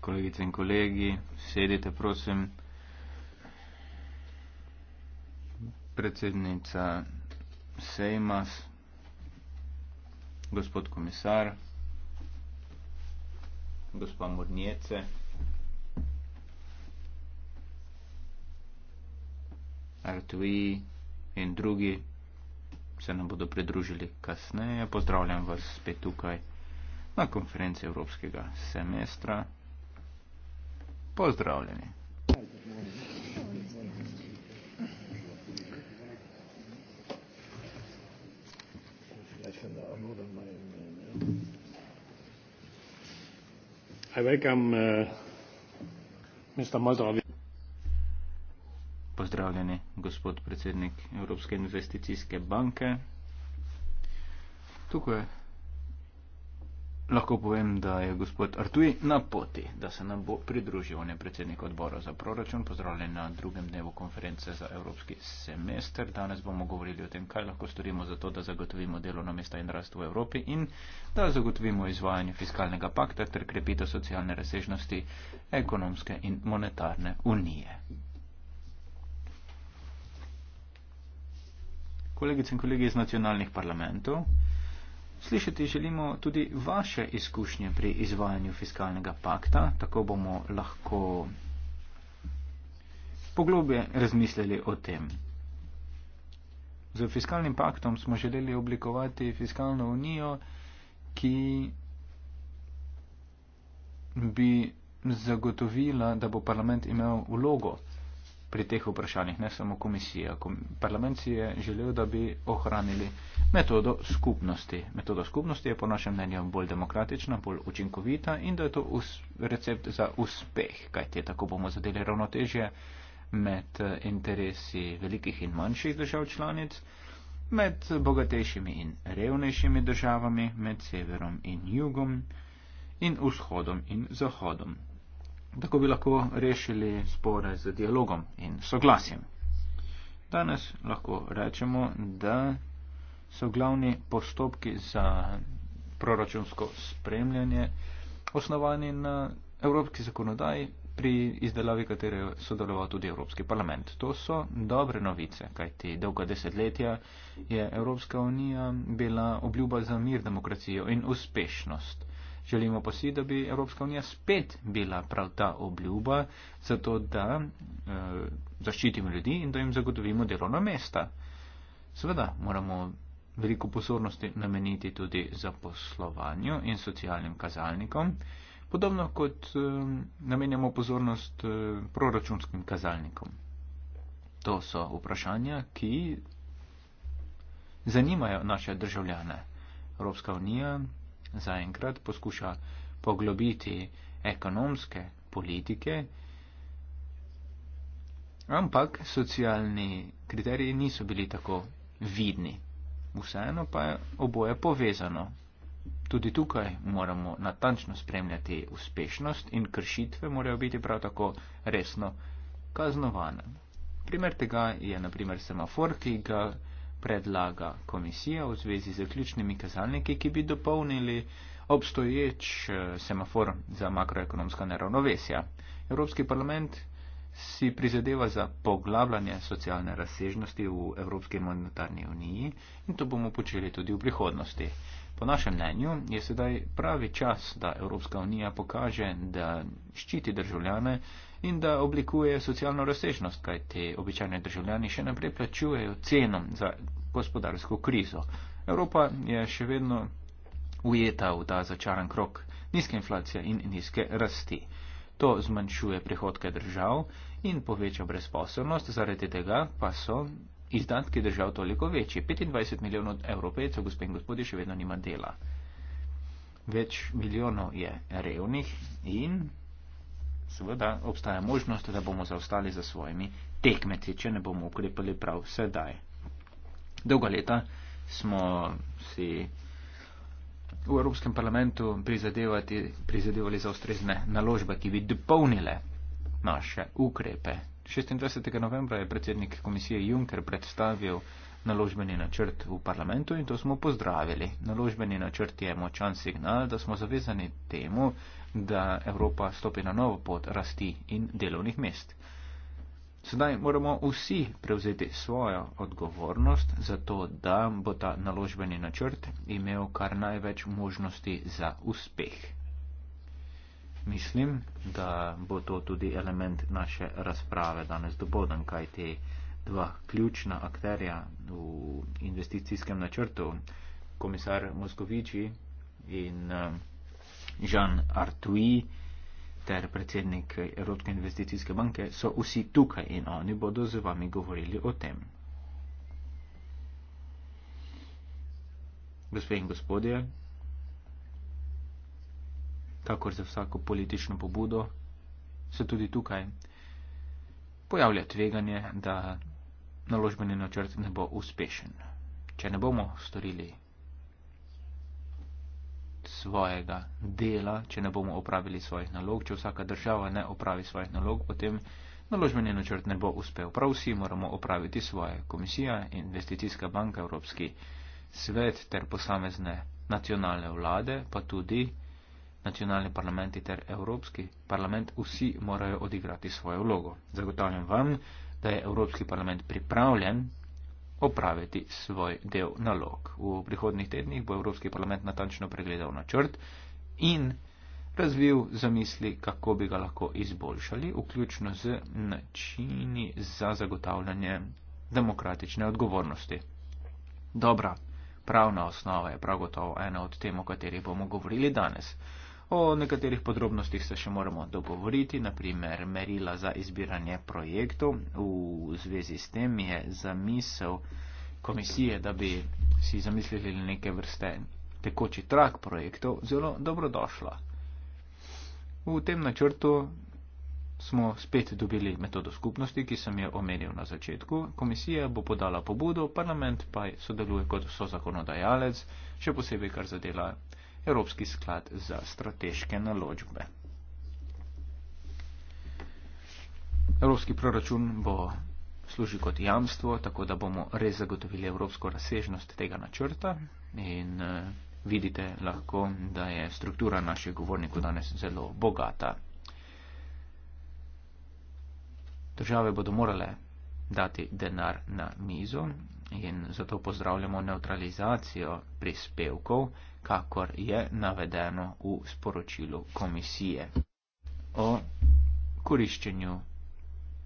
Kolegice in kolegi, sedite prosim. Predsednica Sejmas, gospod komisar, gospa Murnjece. Artui in drugi se nam bodo pridružili kasneje. Pozdravljam vas spet tukaj na konferenci Evropskega semestra. Pozdravljeni. I welcome uh, Mr. Moldov pozdravljeni, gospod predsednik Evropske investicijske banke. Tukaj lahko povem, da je gospod Artuji na poti, da se nam bo pridružil. On je predsednik odbora za proračun. Pozdravljen na drugem dnevu konference za evropski semester. Danes bomo govorili o tem, kaj lahko storimo za to, da zagotovimo delovna mesta in rast v Evropi in da zagotovimo izvajanje fiskalnega pakta ter krepito socialne razsežnosti ekonomske in monetarne unije. kolegice in kolegi iz nacionalnih parlamentov. Slišati želimo tudi vaše izkušnje pri izvajanju fiskalnega pakta, tako bomo lahko poglobje razmislili o tem. Z fiskalnim paktom smo želeli oblikovati fiskalno unijo, ki bi zagotovila, da bo parlament imel vlogo pri teh vprašanjih, ne samo komisija. Parlament si je želel, da bi ohranili metodo skupnosti. Metoda skupnosti je po našem mnenju bolj demokratična, bolj učinkovita in da je to recept za uspeh, kajte tako bomo zadeli ravnotežje med eh, interesi velikih in manjših držav članic, med bogatejšimi in revnejšimi državami, med severom in jugom in vzhodom in zahodom tako bi lahko rešili spore z dialogom in soglasjem. Danes lahko rečemo, da so glavni postopki za proračunsko spremljanje osnovani na evropski zakonodaji, pri izdelavi katere je sodeloval tudi Evropski parlament. To so dobre novice, kajti dolga desetletja je Evropska unija bila obljuba za mir, demokracijo in uspešnost. Želimo pa si, da bi Evropska unija spet bila prav ta obljuba, zato da eh, zaščitimo ljudi in da jim zagotovimo delovna mesta. Seveda moramo veliko pozornosti nameniti tudi za poslovanju in socialnim kazalnikom, podobno kot eh, namenjamo pozornost eh, proračunskim kazalnikom. To so vprašanja, ki zanimajo naše državljane. Evropska unija zaenkrat poskuša poglobiti ekonomske politike, ampak socialni kriteriji niso bili tako vidni. Vseeno pa je oboje povezano. Tudi tukaj moramo natančno spremljati uspešnost in kršitve morajo biti prav tako resno kaznovane. Primer tega je naprimer semafor, ki ga predlaga komisija v zvezi z zaključnimi kazalniki, ki bi dopolnili obstoječ eh, semafor za makroekonomska neravnovesja. Evropski parlament si prizadeva za poglabljanje socialne razsežnosti v Evropski monetarni uniji in to bomo počeli tudi v prihodnosti. Po našem mnenju je sedaj pravi čas, da Evropska unija pokaže, da ščiti državljane, in da oblikujejo socialno razsežnost, kaj te običajne državljani še naprej plačujejo ceno za gospodarsko krizo. Evropa je še vedno ujeta v ta začaran krok nizke inflacije in nizke rasti. To zmanjšuje prihodke držav in poveča brezposobnost, zaradi tega pa so izdatki držav toliko večji. 25 milijonov evropejcev, gospe in gospodje, še vedno nima dela. Več milijonov je revnih in seveda obstaja možnost, da bomo zaostali za svojimi tekmeci, če ne bomo ukrepali prav sedaj. Dolga leta smo si v Evropskem parlamentu prizadevali za ustrezne naložbe, ki bi dopolnile naše ukrepe. 26. novembra je predsednik komisije Juncker predstavil naložbeni načrt v parlamentu in to smo pozdravili. Naložbeni načrt je močan signal, da smo zavezani temu, da Evropa stopi na novo pot rasti in delovnih mest. Sedaj moramo vsi prevzeti svojo odgovornost za to, da bo ta naložbeni načrt imel kar največ možnosti za uspeh. Mislim, da bo to tudi element naše razprave danes do bodan, kajti dva ključna akterja v investicijskem načrtu, komisar Moskovici in eh, Jean Artui ter predsednik Evropske investicijske banke, so vsi tukaj in oni bodo z vami govorili o tem. Gospe in gospodje, kakor za vsako politično pobudo, se tudi tukaj pojavlja tveganje, da naložbeni načrt ne bo uspešen. Če ne bomo storili svojega dela, če ne bomo opravili svojih nalog, če vsaka država ne opravi svojih nalog, potem naložbeni načrt ne bo uspel. Prav vsi moramo opraviti svoje. Komisija, investicijska banka, Evropski svet ter posamezne nacionalne vlade, pa tudi nacionalni parlamenti ter Evropski parlament, vsi morajo odigrati svojo vlogo. Zagotavljam vam, da je Evropski parlament pripravljen opraviti svoj del nalog. V prihodnih tednih bo Evropski parlament natančno pregledal načrt in razvil zamisli, kako bi ga lahko izboljšali, vključno z načini za zagotavljanje demokratične odgovornosti. Dobra pravna osnova je prav gotovo ena od tem, o kateri bomo govorili danes. O nekaterih podrobnostih se še moramo dogovoriti, naprimer merila za izbiranje projektov. V zvezi s tem je zamisel komisije, da bi si zamislili neke vrste tekoči trak projektov, zelo dobrodošla. V tem načrtu smo spet dobili metodo skupnosti, ki sem jo omenil na začetku. Komisija bo podala pobudo, parlament pa sodeluje kot sozakonodajalec, še posebej kar zadela Evropski sklad za strateške naložbe. Evropski proračun bo služil kot jamstvo, tako da bomo res zagotovili evropsko razsežnost tega načrta in eh, vidite lahko, da je struktura naše govorniku danes zelo bogata. Države bodo morale dati denar na mizo in zato pozdravljamo neutralizacijo prispevkov, kakor je navedeno v sporočilu komisije o koriščenju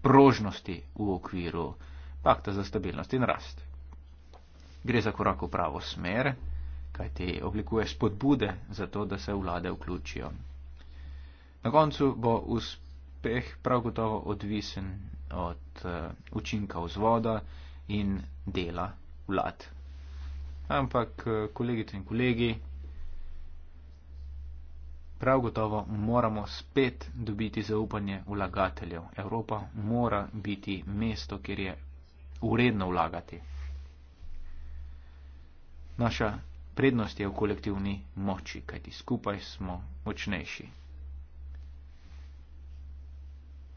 prožnosti v okviru pakta za stabilnost in rast. Gre za korak v pravo smer, kaj te oblikuje spodbude za to, da se vlade vključijo. Na koncu bo uspeh prav gotovo odvisen od uh, učinka vzvoda, in dela vlad. Ampak, eh, kolegice in kolegi, prav gotovo moramo spet dobiti zaupanje vlagateljev. Evropa mora biti mesto, kjer je uredno vlagati. Naša prednost je v kolektivni moči, kajti skupaj smo močnejši.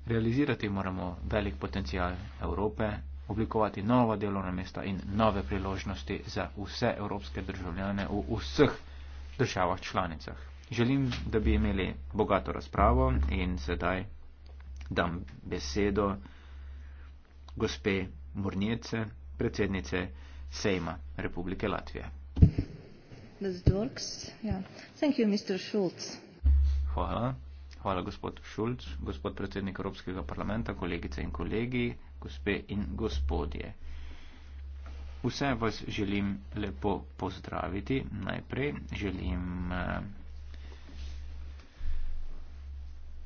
Realizirati moramo velik potencial Evrope oblikovati nova delovna mesta in nove priložnosti za vse evropske državljane v vseh državah članicah. Želim, da bi imeli bogato razpravo in sedaj dam besedo gospe Murnjece, predsednice Sejma Republike Latvije. Ja. Hvala. Hvala, gospod Šulc, gospod predsednik Evropskega parlamenta, kolegice in kolegi, gospe in gospodje. Vse vas želim lepo pozdraviti. Najprej želim eh,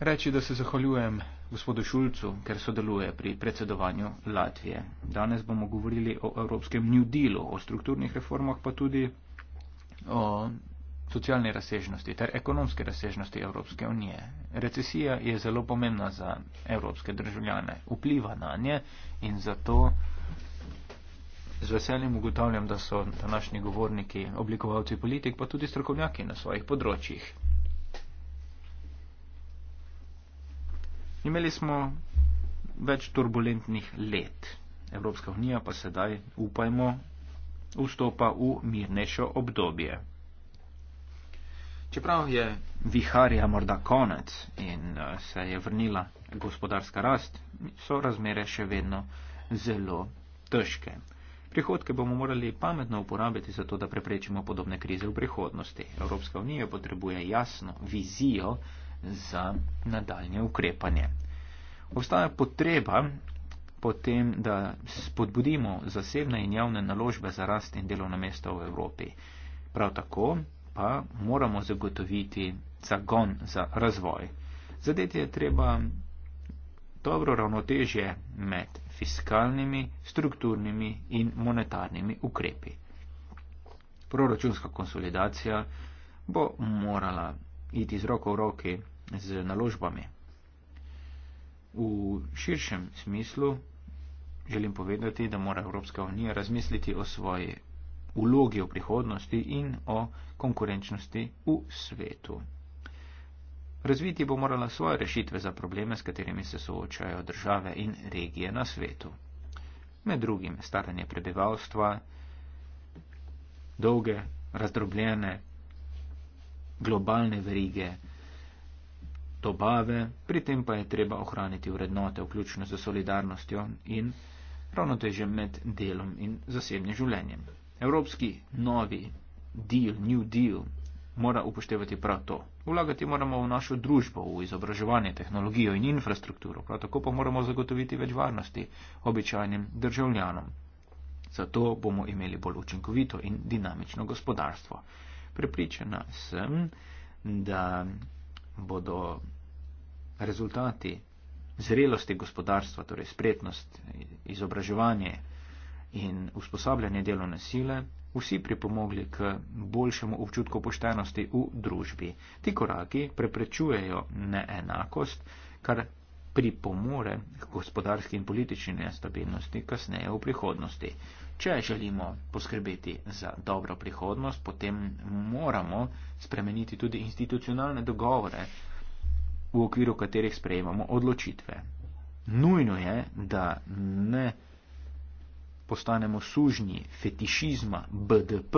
reči, da se zahvaljujem gospodu Šulcu, ker sodeluje pri predsedovanju Latvije. Danes bomo govorili o Evropskem New Dealu, o strukturnih reformah pa tudi o socialne razsežnosti ter ekonomske razsežnosti Evropske unije. Recesija je zelo pomembna za evropske državljane, vpliva na nje in zato z veseljem ugotavljam, da so današnji govorniki, oblikovalci politik, pa tudi strokovnjaki na svojih področjih. Imeli smo več turbulentnih let. Evropska unija pa sedaj, upajmo, vstopa v mirnejšo obdobje. Čeprav je viharja morda konec in eh, se je vrnila gospodarska rast, so razmere še vedno zelo težke. Prihodke bomo morali pametno uporabiti za to, da preprečimo podobne krize v prihodnosti. Evropska unija potrebuje jasno vizijo za nadaljne ukrepanje. Obstaja potreba potem, da spodbudimo zasebne in javne naložbe za rast in delovna mesta v Evropi. Prav tako pa moramo zagotoviti zagon za razvoj. Zadeti je treba dobro ravnotežje med fiskalnimi, strukturnimi in monetarnimi ukrepi. Proračunska konsolidacija bo morala iti z roko v roki z naložbami. V širšem smislu želim povedati, da mora Evropska unija razmisliti o svoji vlogi v prihodnosti in o konkurenčnosti v svetu. Razviti bo morala svoje rešitve za probleme, s katerimi se soočajo države in regije na svetu. Med drugim staranje prebivalstva, dolge, razdrobljene globalne verige dobave, pri tem pa je treba ohraniti vrednote, vključno z solidarnostjo in ravnotežje med delom in zasebnim življenjem. Evropski novi deal, new deal, mora upoštevati prav to. Vlagati moramo v našo družbo, v izobraževanje, tehnologijo in infrastrukturo, prav tako pa moramo zagotoviti več varnosti običajnim državljanom. Zato bomo imeli bolj učinkovito in dinamično gospodarstvo. Prepričana sem, da bodo rezultati zrelosti gospodarstva, torej spretnost, izobraževanje, in usposabljanje delovne sile vsi pripomogli k boljšemu občutku poštenosti v družbi. Ti koraki preprečujejo neenakost, kar pripomore k gospodarski in politični nestabilnosti kasneje v prihodnosti. Če želimo poskrbeti za dobro prihodnost, potem moramo spremeniti tudi institucionalne dogovore, v okviru katerih sprejemamo odločitve. Nujno je, da ne postanemo sužnji fetišizma BDP,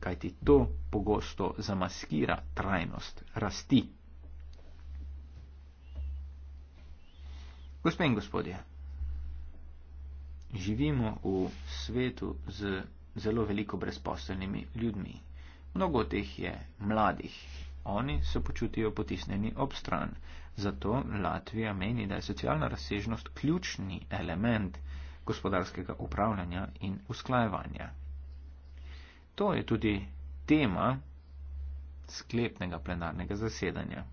kajti to pogosto zamaskira trajnost rasti. Gospe in gospodje, živimo v svetu z zelo veliko brezposelnimi ljudmi. Mnogo od teh je mladih. Oni se počutijo potisneni ob stran. Zato Latvija meni, da je socialna razsežnost ključni element gospodarskega upravljanja in usklajevanja. To je tudi tema sklepnega plenarnega zasedanja.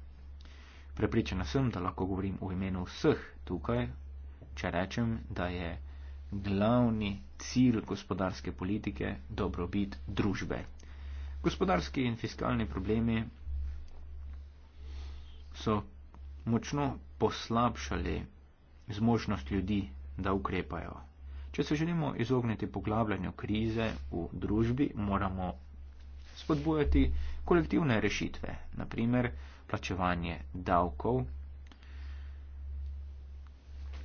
Prepričana sem, da lahko govorim v imenu vseh tukaj, če rečem, da je glavni cilj gospodarske politike dobrobit družbe. Gospodarski in fiskalni problemi so močno poslabšali zmožnost ljudi da ukrepajo. Če se želimo izogniti poglabljanju krize v družbi, moramo spodbujati kolektivne rešitve, naprimer plačevanje davkov.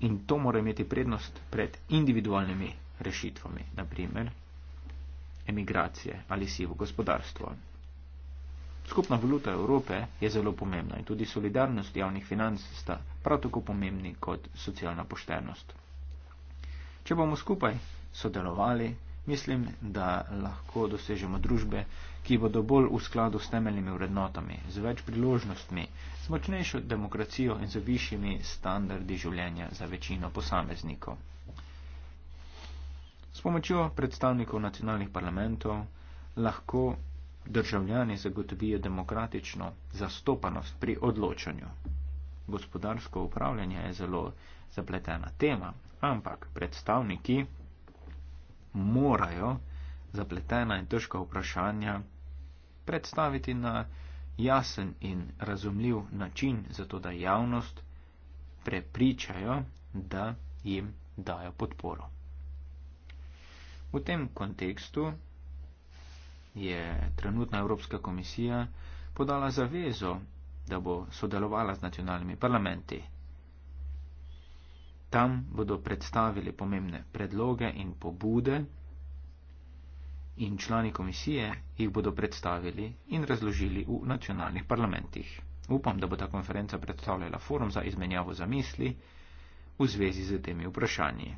In to mora imeti prednost pred individualnimi rešitvami, naprimer emigracije ali sivo gospodarstvo. Skupna valuta Evrope je zelo pomembna in tudi solidarnost javnih financ sta prav tako pomembni kot socialna poštenost. Če bomo skupaj sodelovali, mislim, da lahko dosežemo družbe, ki bodo bolj v skladu s temeljnimi vrednotami, z več priložnostmi, z močnejšo demokracijo in z višjimi standardi življenja za večino posameznikov. S pomočjo predstavnikov nacionalnih parlamentov lahko državljani zagotovijo demokratično zastopanost pri odločanju. Gospodarsko upravljanje je zelo zapletena tema, ampak predstavniki morajo zapletena in težka vprašanja predstaviti na jasen in razumljiv način, zato da javnost prepričajo, da jim dajo podporo. V tem kontekstu je trenutna Evropska komisija podala zavezo, da bo sodelovala z nacionalnimi parlamenti Tam bodo predstavili pomembne predloge in pobude in člani komisije jih bodo predstavili in razložili v nacionalnih parlamentih. Upam, da bo ta konferenca predstavljala forum za izmenjavo zamisli v zvezi z temi vprašanji.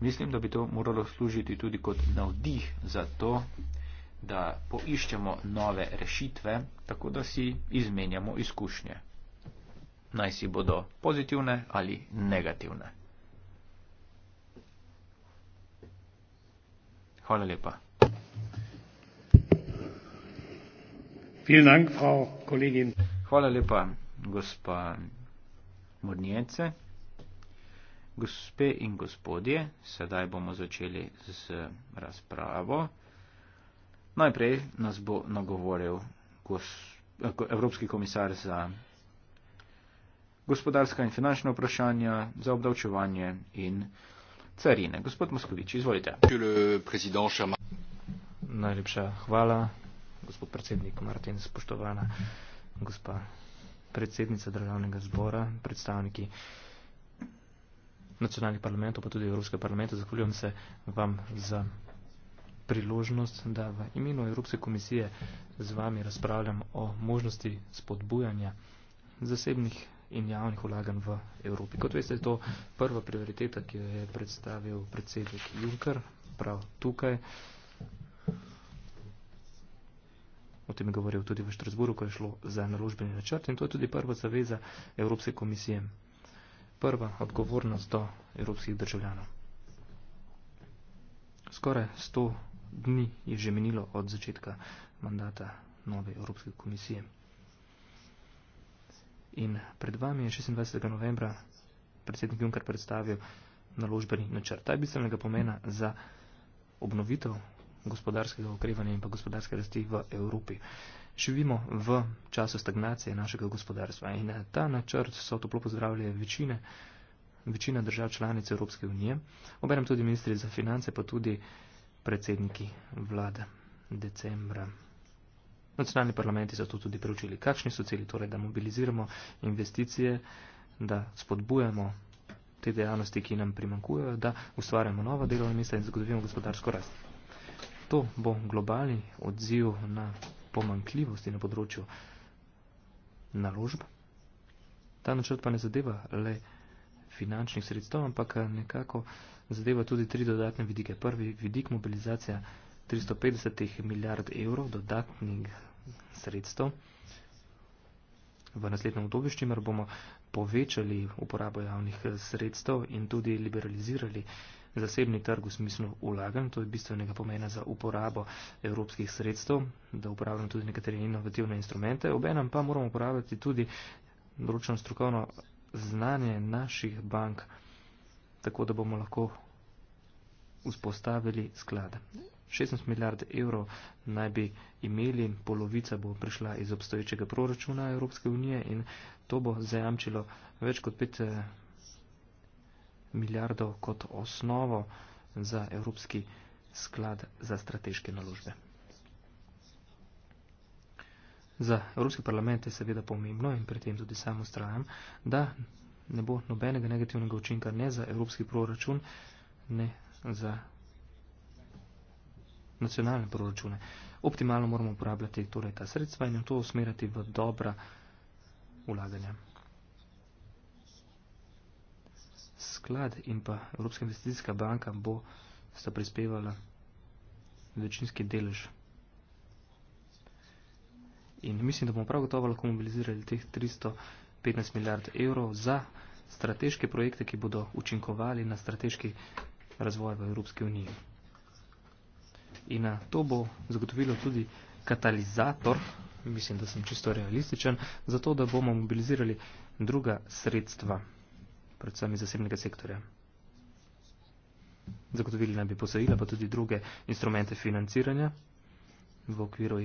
Mislim, da bi to moralo služiti tudi kot navdih za to, da poiščemo nove rešitve, tako da si izmenjamo izkušnje. Naj si bodo pozitivne ali negativne. Hvala lepa. Hvala lepa, gospa Modnjece. Gospe in gospodje, sedaj bomo začeli z razpravo. Najprej nas bo nagovoril Evropski komisar za gospodarska in finančna vprašanja, za obdavčevanje in carine. Gospod Moskovič, izvolite. Najlepša hvala, gospod predsednik Martin, spoštovana gospa predsednica državnega zbora, predstavniki nacionalnih parlamentov, pa tudi Evropskega parlamenta. Zahvaljujem se vam za priložnost, da v imenu Evropske komisije z vami razpravljam o možnosti spodbujanja zasebnih in javnih vlaganj v Evropi. Kot veste, je to prva prioriteta, ki jo je predstavil predsednik Juncker prav tukaj. O tem je govoril tudi v Štrasburu, ko je šlo za naložbeni načrt in to je tudi prva zaveza Evropske komisije. Prva odgovornost do evropskih državljanov. Skoraj 100 dni je že minilo od začetka mandata nove Evropske komisije. In pred vami je 26. novembra predsednik Junker predstavil naložbeni načrt. Ta je bistvenega pomena za obnovitev gospodarskega okrevanja in pa gospodarske rasti v Evropi. Živimo v času stagnacije našega gospodarstva in eh, ta načrt so toplo pozdravili večine, večina držav članic Evropske unije, obenem tudi ministri za finance, pa tudi predsedniki vlade decembra. Nacionalni parlamenti so to tudi preučili. Kakšni so cilji, torej, da mobiliziramo investicije, da spodbujamo te dejavnosti, ki nam primankujejo, da ustvarjamo nova delovna mesta in zagotovimo gospodarsko rast. To bo globalni odziv na pomankljivosti na področju naložb. Ta načrt pa ne zadeva le finančnih sredstev, ampak nekako zadeva tudi tri dodatne vidike. Prvi vidik mobilizacija 350 milijard evrov dodatnih sredstev v naslednjem obdobju, s čimer bomo povečali uporabo javnih eh, sredstev in tudi liberalizirali zasebni trg v smislu ulagan. To je bistvenega pomena za uporabo evropskih sredstev, da uporabljamo tudi nekatere inovativne instrumente. Obenem pa moramo uporabljati tudi določeno strokovno znanje naših bank, tako da bomo lahko vzpostavili sklad. 16 milijard evrov naj bi imeli, polovica bo prišla iz obstoječega proračuna Evropske unije in to bo zajamčilo več kot 5 eh, milijardov kot osnovo za Evropski sklad za strateške naložbe. Za Evropski parlament je seveda pomembno in pri tem tudi sam ustrajam, da ne bo nobenega negativnega učinka ne za Evropski proračun, ne za nacionalne proračune. Optimalno moramo uporabljati torej ta sredstva in to usmerjati v dobra ulaganja. Sklad in pa Evropska investicijska banka bo sta prispevala večinski delež. In mislim, da bomo prav gotovo lahko mobilizirali teh 315 milijard evrov za strateške projekte, ki bodo učinkovali na strateški razvoj v Evropski uniji in eh, to bo zagotovilo tudi katalizator, mislim, da sem čisto realističen, zato da bomo mobilizirali druga sredstva, predvsem iz zasebnega sektorja. Zagotovili naj bi posojila, pa tudi druge instrumente financiranja v okviru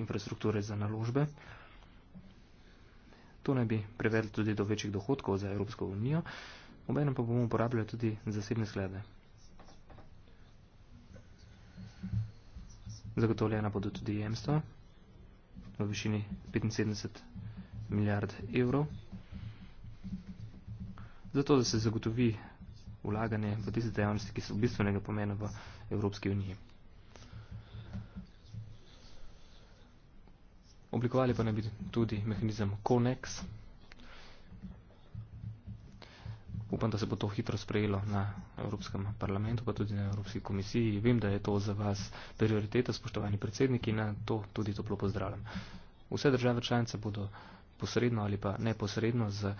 infrastrukture za naložbe. To naj bi privedlo tudi do večjih dohodkov za Evropsko unijo, obenem pa bomo uporabljali tudi zasebne sklade. Zagotovljena bodo tudi jemstva v višini 75 milijard evrov. Zato, da se zagotovi vlaganje v tiste dejavnosti, ki so bistvenega pomena v Evropski uniji. Oblikovali pa naj bi tudi mehanizem CONEX, upam, da se bo to hitro sprejelo na Evropskem parlamentu, pa tudi na Evropski komisiji. Vem, da je to za vas prioriteta, spoštovani predsednik, in na to tudi toplo pozdravljam. Vse države članice bodo posredno ali pa neposredno z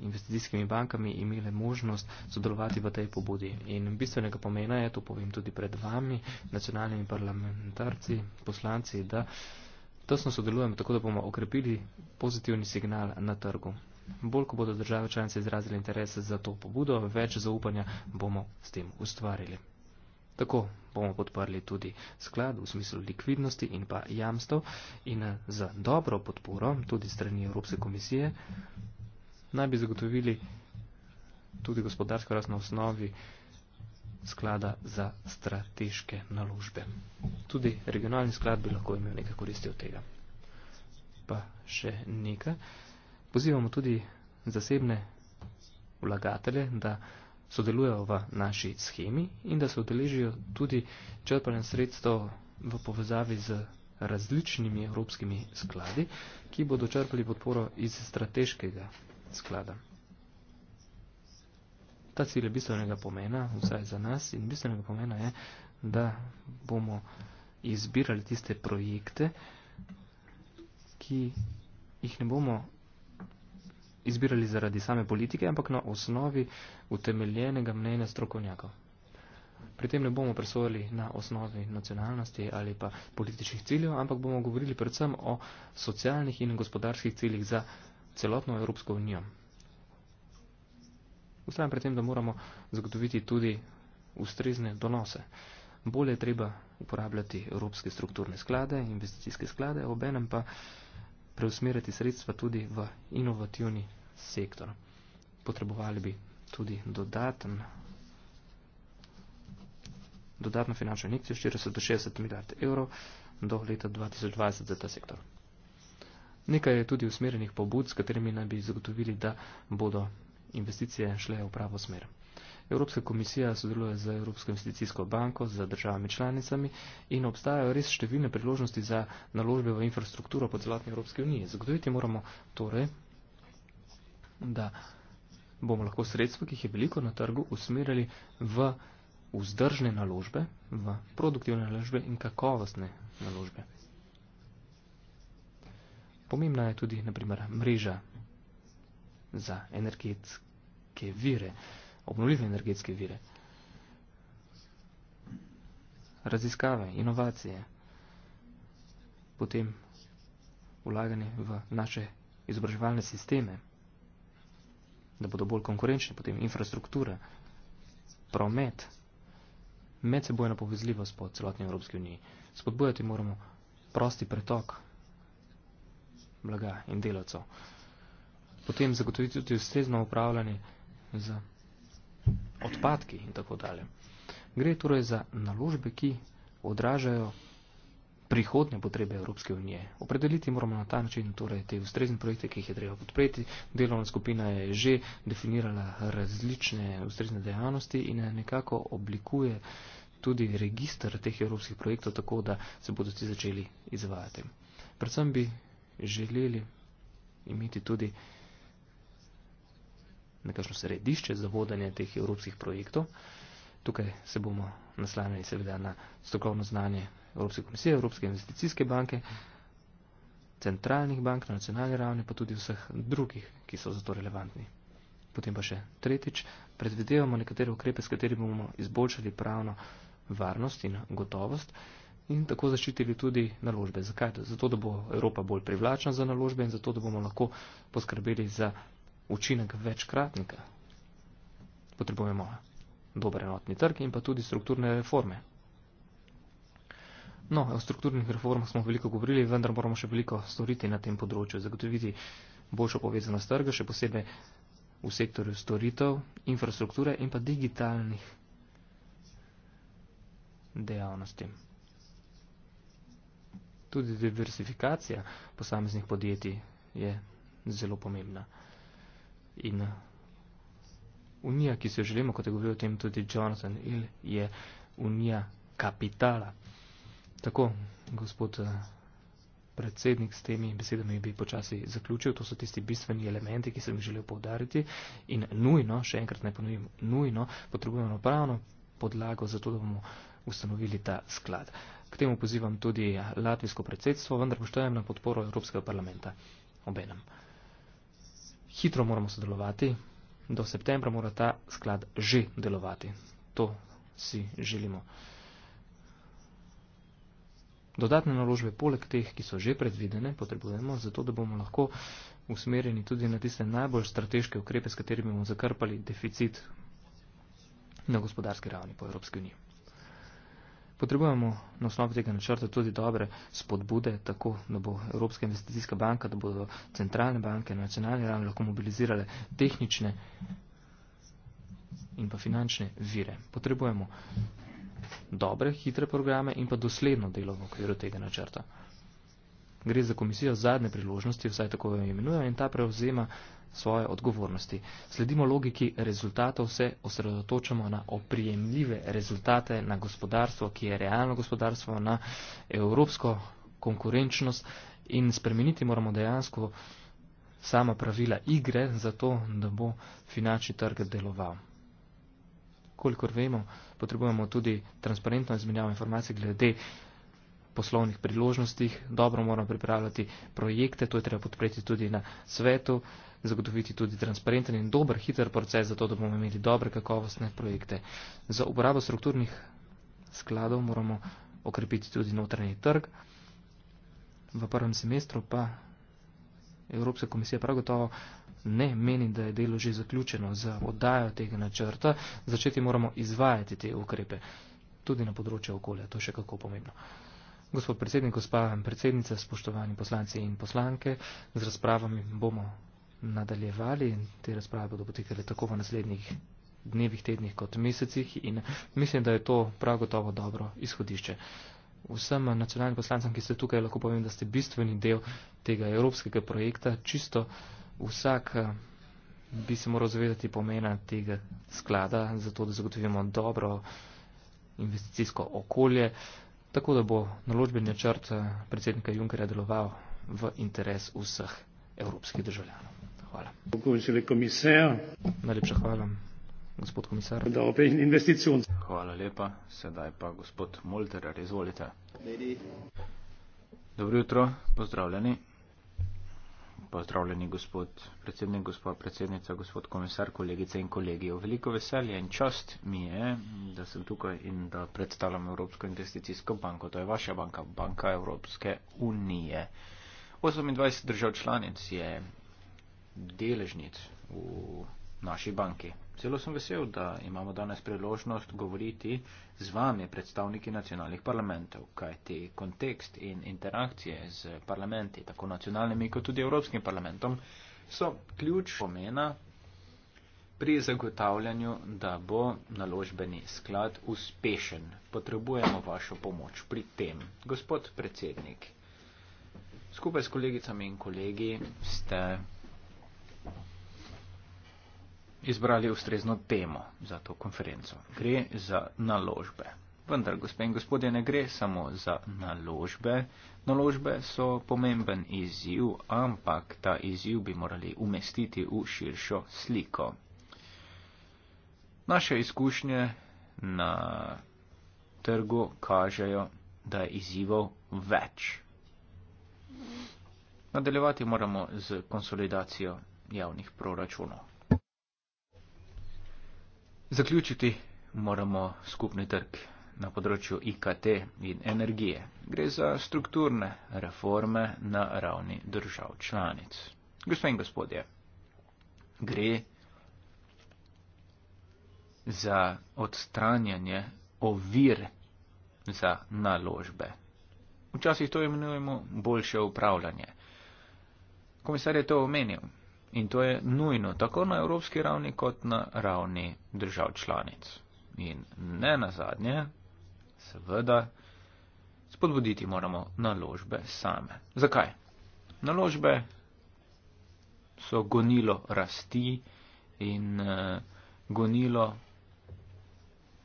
investicijskimi bankami imele možnost sodelovati v tej pobudi. In bistvenega pomena je, to povem tudi pred vami, nacionalnimi parlamentarci, poslanci, da tesno sodelujemo, tako da bomo okrepili pozitivni signal na trgu. Bolj, ko bodo države članice izrazili interes za to pobudo, več zaupanja bomo s tem ustvarili. Tako bomo podprli tudi sklad v smislu likvidnosti in pa jamstov in eh, za dobro podporo tudi strani Evropske komisije naj bi zagotovili tudi gospodarsko rast na osnovi sklada za strateške naložbe. Tudi regionalni sklad bi lahko imel nekaj koristi od tega. Pa še nekaj. Pozivamo tudi zasebne vlagatelje, da sodelujejo v naši schemi in da se odeležijo tudi črpanjem sredstev v povezavi z različnimi evropskimi skladi, ki bodo črpali podporo iz strateškega sklada. Ta cilj je bistvenega pomena, vsaj za nas, in bistvenega pomena je, da bomo izbirali tiste projekte, ki jih ne bomo izbirali zaradi same politike, ampak na osnovi utemeljenega mnenja strokovnjakov. Pri tem ne bomo presojali na osnovi nacionalnosti ali pa političnih ciljev, ampak bomo govorili predvsem o socialnih in gospodarskih ciljih za celotno Evropsko unijo. Vstajam pri tem, da moramo zagotoviti tudi ustrezne donose. Bolje je treba uporabljati evropske strukturne sklade, investicijske sklade, obenem pa preusmeriti sredstva tudi v inovativni sektor. Potrebovali bi tudi dodaten, dodatno finančno injekcijo 40 do 60 milijard evrov do leta 2020 za ta sektor. Nekaj je tudi usmerjenih pobud, s katerimi naj bi zagotovili, da bodo investicije šle v pravo smer. Evropska komisija sodeluje z Evropsko investicijsko banko, z državami članicami in obstajajo res številne priložnosti za naložbe v infrastrukturo po celotni Evropski uniji. Zagotoviti moramo torej, da bomo lahko sredstva, ki jih je veliko na trgu, usmerjali v vzdržne naložbe, v produktivne naložbe in kakovostne naložbe. Pomembna je tudi, naprimer, mreža za energetske vire obnovljive energetske vire. Raziskave, inovacije, potem ulaganje v naše izobraževalne sisteme, da bodo bolj konkurenčne, potem infrastruktura, promet, medsebojna povezljivost po celotni Evropski uniji. Spodbujati moramo prosti pretok blaga in delavcev. Potem zagotoviti tudi ustrezno upravljanje za odpadki in tako dalje. Gre torej za naložbe, ki odražajo prihodne potrebe Evropske unije. Opredeliti moramo na ta način torej te ustrezne projekte, ki jih je treba podpreti. Delovna skupina je že definirala različne ustrezne dejavnosti in nekako oblikuje tudi registr teh evropskih projektov, tako da se bodo ti začeli izvajati. Predvsem bi želeli imeti tudi nekakšno središče za vodanje teh evropskih projektov. Tukaj se bomo naslanjali seveda na strokovno znanje Evropske komisije, Evropske investicijske banke, centralnih bank na nacionalni ravni, pa tudi vseh drugih, ki so zato relevantni. Potem pa še tretjič, predvidevamo nekatere ukrepe, s kateri bomo izboljšali pravno varnost in gotovost in tako zaščitili tudi naložbe. Zakaj? Zato, da bo Evropa bolj privlačna za naložbe in zato, da bomo lahko poskrbeli za učinek večkratnika. Potrebujemo dober enotni trg in pa tudi strukturne reforme. No, o strukturnih reformah smo veliko govorili, vendar moramo še veliko storiti na tem področju, zagotoviti boljšo povezanost trga, še posebej v sektorju storitev, infrastrukture in pa digitalnih dejavnosti. Tudi diversifikacija posameznih podjetij je zelo pomembna. In eh, unija, ki se jo želimo, kot je govoril o tem tudi Jonathan Hill, je unija kapitala. Tako, gospod eh, predsednik, s temi besedami bi počasi zaključil. To so tisti bistveni elementi, ki sem jih želel povdariti. In nujno, še enkrat ne ponovim, nujno potrebujemo pravno podlago za to, da bomo ustanovili ta sklad. K temu pozivam tudi latvijsko predsedstvo, vendar poštojem na podporo Evropskega parlamenta. Obenem hitro moramo sodelovati, do septembra mora ta sklad že delovati. To si želimo. Dodatne naložbe, poleg teh, ki so že predvidene, potrebujemo, zato da bomo lahko usmerjeni tudi na tiste najbolj strateške ukrepe, s katerimi bomo zakrpali deficit na gospodarski ravni po Evropski uniji. Potrebujemo na osnovi tega načrta tudi dobre spodbude, tako da bo Evropska investicijska banka, da bodo centralne banke na nacionalni ravni lahko mobilizirale tehnične in pa finančne vire. Potrebujemo dobre, hitre programe in pa dosledno delo v okviru tega načrta gre za komisijo zadnje priložnosti, vsaj tako jo imenujejo, in ta prevzema svoje odgovornosti. Sledimo logiki rezultatov, se osredotočamo na oprijemljive rezultate, na gospodarstvo, ki je realno gospodarstvo, na evropsko konkurenčnost in spremeniti moramo dejansko sama pravila igre za to, da bo finančni trg deloval. Kolikor vemo, potrebujemo tudi transparentno izmenjavo informacij glede poslovnih priložnostih, dobro moramo pripravljati projekte, to je treba podpreti tudi na svetu, zagotoviti tudi transparenten in dober, hiter proces, zato da bomo imeli dobre, kakovostne projekte. Za uporabo strukturnih skladov moramo okrepiti tudi notranji trg. V prvem semestru pa Evropska komisija prav gotovo ne meni, da je delo že zaključeno za oddajo tega načrta, začeti moramo izvajati te ukrepe tudi na področju okolja, to je še kako pomembno. Gospod predsednik, gospa predsednica, spoštovani poslanci in poslanke, z razpravami bomo nadaljevali. Te razprave bodo potekale tako v naslednjih dnevih, tednih kot mesecih in mislim, da je to prav gotovo dobro izhodišče. Vsem nacionalnim poslancem, ki ste tukaj, lahko povem, da ste bistveni del tega evropskega projekta. Čisto vsak eh, bi se moral zavedati pomena tega sklada, zato da zagotovimo dobro investicijsko okolje. Uh, tako da bo naložbeni načrt eh, predsednika Junkerja deloval v interes vseh evropskih državljanov. Hvala. Najlepša hvala, gospod komisar. Hvala lepa, sedaj pa gospod Molterer, izvolite. Dobro jutro, pozdravljeni pozdravljeni gospod predsednik, gospod predsednica, gospod komisar, kolegice in kolegi. Veliko veselje in čast mi je, da sem tukaj in da predstavljam Evropsko investicijsko banko. To je vaša banka, Banka Evropske unije. 28 držav članic je deležnic v naši banki. Zelo sem vesel, da imamo danes priložnost govoriti z vami, predstavniki nacionalnih parlamentov, kajti kontekst in interakcije z parlamenti, tako nacionalnimi kot tudi Evropskim parlamentom, so ključ pomena pri zagotavljanju, da bo naložbeni sklad uspešen. Potrebujemo vašo pomoč pri tem. Gospod predsednik, skupaj s kolegicami in kolegi ste izbrali ustrezno temo za to konferenco. Gre za naložbe. Vendar, gospe in gospodje, ne gre samo za naložbe. Naložbe so pomemben izziv, ampak ta izziv bi morali umestiti v širšo sliko. Naše izkušnje na trgu kažejo, da je izzivov več. Nadaljevati moramo z konsolidacijo javnih proračunov. Zaključiti moramo skupni trg na področju IKT in energije. Gre za strukturne reforme na ravni držav članic. Gospod in gospodje, gre za odstranjanje ovir za naložbe. Včasih to imenujemo boljše upravljanje. Komisar je to omenil. In to je nujno tako na evropski ravni kot na ravni držav članic. In ne nazadnje, seveda, spodbuditi moramo naložbe same. Zakaj? Naložbe so gonilo rasti in eh, gonilo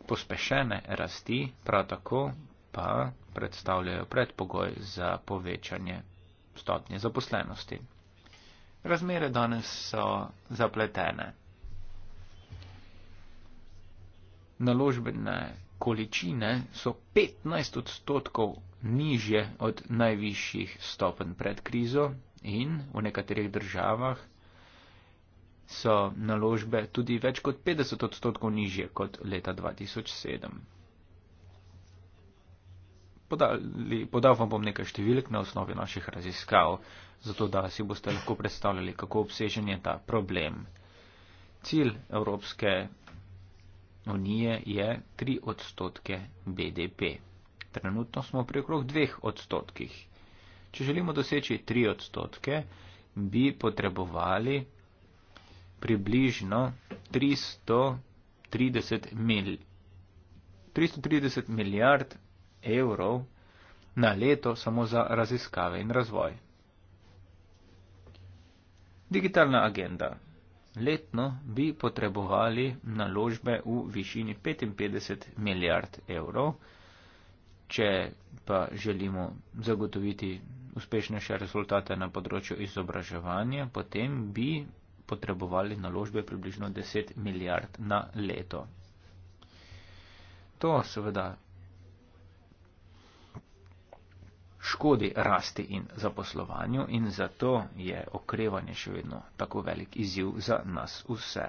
pospešene rasti, prav tako pa predstavljajo predpogoj za povečanje stopnje zaposlenosti. Razmere danes so zapletene. Naložbene količine so 15 odstotkov nižje od najvišjih stopenj pred krizo in v nekaterih državah so naložbe tudi več kot 50 odstotkov nižje kot leta 2007 podali, podal vam bom nekaj številk na osnovi naših raziskav, zato da si boste lahko predstavljali, kako obsežen je ta problem. Cilj Evropske unije je 3 odstotke BDP. Trenutno smo pri okrog 2 odstotkih. Če želimo doseči 3 odstotke, bi potrebovali približno 330, mil, 330 milijard evrov na leto samo za raziskave in razvoj. Digitalna agenda. Letno bi potrebovali naložbe v višini 55 milijard evrov, če pa želimo zagotoviti uspešnejše rezultate na področju izobraževanja, potem bi potrebovali naložbe približno 10 milijard na leto. To seveda škodi rasti in zaposlovanju in zato je okrevanje še vedno tako velik izziv za nas vse.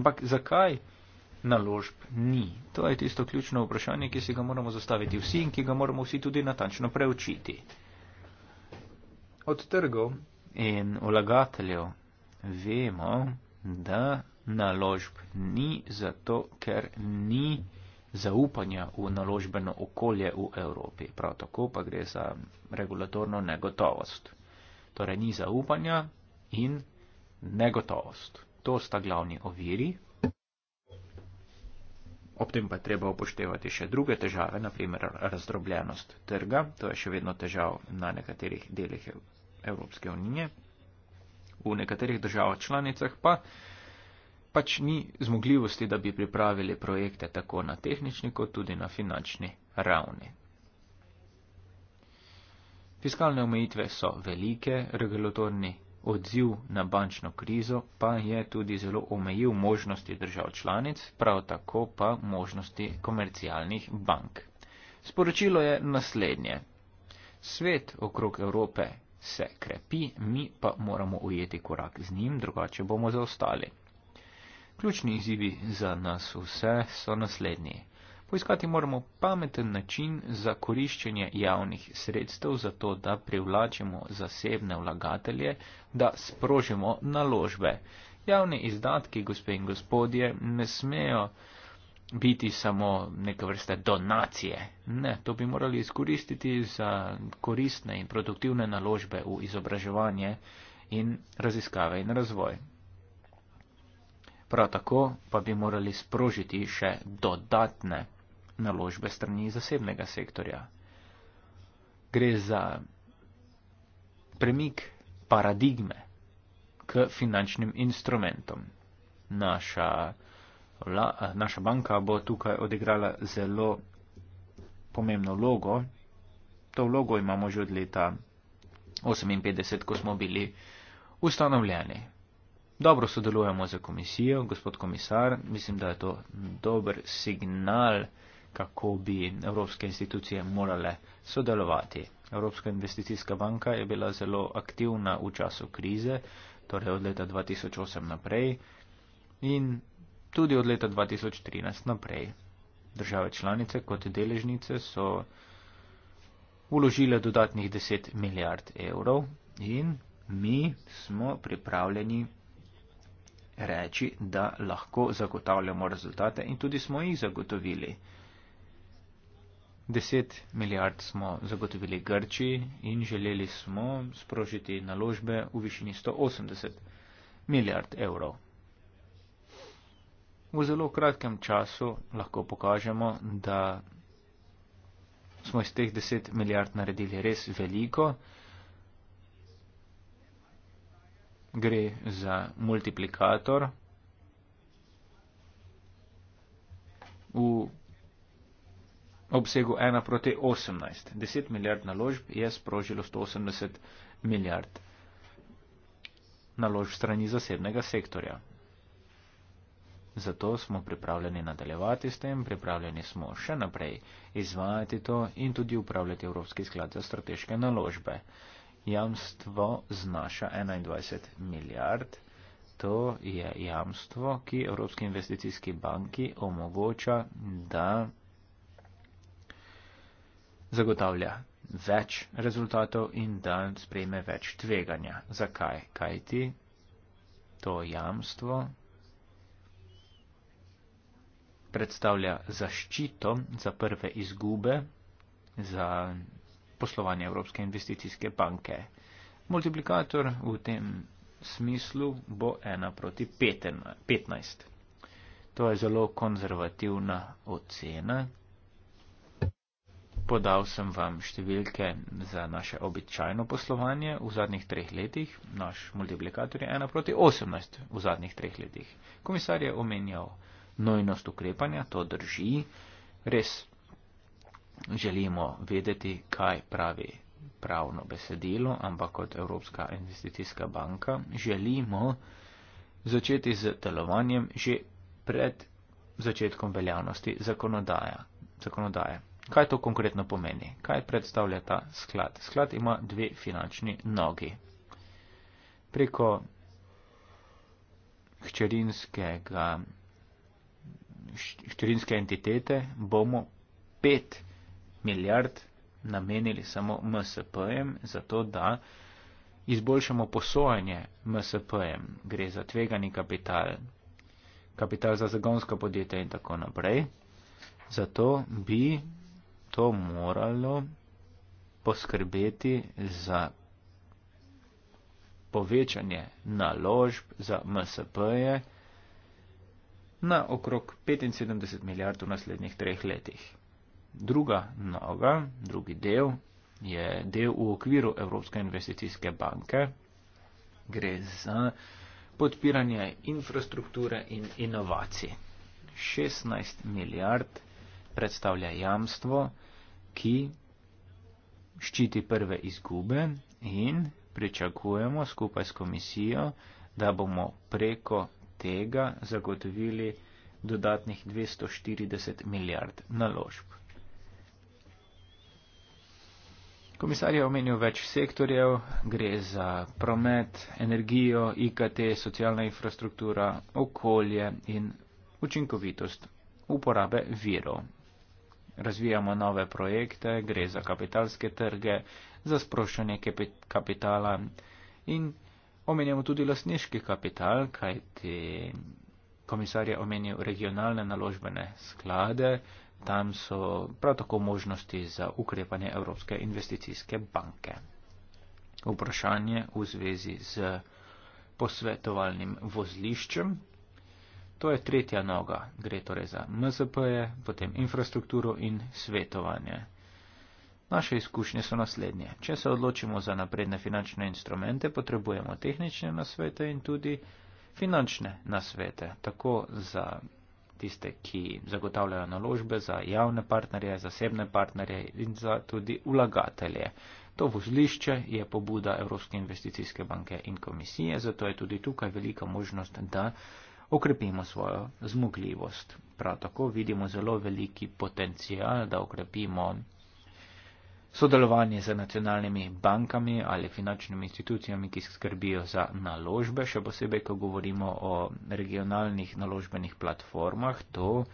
Ampak zakaj naložb ni? To je tisto ključno vprašanje, ki si ga moramo zastaviti vsi in ki ga moramo vsi tudi natančno preučiti. Od trgov in vlagateljev vemo, da naložb ni zato, ker ni zaupanja v naložbeno okolje v Evropi. Prav tako pa gre za regulatorno negotovost. Torej ni zaupanja in negotovost. To sta glavni oviri. Ob tem pa je treba upoštevati še druge težave, naprimer razdrobljenost trga. To je še vedno težav na nekaterih delih Evropske unije. V nekaterih državah članicah pa pač ni zmogljivosti, da bi pripravili projekte tako na tehnični kot tudi na finančni ravni. Fiskalne omejitve so velike, regulatorni odziv na bančno krizo pa je tudi zelo omejil možnosti držav članic, prav tako pa možnosti komercialnih bank. Sporočilo je naslednje. Svet okrog Evrope se krepi, mi pa moramo ujeti korak z njim, drugače bomo zaostali. Ključni izzivi za nas vse so naslednji. Poiskati moramo pameten način za koriščenje javnih sredstev, zato da privlačimo zasebne vlagatelje, da sprožimo naložbe. Javni izdatki, gospe in gospodje, ne smejo biti samo neka vrsta donacije. Ne, to bi morali izkoristiti za koristne in produktivne naložbe v izobraževanje in raziskave in razvoj. Prav tako pa bi morali sprožiti še dodatne naložbe strani zasebnega sektorja. Gre za premik paradigme k finančnim instrumentom. Naša, vla, naša banka bo tukaj odigrala zelo pomembno vlogo. To vlogo imamo že od leta 1958, ko smo bili ustanovljeni dobro sodelujemo z komisijo, gospod komisar, mislim, da je to dober signal, kako bi evropske institucije morale sodelovati. Evropska investicijska banka je bila zelo aktivna v času krize, torej od leta 2008 naprej in tudi od leta 2013 naprej. Države članice kot deležnice so uložile dodatnih 10 milijard evrov in mi smo pripravljeni reči, da lahko zagotavljamo rezultate in tudi smo jih zagotovili. 10 milijard smo zagotovili Grčiji in želeli smo sprožiti naložbe v višini 180 milijard evrov. V zelo kratkem času lahko pokažemo, da smo iz teh 10 milijard naredili res veliko. gre za multiplikator. V obsegu 1 proti 18. 10 milijard naložb je sprožilo 180 milijard naložb strani zasebnega sektorja. Zato smo pripravljeni nadaljevati s tem, pripravljeni smo še naprej izvajati to in tudi upravljati Evropski sklad za strateške naložbe jamstvo znaša 21 milijard. To je jamstvo, ki Evropski investicijski banki omogoča, da zagotavlja več rezultatov in da sprejme več tveganja. Zakaj? Kaj ti to jamstvo predstavlja zaščito za prve izgube, za poslovanje Evropske investicijske banke. Multiplikator v tem smislu bo 1 proti 15. To je zelo konzervativna ocena. Podal sem vam številke za naše običajno poslovanje v zadnjih treh letih. Naš multiplikator je 1 proti 18 v zadnjih treh letih. Komisar je omenjal nojnost ukrepanja, to drži. Res želimo vedeti, kaj pravi pravno besedilo, ampak kot Evropska investicijska banka želimo začeti z delovanjem že pred začetkom veljavnosti zakonodaje. Kaj to konkretno pomeni? Kaj predstavlja ta sklad? Sklad ima dve finančni nogi. Preko hčerinske entitete bomo pet milijard namenili samo MSP-jem, zato da izboljšamo posojanje MSP-jem. Gre za tvegani kapital, kapital za zagonska podjetja in tako naprej. Zato bi to moralo poskrbeti za povečanje naložb za MSP-je na okrog 75 milijard v naslednjih treh letih. Druga noga, drugi del je del v okviru Evropske investicijske banke. Gre za podpiranje infrastrukture in inovacij. 16 milijard predstavlja jamstvo, ki ščiti prve izgube in pričakujemo skupaj s komisijo, da bomo preko tega zagotovili dodatnih 240 milijard naložb. Komisar je omenil več sektorjev, gre za promet, energijo, IKT, socialna infrastruktura, okolje in učinkovitost uporabe virov. Razvijamo nove projekte, gre za kapitalske trge, za sproščanje kapitala in omenjamo tudi lasniški kapital, kajti komisar je omenil regionalne naložbene sklade, tam so prav tako možnosti za ukrepanje Evropske investicijske banke. Vprašanje v zvezi z posvetovalnim vozliščem. To je tretja noga, gre torej za MZP-je, potem infrastrukturo in svetovanje. Naše izkušnje so naslednje. Če se odločimo za napredne finančne instrumente, potrebujemo tehnične nasvete in tudi finančne nasvete, tako za tiste, ki zagotavljajo naložbe za javne partnerje, zasebne partnerje in za tudi vlagatelje. To vozlišče je pobuda Evropske investicijske banke in komisije, zato je tudi tukaj velika možnost, da okrepimo svojo zmogljivost. Prav tako vidimo zelo veliki potencial, da okrepimo Sodelovanje z nacionalnimi bankami ali finančnimi institucijami, ki skrbijo za naložbe, še posebej, ko govorimo o regionalnih naložbenih platformah, to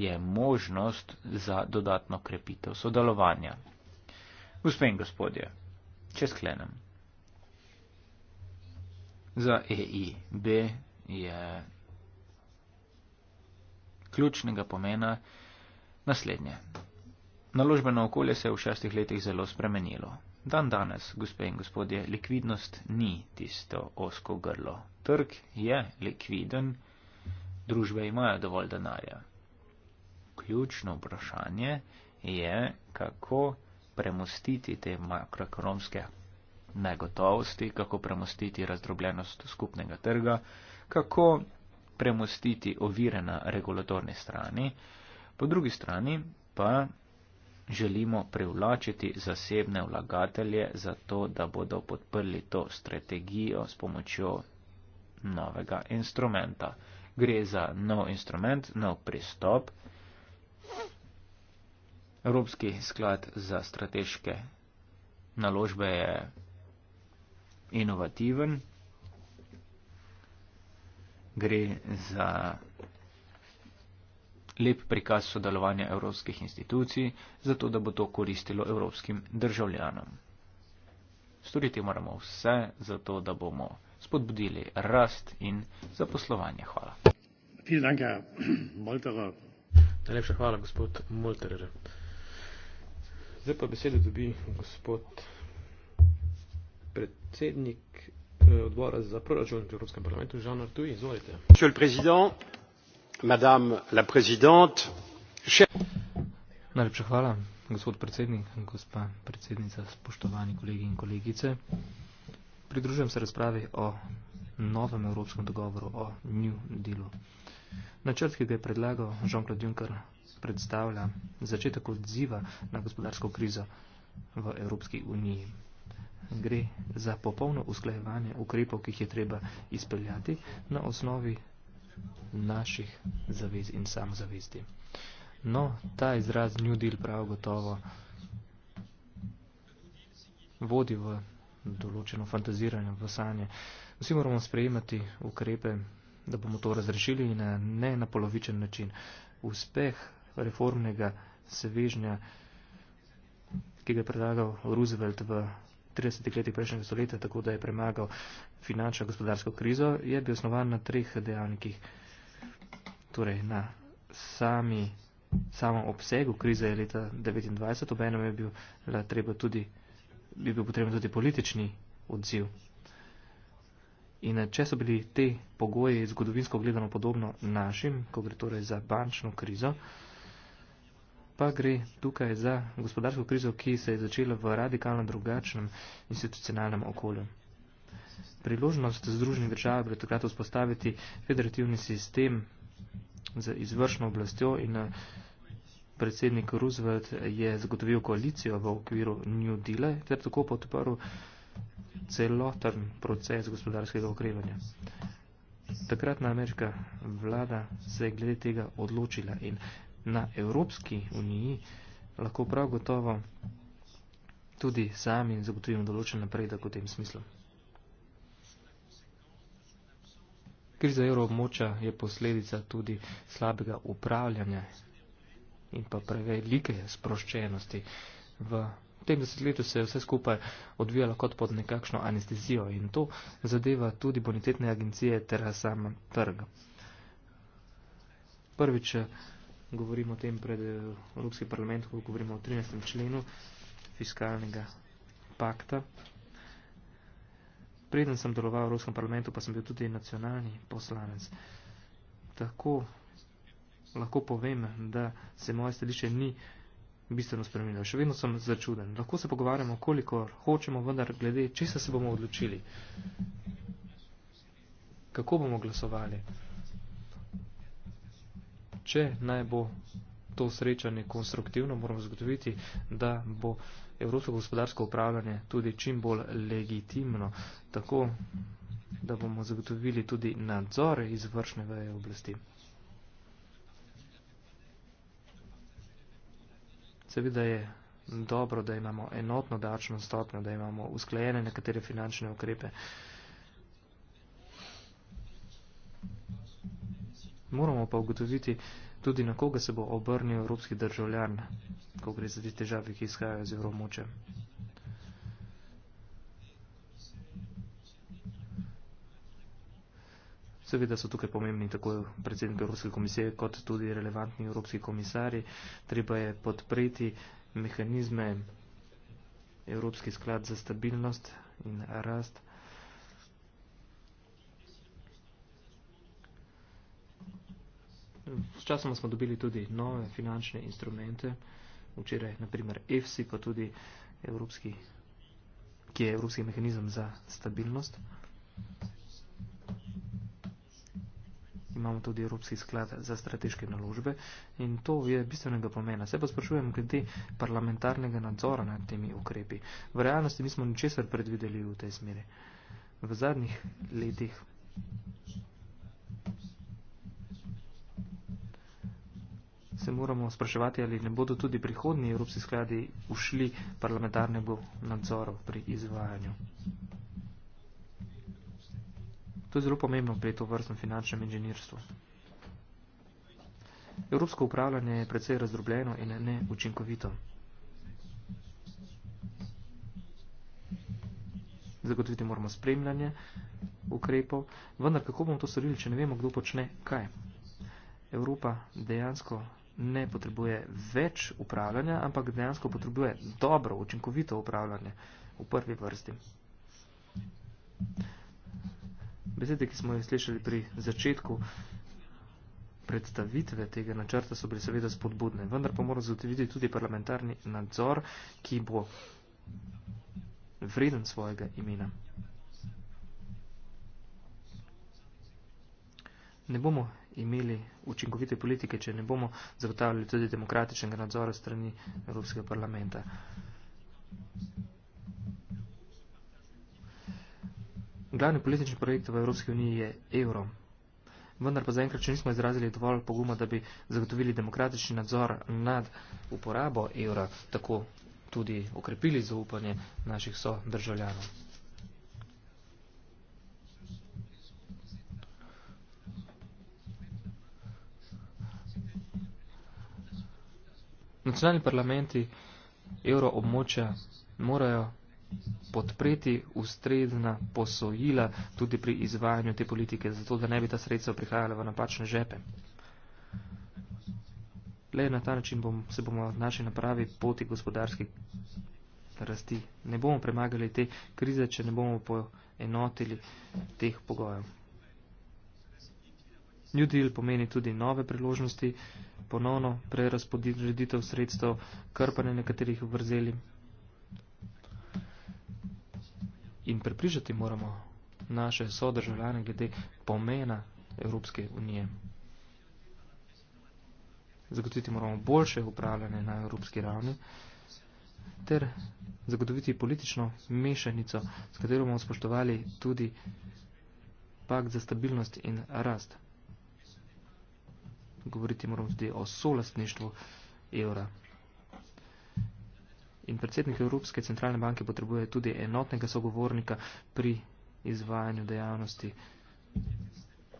je možnost za dodatno krepitev sodelovanja. Gospe in gospodje, če sklenem. Za EIB je ključnega pomena naslednje. Naložbeno okolje se je v šestih letih zelo spremenilo. Dan danes, gospe in gospodje, likvidnost ni tisto osko grlo. Trg je likviden, družbe imajo dovolj denarja. Ključno vprašanje je, kako premustiti te makroekonomske negotovosti, kako premustiti razdrobljenost skupnega trga, kako premustiti ovire na regulatorni strani, po drugi strani pa želimo privlačiti zasebne vlagatelje za to, da bodo podprli to strategijo s pomočjo novega instrumenta. Gre za nov instrument, nov pristop. Evropski sklad za strateške naložbe je inovativen. Gre za lep prikaz sodelovanja evropskih institucij, zato da bo to koristilo evropskim državljanom. Storiti moramo vse, zato da bomo spodbudili rast in zaposlovanje. Hvala. Najlepša hvala, gospod Molterer. Zdaj pa besedo dobi gospod predsednik eh, odbora za proračun v Evropskem parlamentu, Žan Artuji. Izvolite. Gospod predsednik, madame la présidente chers najlepša hvala gospod predsednik gospa predsednica spoštovani kolegi in kolegice pridružujem se razpravi o novem evropskem dogovoru o new dealu načrt ki ga je predlagal jean claude juncker predstavlja začetek odziva na gospodarsko krizo v evropski uniji gre za popolno usklajevanje ukrepov ki jih je treba izpeljati na osnovi naših zavez in samozavesti. No, ta izraz New Deal prav gotovo vodi v določeno fantaziranje, v sanje. Vsi moramo sprejemati ukrepe, da bomo to razrešili in eh, ne na polovičen način. Uspeh reformnega svežnja, ki ga je predlagal Roosevelt v 30 letih prejšnjega stoletja, tako da je premagal finančno gospodarsko krizo, je bil osnovan na treh dejavnikih. Torej, na sami, samo obsegu krize je leta 1929, obenem je bil, treba tudi, bi bil potreben tudi politični odziv. In če so bili te pogoji zgodovinsko gledano podobno našim, ko gre torej za bančno krizo, pa gre tukaj za gospodarsko krizo, ki se je začela v radikalno drugačnem institucionalnem okolju priložnost Združenih držav pred takrat vzpostaviti federativni sistem z izvršno oblastjo in eh, predsednik Roosevelt je zagotovil koalicijo v okviru New Deal -e, ter tako podprl celoten proces gospodarskega okrevanja. Takratna ameriška vlada se je glede tega odločila in na Evropski uniji lahko prav gotovo tudi sami zagotovimo določen napredek v tem smislu. Kriza evroobmoča je posledica tudi slabega upravljanja in pa prevelike sproščenosti. V tem desetletju se je vse skupaj odvijalo kot pod nekakšno anestezijo in to zadeva tudi bonitetne agencije ter sam trg. Prvič eh, govorimo o tem pred eh, Evropskim parlamentom, govorimo o 13. členu fiskalnega pakta preden sem deloval v Evropskem parlamentu, pa sem bil tudi nacionalni poslanec. Tako lahko povem, da se moje stališče ni bistveno spremenilo. Še vedno sem začuden. Lahko se pogovarjamo, koliko hočemo, vendar glede, če se bomo odločili, kako bomo glasovali, če naj bo to srečanje konstruktivno, moramo zagotoviti, da bo evropsko gospodarsko upravljanje tudi čim bolj legitimno, tako da bomo zagotovili tudi nadzor izvršne veje oblasti. Seveda je dobro, da imamo enotno davčno stopnjo, da imamo usklajene nekatere finančne ukrepe. Moramo pa ugotoviti, Tudi na koga se bo obrnil evropski državljan, ko gre za te težave, ki izhajajo z evromoče. Seveda so tukaj pomembni tako predsednik Evropske komisije, kot tudi relevantni evropski komisari. Treba je podpreti mehanizme Evropski sklad za stabilnost in rast, Sčasoma smo dobili tudi nove finančne instrumente, včeraj naprimer EFSI, pa tudi Evropski, ki je Evropski mehanizem za stabilnost. Imamo tudi Evropski sklad za strateške naložbe in to je bistvenega pomena. Se pa sprašujem glede parlamentarnega nadzora nad temi ukrepi. V realnosti nismo ničesar predvideli v tej smeri. V zadnjih letih se moramo spraševati, ali ne bodo tudi prihodni evropski skladi ušli parlamentarnemu nadzoru pri izvajanju. To je zelo pomembno pri to vrstnem finančnem inženirstvu. Evropsko upravljanje je precej razdrobljeno in neučinkovito. Zagotoviti moramo spremljanje ukrepov, vendar kako bomo to storili, če ne vemo, kdo počne kaj. Evropa dejansko ne potrebuje več upravljanja, ampak dejansko potrebuje dobro, učinkovito upravljanje v prvi vrsti. Besede, ki smo jih slišali pri začetku predstavitve tega načrta, so bile seveda spodbudne, vendar pa mora zagotoviti tudi parlamentarni nadzor, ki bo vreden svojega imena. Ne bomo imeli učinkovite politike, če ne bomo zagotavljali tudi demokratičnega nadzora strani Evropskega parlamenta. Glavni politični projekt v Evropski uniji je evro. Vendar pa zaenkrat, če nismo izrazili dovolj poguma, da bi zagotovili demokratični nadzor nad uporabo evra, tako tudi okrepili zaupanje naših sodržavljanov. Nacionalni parlamenti evroobmočja morajo podpreti ustrezna posojila tudi pri izvajanju te politike, zato da ne bi ta sredstva prihajala v napačne žepe. Le na ta način bom, se bomo našli na pravi poti gospodarske rasti. Ne bomo premagali te krize, če ne bomo poenotili teh pogojev. New Deal pomeni tudi nove priložnosti, ponovno prerazpodreditev sredstev, krpanje nekaterih vrzeli. In priprižati moramo naše sodržavljane glede pomena Evropske unije. Zagotoviti moramo boljše upravljanje na evropski ravni ter zagotoviti politično mešanico, s katero bomo spoštovali tudi pakt za stabilnost in rast govoriti moramo tudi o solastništvu evra. In predsednik Evropske centralne banke potrebuje tudi enotnega sogovornika pri izvajanju dejavnosti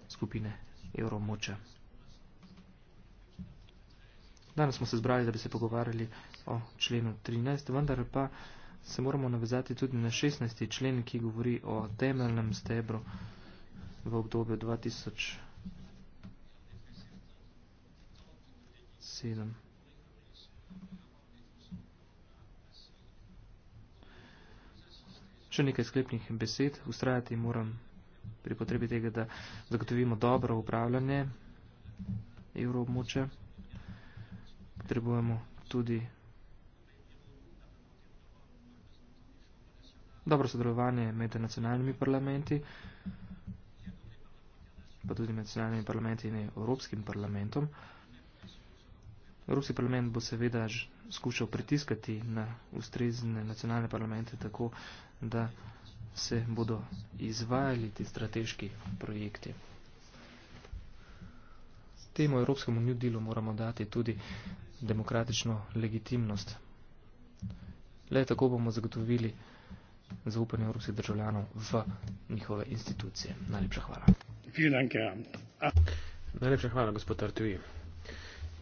skupine Euromoča. Danes smo se zbrali, da bi se pogovarjali o členu 13, vendar pa se moramo navezati tudi na 16. člen, ki govori o temeljnem stebru v obdobju 2000. 7. Še nekaj sklepnih besed. Ustrajati moram pri potrebi tega, da zagotovimo dobro upravljanje evroobmoče. Potrebujemo tudi dobro sodelovanje med nacionalnimi parlamenti, pa tudi med nacionalnimi parlamenti in Evropskim parlamentom. Ruski parlament bo seveda skušal pritiskati na ustrezne nacionalne parlamente tako, da se bodo izvajali ti strateški projekti. Temu Evropskemu New Dealu moramo dati tudi demokratično legitimnost. Le tako bomo zagotovili zaupanje evropskih državljanov v njihove institucije. Najlepša hvala. Najlepša hvala, gospod Artuji.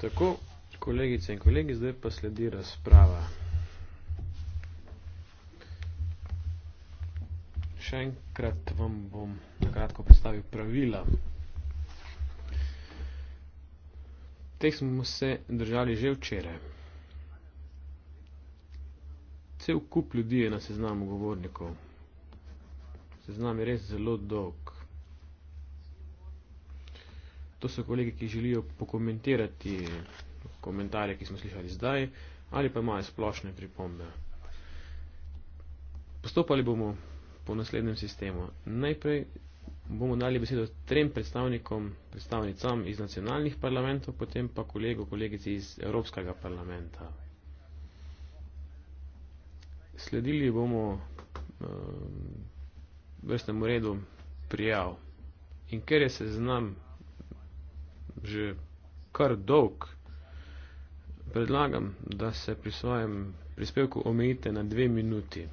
Tako kolegice in kolegi, zdaj pa sledi razprava. Še enkrat vam bom nakratko predstavil pravila. Teh smo se držali že včeraj. Cel kup ljudi je na seznamu govornikov. Seznam je res zelo dolg. To so kolegi, ki želijo pokomentirati komentarje, ki smo slišali zdaj, ali pa imajo splošne pripombe. Postopali bomo po naslednjem sistemu. Najprej bomo dali besedo trem predstavnikom, predstavnicam iz nacionalnih parlamentov, potem pa kolego, kolegici iz Evropskega parlamenta. Sledili bomo um, vrstnemu redu prijav. In ker je seznam že kar dolg, predlagam, da se pri svojem prispevku omejite na dve minuti.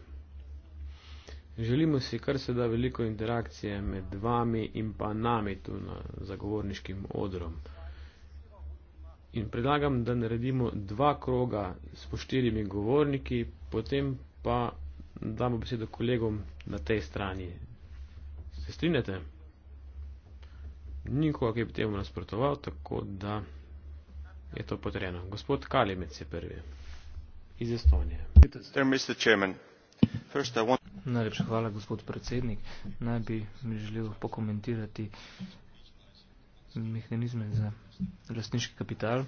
Želimo si kar se da veliko interakcije med vami in pa nami tu na zagovorniškim odrom. In predlagam, da naredimo dva kroga s po štirimi govorniki, potem pa damo besedo kolegom na tej strani. Se strinjate? Nikoga, ki bi temu nasprotoval, tako da je to potrjeno. Gospod Kalimec je prvi iz Estonije. Najlepša hvala, gospod predsednik. Naj bi mi želel pokomentirati mehanizme za lastniški kapital.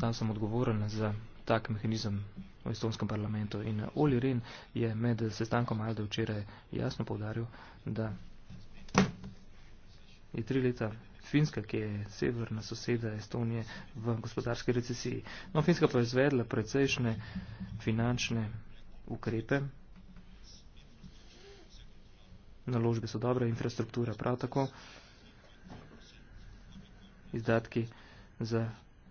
Sam sem odgovoren za tak mehanizem v estonskem parlamentu. In Oli Ren je med sestankom Alde včeraj jasno povdaril, da je tri leta Finska, ki je severna soseda Estonije v gospodarski recesiji. No, Finska pa je izvedla precejšnje finančne ukrepe. Naložbe so dobre, infrastruktura prav tako. Izdatki za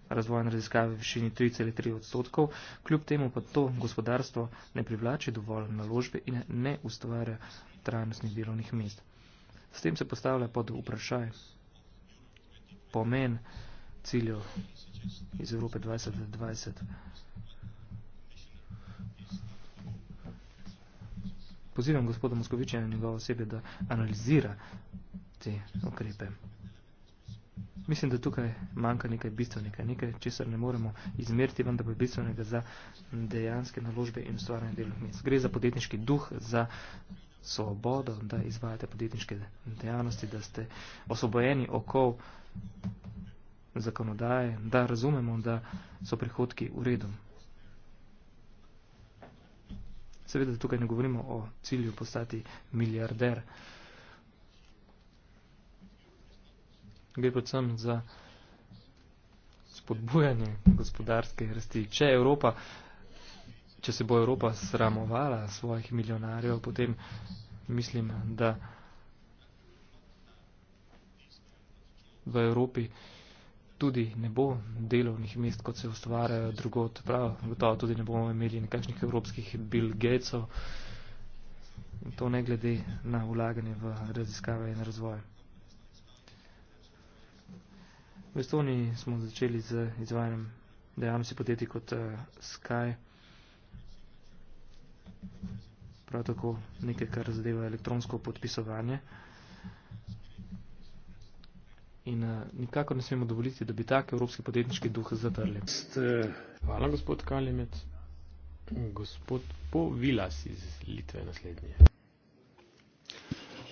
razvoj in raziskave v višini 3,3 odstotkov. Kljub temu pa to gospodarstvo ne privlači dovolj naložbe in ne ustvarja trajnostnih delovnih mest. S tem se postavlja pod vprašanje pomen ciljev iz Evrope 2020. Pozivam gospoda Moskoviča in njegovo osebe, da analizira te ukrepe. Mislim, da tukaj manjka nekaj bistvenega, nekaj, česar ne moremo izmeriti, vendar bi bistvenega za dejanske naložbe in ustvarjanje delovnih mest. Gre za podjetniški duh, za svobodo, da izvajate podjetniške dejavnosti, da ste osvobojeni okov zakonodaje, da razumemo, da so prihodki v redu. Seveda tukaj ne govorimo o cilju postati milijarder. Gre predvsem za spodbujanje gospodarske rasti. Če Evropa če se bo Evropa sramovala svojih milijonarjev, potem mislim, da v Evropi tudi ne bo delovnih mest, kot se ustvarjajo drugot. Prav, gotovo tudi ne bomo imeli nekakšnih evropskih Bill Gatesov. In to ne glede na vlaganje v raziskave in razvoj. V Estoniji smo začeli z izvajanjem dejavnosti podjetij kot uh, eh, Skype prav tako nekaj, kar zadeva elektronsko podpisovanje. In uh, eh, nikako ne smemo dovoliti, da bi tak evropski podjetniški duh zatrli. Hvala, gospod Kalimec. Gospod Povilas iz Litve naslednje.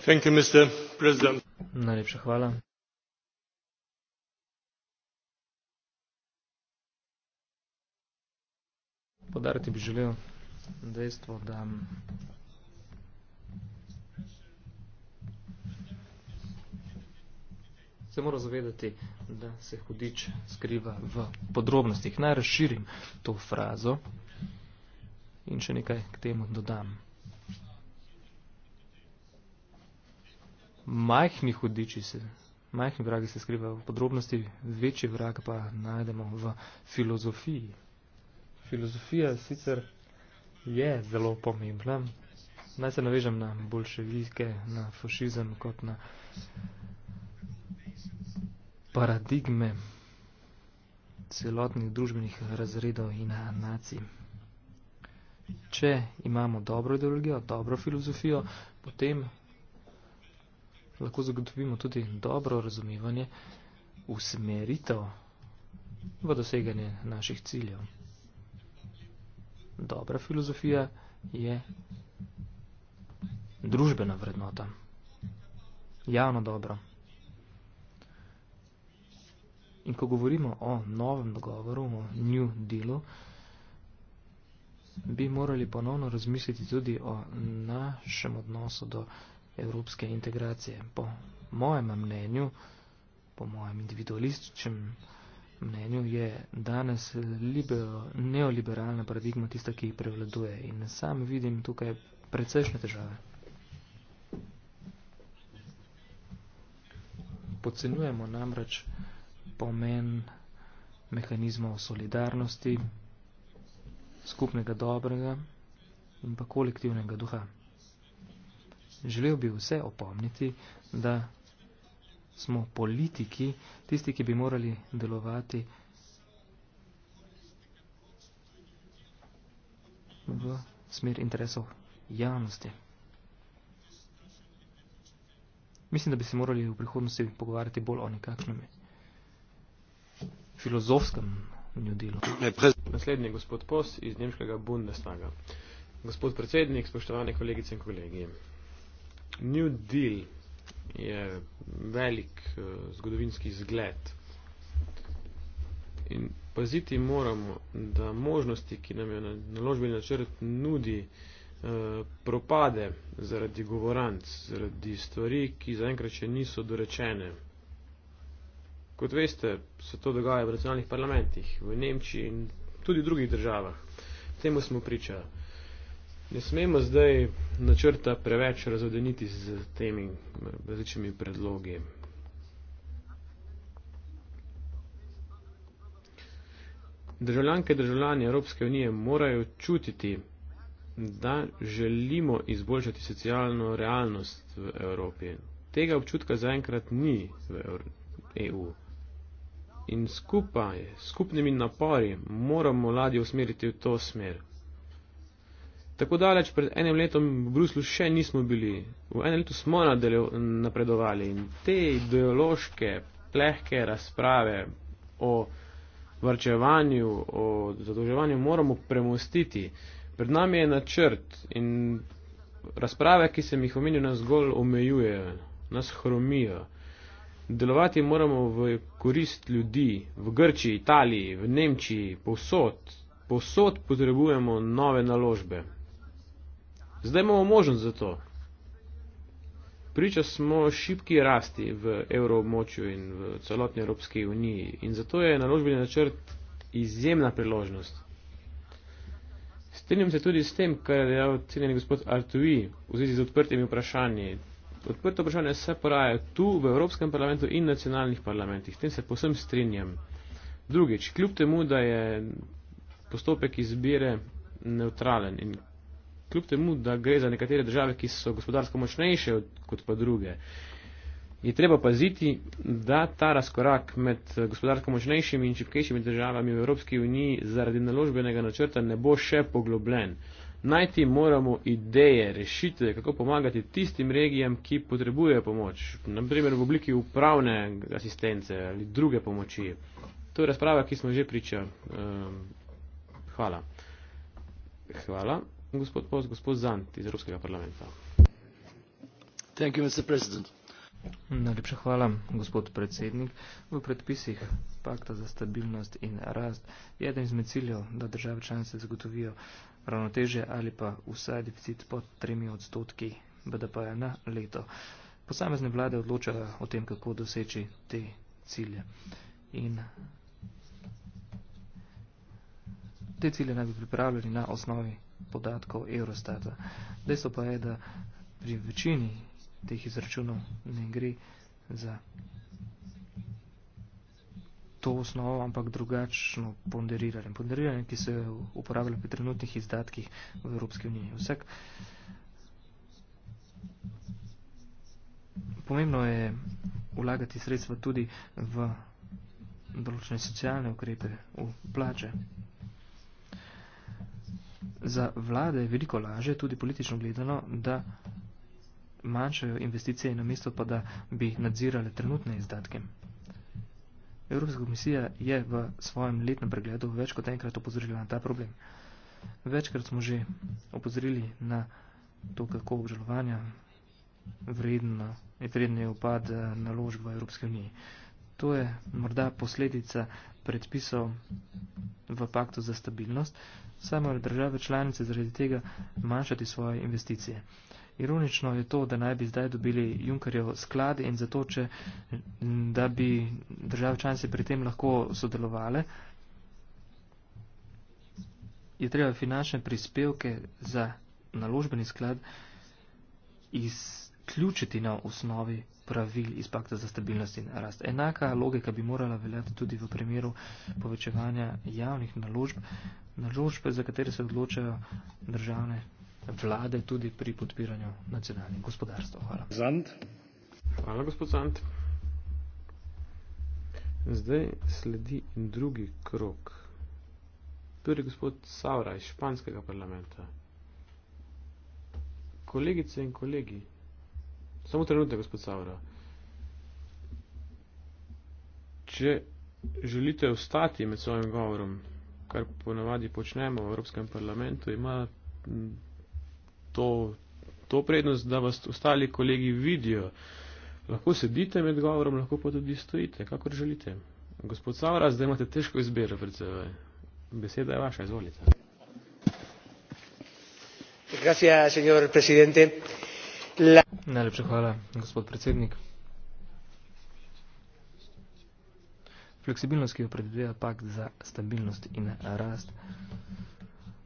Thank you, Mr. President. Najlepša hvala. Podariti bi želel dejstvo, da se mora zavedati, da se hudič skriva v podrobnostih. Naj razširim to frazo in še nekaj k temu dodam. Majhni hudiči se, majhni vragi se skrivajo v podrobnosti, večji vrag pa najdemo v filozofiji. Filozofija sicer je zelo pomembna. Naj se navežem na bolševike, na fašizem kot na paradigme celotnih družbenih razredov in nacij. Če imamo dobro ideologijo, dobro filozofijo, potem lahko zagotovimo tudi dobro razumevanje usmeritev v doseganje naših ciljev dobra filozofija je družbena vrednota, javno dobro. In ko govorimo o novem dogovoru, o New Dealu, bi morali ponovno razmisliti tudi o našem odnosu do evropske integracije. Po mojem mnenju, po mojem individualističnem mnenju je danes libero, neoliberalna paradigma tista, ki jih prevladuje. In sam vidim tukaj precejšnje težave. Podcenjujemo namreč pomen mehanizmov solidarnosti, skupnega dobrega in pa kolektivnega duha. Želel bi vse opomniti, da smo politiki, tisti, ki bi morali delovati v smer interesov javnosti. Mislim, da bi se morali v prihodnosti pogovarjati bolj o nekakšnem filozofskem njudilu. Naslednji gospod Pos iz Nemškega Bundestaga. Gospod predsednik, spoštovane kolegice in kolegi. New Deal je velik uh, zgodovinski zgled. In paziti moramo, da možnosti, ki nam je naložbeni načrt nudi, uh, propade zaradi govoranc, zaradi stvari, ki zaenkrat še niso dorečene. Kot veste, se to dogaja v nacionalnih parlamentih, v Nemčiji in tudi v drugih državah. Temu smo pričali. Ne smemo zdaj načrta preveč razodeniti z temi različnimi predlogi. Državljanke in državljani Evropske unije morajo čutiti, da želimo izboljšati socialno realnost v Evropi. Tega občutka zaenkrat ni v EU. E in skupaj, skupnimi napori, moramo ladje usmeriti v to smer. Tako daleč pred enim letom v Bruslu še nismo bili. V enem letu smo nadaljo, napredovali in te ideološke, plehke razprave o varčevanju, o zadolževanju moramo premostiti. Pred nami je načrt in razprave, ki se mi jih omenijo, nas zgolj omejujejo, nas hromijo. Delovati moramo v korist ljudi, v Grčiji, Italiji, v Nemčiji, povsod. Posod potrebujemo nove naložbe. Zdaj imamo možnost za to. Priča smo šibki rasti v evroobmočju in v celotni Evropski uniji in zato je naložbeni načrt izjemna priložnost. Strinjam se tudi s tem, kar je dejal cenjeni gospod Artui v zvezi z odprtimi vprašanji. Odprto vprašanje se poraja tu v Evropskem parlamentu in nacionalnih parlamentih. Tem se posem strinjam. Drugič, kljub temu, da je postopek izbire neutralen in kljub temu, da gre za nekatere države, ki so gospodarsko močnejše kot pa druge. Je treba paziti, da ta razkorak med gospodarsko močnejšimi in čipkejšimi državami v Evropski uniji zaradi naložbenega načrta ne bo še poglobljen. Najti moramo ideje, rešitve, kako pomagati tistim regijam, ki potrebujejo pomoč, naprimer v obliki upravne asistence ali druge pomoči. To je razprava, ki smo že pričali. Ehm, hvala. Hvala. Gospod Post, gospod Zant iz Evropskega parlamenta. Thank you, Mr. President. Najlepša hvala, gospod predsednik. V predpisih Pakta za stabilnost in rast je eden izmed ciljev, da države članice zagotovijo ravnoteže ali pa vsaj deficit pod 3 odstotki BDP-ja na leto. Posamezne vlade odločajo o tem, kako doseči te cilje. In te cilje naj bi pripravljali na osnovi podatkov Eurostata. Dejstvo pa je, da pri večini teh izračunov ne gre za to osnovo, ampak drugačno ponderiranje. Ponderiranje, ki se je uporabljalo pri trenutnih izdatkih v Evropski uniji. Vsek pomembno je ulagati sredstva tudi v določene socialne ukrepe, v plače, za vlade veliko laže, tudi politično gledano, da manjšajo investicije na mesto pa, da bi nadzirale trenutne izdatke. Evropska komisija je v svojem letnem pregledu več kot enkrat opozorila na ta problem. Večkrat smo že opozorili na to, kako obžalovanja vredno, je vredno je upad eh, naložb v Evropski uniji. To je morda posledica predpisov v paktu za stabilnost, Samo ali države članice zaradi tega manjšati svoje investicije. Ironično je to, da naj bi zdaj dobili Junkerjev sklad in zato, če, da bi države članice pri tem lahko sodelovale, je treba finančne prispevke za naložbeni sklad iz izključiti na osnovi pravil iz pakta za stabilnost in rast. Enaka logika bi morala veljati tudi v primeru povečevanja javnih naložb, naložb, za katere se odločajo državne vlade tudi pri podpiranju nacionalnih gospodarstva. Hvala. Zand. Hvala, gospod Zand. Zdaj sledi drugi krok. Prvi gospod Savra iz španskega parlamenta. Kolegice in kolegi, Samo trenutek, gospod Savra. Če želite ostati med svojim govorom, kar ponavadi počnemo v Evropskem parlamentu, ima to, to prednost, da vas ostali kolegi vidijo. Lahko sedite med govorom, lahko pa tudi stojite, kakor želite. Gospod Savra, zdaj imate težko izbiro pred seboj. Beseda je vaša, izvolite. Gracias, señor presidente. Najlepša hvala, gospod predsednik. Fleksibilnost, ki jo predvideva pakt za stabilnost in rast,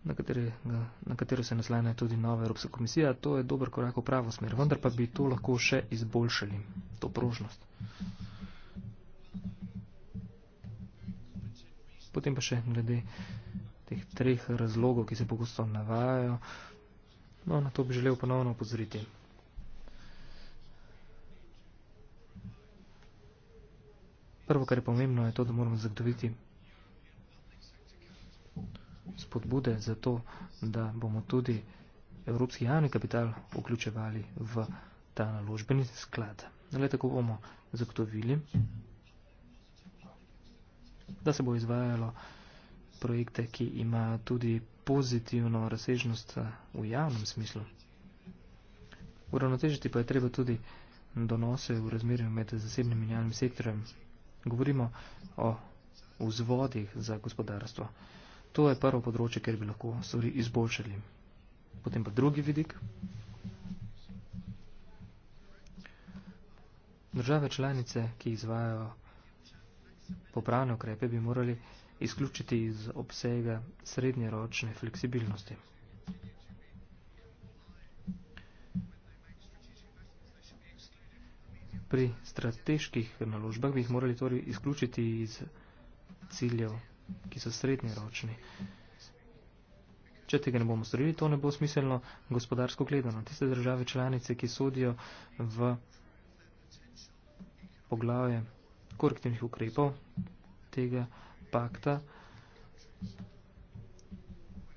na, katerega, na katero se naslanja tudi nova Evropska komisija, to je dober korak v pravo smer, vendar pa bi to lahko še izboljšali, to prožnost. Potem pa še glede teh treh razlogov, ki se pogosto navajajo, no, na to bi želel ponovno upozoriti. Prvo, kar je pomembno, je to, da moramo zagotoviti spodbude za to, da bomo tudi evropski javni kapital vključevali v ta naložbeni sklad. Le tako bomo zagotovili, da se bo izvajalo projekte, ki ima tudi pozitivno razsežnost v javnem smislu. Uravnotežiti pa je treba tudi donose v razmerju med zasebnim in javnim sektorjem. Govorimo o vzvodih za gospodarstvo. To je prvo področje, kjer bi lahko stvari izboljšali. Potem pa drugi vidik. Države članice, ki izvajajo popravne okrepe, bi morali izključiti iz obsega srednjeročne fleksibilnosti. Pri strateških naložbah bi jih morali torej izključiti iz ciljev, ki so srednjeročni. Če tega ne bomo storili, to ne bo smiselno gospodarsko gledano. Tiste države članice, ki sodijo v poglavje korektivnih ukrepov tega pakta,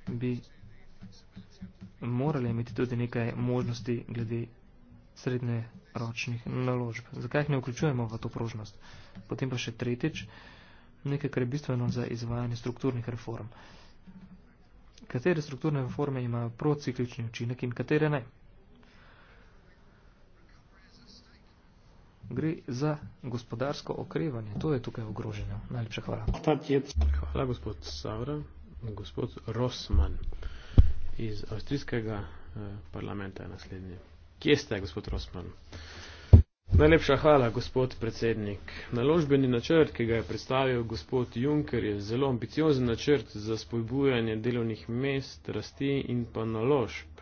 bi morali imeti tudi nekaj možnosti glede srednjeročnih naložb. Zakaj jih ne vključujemo v to prožnost? Potem pa še tretjič, nekaj, kar je bistveno za izvajanje strukturnih reform. Katere strukturne reforme ima prociklični učinek in katere ne? Gre za gospodarsko okrevanje. To je tukaj ogroženo. Najlepša hvala. Hvala, gospod Savra. Gospod Rosman iz avstrijskega eh, parlamenta je naslednji. Kje ste, gospod Rosman? Najlepša hvala, gospod predsednik. Naložbeni načrt, ki ga je predstavil gospod Juncker, je zelo ambiciozen načrt za spodbujanje delovnih mest, rasti in pa naložb.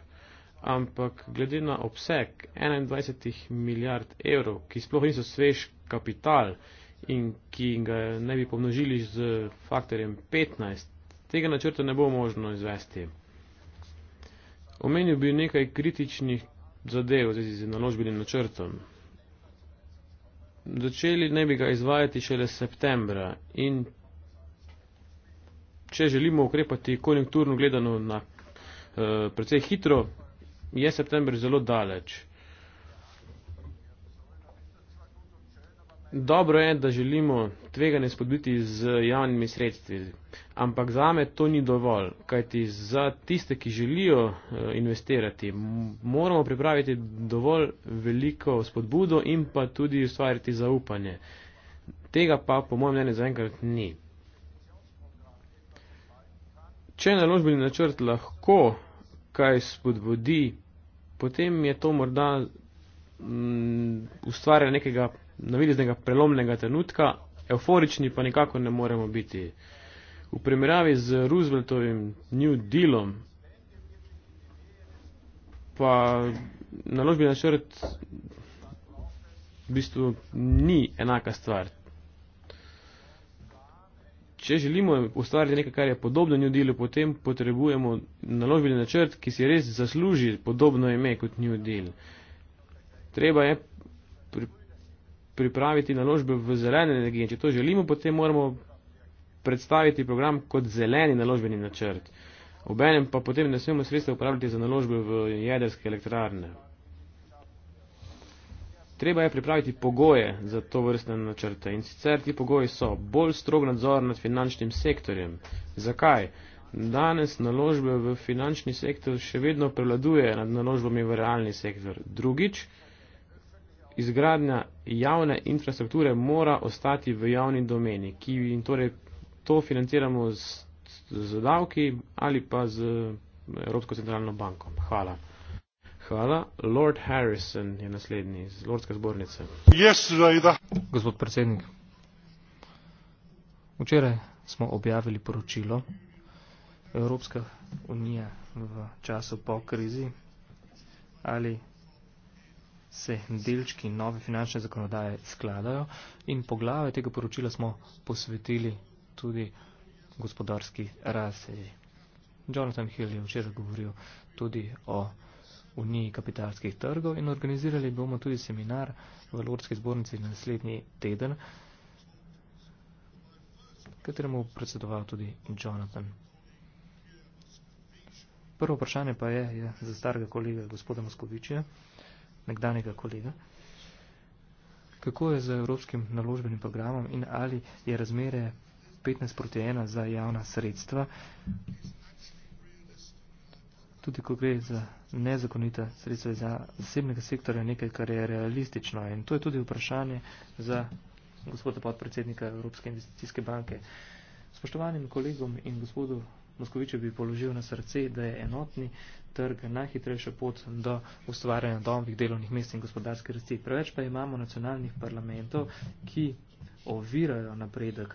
Ampak glede na obseg 21 milijard evrov, ki sploh niso svež kapital in ki ga ne bi pomnožili z faktorjem 15, tega načrta ne bo možno izvesti. Omenil bi nekaj kritičnih zadev v zvezi z naložbenim načrtom. Začeli ne bi ga izvajati šele septembra in če želimo ukrepati konjunkturno gledano na, eh, precej hitro, je september zelo daleč. Dobro je, da želimo tveganje spodbiti z javnimi sredstvi, ampak za me to ni dovolj, kajti za tiste, ki želijo eh, investirati, moramo pripraviti dovolj veliko spodbudo in pa tudi ustvariti zaupanje. Tega pa, po mojem mnenju, zaenkrat ni. Če naložbeni načrt lahko kaj spodbudi, potem je to morda ustvarjanje nekega navideznega prelomnega trenutka, euforični pa nikako ne moremo biti. V primerjavi z Rooseveltovim New Dealom pa naložbi na črt v bistvu ni enaka stvar. Če želimo ustvariti nekaj, kar je podobno New Dealu, potem potrebujemo naložbeni načrt, ki si res zasluži podobno ime kot New Deal. Treba je pripraviti naložbe v zelene energije. Če to želimo, potem moramo predstaviti program kot zeleni naložbeni načrt. Obenem pa potem ne smemo sredstva uporabljati za naložbe v jedrske elektrarne. Treba je pripraviti pogoje za to vrstne načrte in sicer ti pogoji so bolj strog nadzor nad finančnim sektorjem. Zakaj? Danes naložbe v finančni sektor še vedno prevladuje nad naložbami v realni sektor. Drugič, izgradnja javne infrastrukture mora ostati v javni domeni, ki in torej to financiramo z, z davki ali pa z Evropsko centralno banko. Hvala. Hvala. Lord Harrison je naslednji iz Lordske zbornice. Yes, Gospod predsednik, včeraj smo objavili poročilo Evropska unija v času po krizi ali se delčki nove finančne zakonodaje skladajo in poglave tega poročila smo posvetili tudi gospodarski razseji. Jonathan Hill je včeraj govoril tudi o Uniji kapitalskih trgov in organizirali bomo tudi seminar v Lordski zbornici na naslednji teden, kateremu predsedoval tudi Jonathan. Prvo vprašanje pa je, je za starega kolega gospoda Moskovičija nekdanjega kolega. Kako je z evropskim naložbenim programom in ali je razmere 15 proti 1 za javna sredstva, tudi ko gre za nezakonita sredstva za zasebnega sektorja, nekaj, kar je realistično. In to je tudi vprašanje za gospoda podpredsednika Evropske investicijske banke. Spoštovanim kolegom in gospodu Moskoviču bi položil na srce, da je enotni trg najhitrejša pot do ustvarjanja novih delovnih mest in gospodarske rasti. Preveč pa imamo nacionalnih parlamentov, ki ovirajo napredek,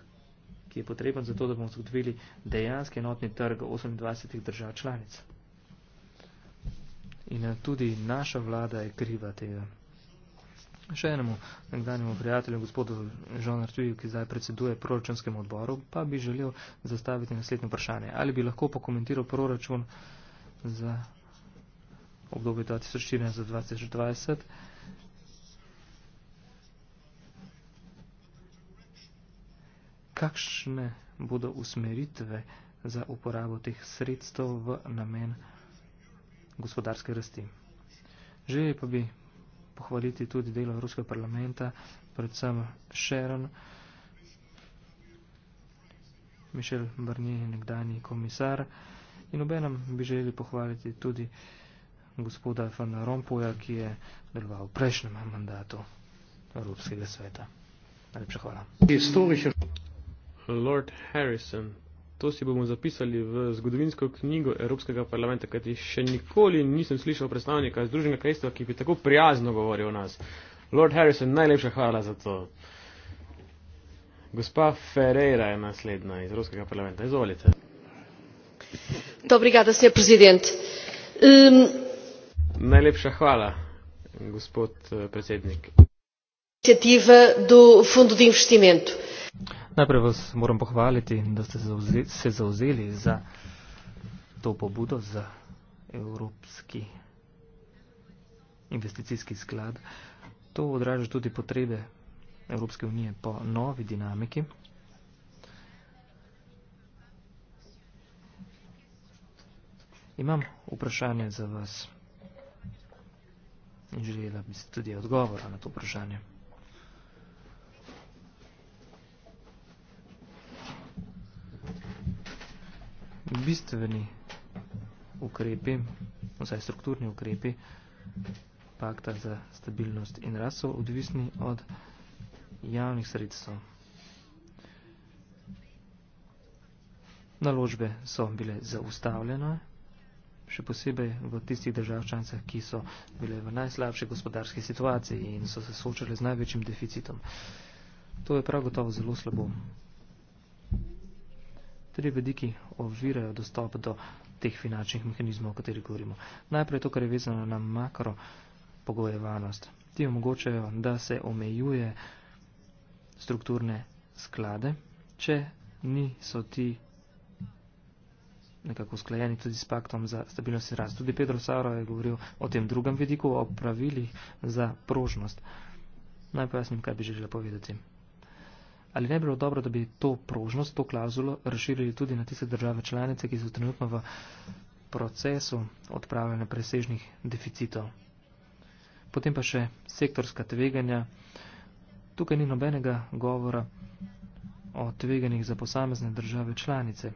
ki je potreben za to, da bomo zgodovili dejanski enotni trg 28 držav članic. In eh, tudi naša vlada je kriva tega. Še enemu nekdanjemu prijatelju, gospodu Žonar Tuju, ki zdaj predseduje proračunskemu odboru, pa bi želel zastaviti naslednje vprašanje. Ali bi lahko pokomentiral proračun? za obdobje 2014 za 2020. Kakšne bodo usmeritve za uporabo teh sredstev v namen gospodarske rasti? Že pa bi pohvaliti tudi delo Evropskega parlamenta, predvsem Sharon, Mišel Barnier, nekdani komisar, In obenem bi želeli pohvaliti tudi gospoda Van Rompuja, ki je deloval v prejšnjem mandatu Evropskega sveta. Najlepša hvala. Lord Harrison, to si bomo zapisali v zgodovinsko knjigo Evropskega parlamenta, kajti še nikoli nisem slišal predstavnika Združenega krajstva, ki bi tako prijazno govoril o nas. Lord Harrison, najlepša hvala za to. Gospa Ferreira je naslednja iz Evropskega parlamenta. Izvolite gospod eh, predsednik najprej vas moram pohvaliti da ste se zavzeli za to pobudo za evropski investicijski sklad to odraža tudi potrebe evropske unije po novi dinamiki Imam vprašanje za vas. In želela bi se tudi odgovora na to vprašanje. Bistveni ukrepi, vsaj strukturni ukrepi, pakta za stabilnost in rast so odvisni od javnih sredstev. Naložbe so bile zaustavljene, še posebej v tistih držav članicah, ki so bile v najslabši gospodarski situaciji in so se soočali z največjim deficitom. To je prav gotovo zelo slabo. Tri vediki ovirajo dostop do teh finančnih mehanizmov, o katerih govorimo. Najprej to, kar je vezano na makro pogojevanost. Ti omogočajo, da se omejuje strukturne sklade, če niso ti nekako usklajeni tudi s paktom za stabilnost in rast. Tudi Pedro Sauro je govoril o tem drugem vidiku, o pravilih za prožnost. Naj pojasnim, kaj bi želela povedati. Ali ne bi bilo dobro, da bi to prožnost, to klauzulo razširili tudi na tiste države članice, ki so trenutno v procesu odpravljanja presežnih deficitov? Potem pa še sektorska tveganja. Tukaj ni nobenega govora o tveganjih za posamezne države članice.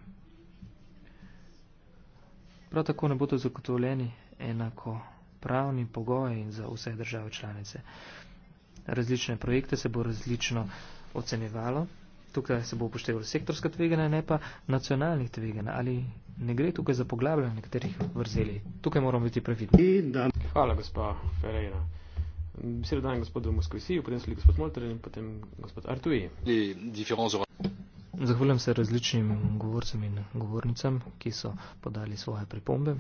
Prav tako ne bodo zagotovljeni enako pravni pogoji za vse države članice. Različne projekte se bo različno ocenjevalo, tukaj se bo upoštevalo sektorska tveganja, ne pa nacionalnih tveganja. Ali ne gre tukaj za poglavljanje nekaterih vrzeli? Tukaj moramo biti previdni. Hvala, gospa Ferreira. Besedo dajem gospodu Moskvisiju, potem sledi gospod Molter in potem gospod Artuji. Zahvaljujem se različnim govorcem in govornicam, ki so podali svoje pripombe.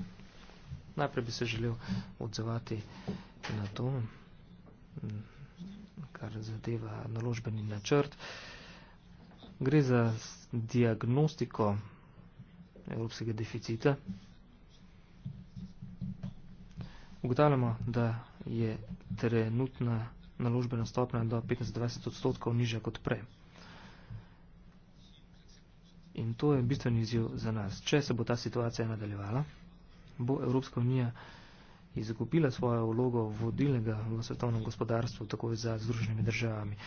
Najprej bi se želel odzvati na to, kar zadeva naložbeni načrt. Gre za diagnostiko evropskega deficita. Ugotavljamo, da je trenutna naložbena stopnja do 25 odstotkov nižja kot prej. In to je bistveni izziv za nas. Če se bo ta situacija nadaljevala, bo Evropska unija izgubila svojo vlogo vodilnega v svetovnem gospodarstvu, tako za združenimi državami.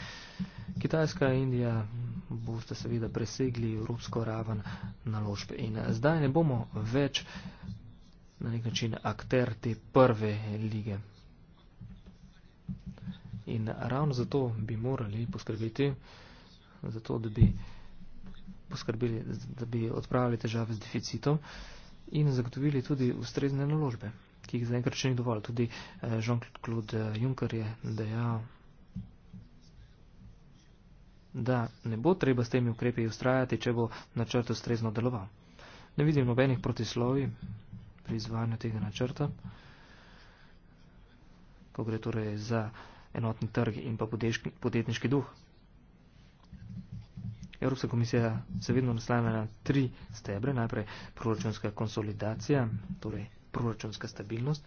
Kitajska in Indija boste seveda presegli evropsko raven naložbe. In zdaj ne bomo več na nek način akter te prve lige. In ravno zato bi morali poskrbeti, zato da bi poskrbeli, da bi odpravili težave z deficitom in zagotovili tudi ustrezne naložbe, ki jih zaenkrat še ni dovolj. Tudi eh, Jean-Claude Juncker je dejal, da ne bo treba s temi ukrepi ustrajati, če bo načrt ustrezno deloval. Ne vidim nobenih protislovi pri izvajanju tega načrta, ko gre torej za enotni trg in pa podjetniški duh. Evropska komisija se vedno naslanja na tri stebre. Najprej proračunska konsolidacija, torej proračunska stabilnost.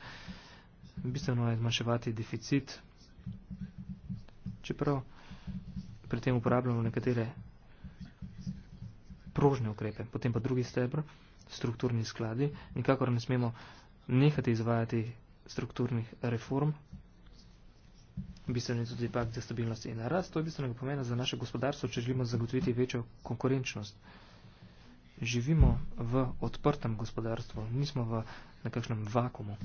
Bistveno je zmanjševati deficit, čeprav pri tem uporabljamo nekatere prožne ukrepe. Potem pa drugi stebr, strukturni skladi. Nikakor ne smemo nehati izvajati strukturnih reform, bistveni tudi pak za stabilnost in rast. To je bistvenega pomena za naše gospodarstvo, če želimo zagotoviti večjo konkurenčnost. Živimo v odprtem gospodarstvu, nismo v nekakšnem vakumu.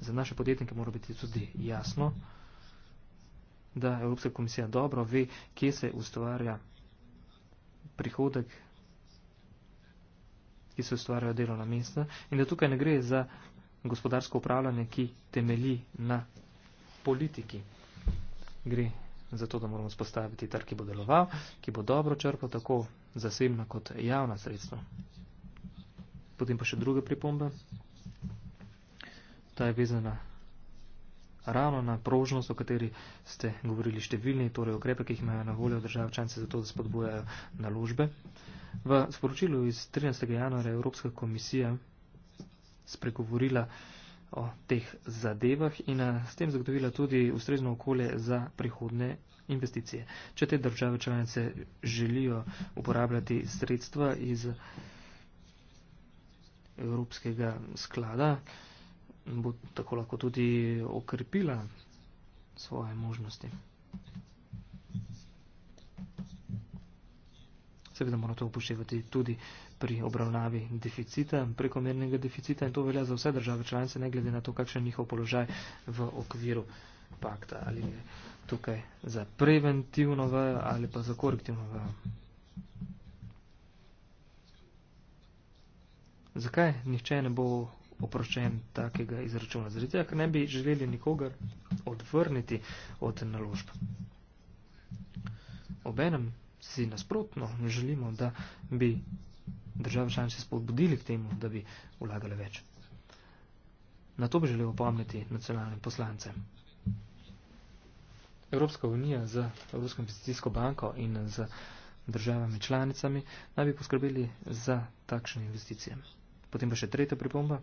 Za naše podjetnike mora biti tudi jasno, da Evropska komisija dobro ve, kje se ustvarja prihodek, ki se ustvarjajo delovna mesta in da tukaj ne gre za gospodarsko upravljanje, ki temelji na politiki. Gre za to, da moramo spostaviti trg, ki bo deloval, ki bo dobro črpal tako zasebna kot javna sredstva. Potem pa še druga pripomba. Ta je vezana ravno na prožnost, o kateri ste govorili številni, torej okrepe, ki jih imajo na voljo države članice za to, da spodbujajo naložbe. V sporočilu iz 13. januarja Evropska komisija spregovorila o teh zadevah in eh, s tem zagotovila tudi ustrezno okolje za prihodne investicije. Če te države članice želijo uporabljati sredstva iz Evropskega sklada, bo tako lahko tudi okrepila svoje možnosti. Seveda mora to upoštevati tudi pri obravnavi deficita, prekomernega deficita in to velja za vse države članice, ne glede na to, kakšen njihov položaj v okviru pakta ali je tukaj za preventivno vejo ali pa za korektivno vejo. Zakaj nihče ne bo oproščen takega izračuna? Zaradi tega, ker ne bi želeli nikogar odvrniti od naložb. Obenem si nasprotno želimo, da bi države članice spodbudili k temu, da bi vlagale več. Na to bi želel opomniti nacionalnim poslancem. Evropska unija z Evropsko investicijsko banko in z državami članicami naj bi poskrbeli za takšne investicije. Potem pa še tretja pripomba.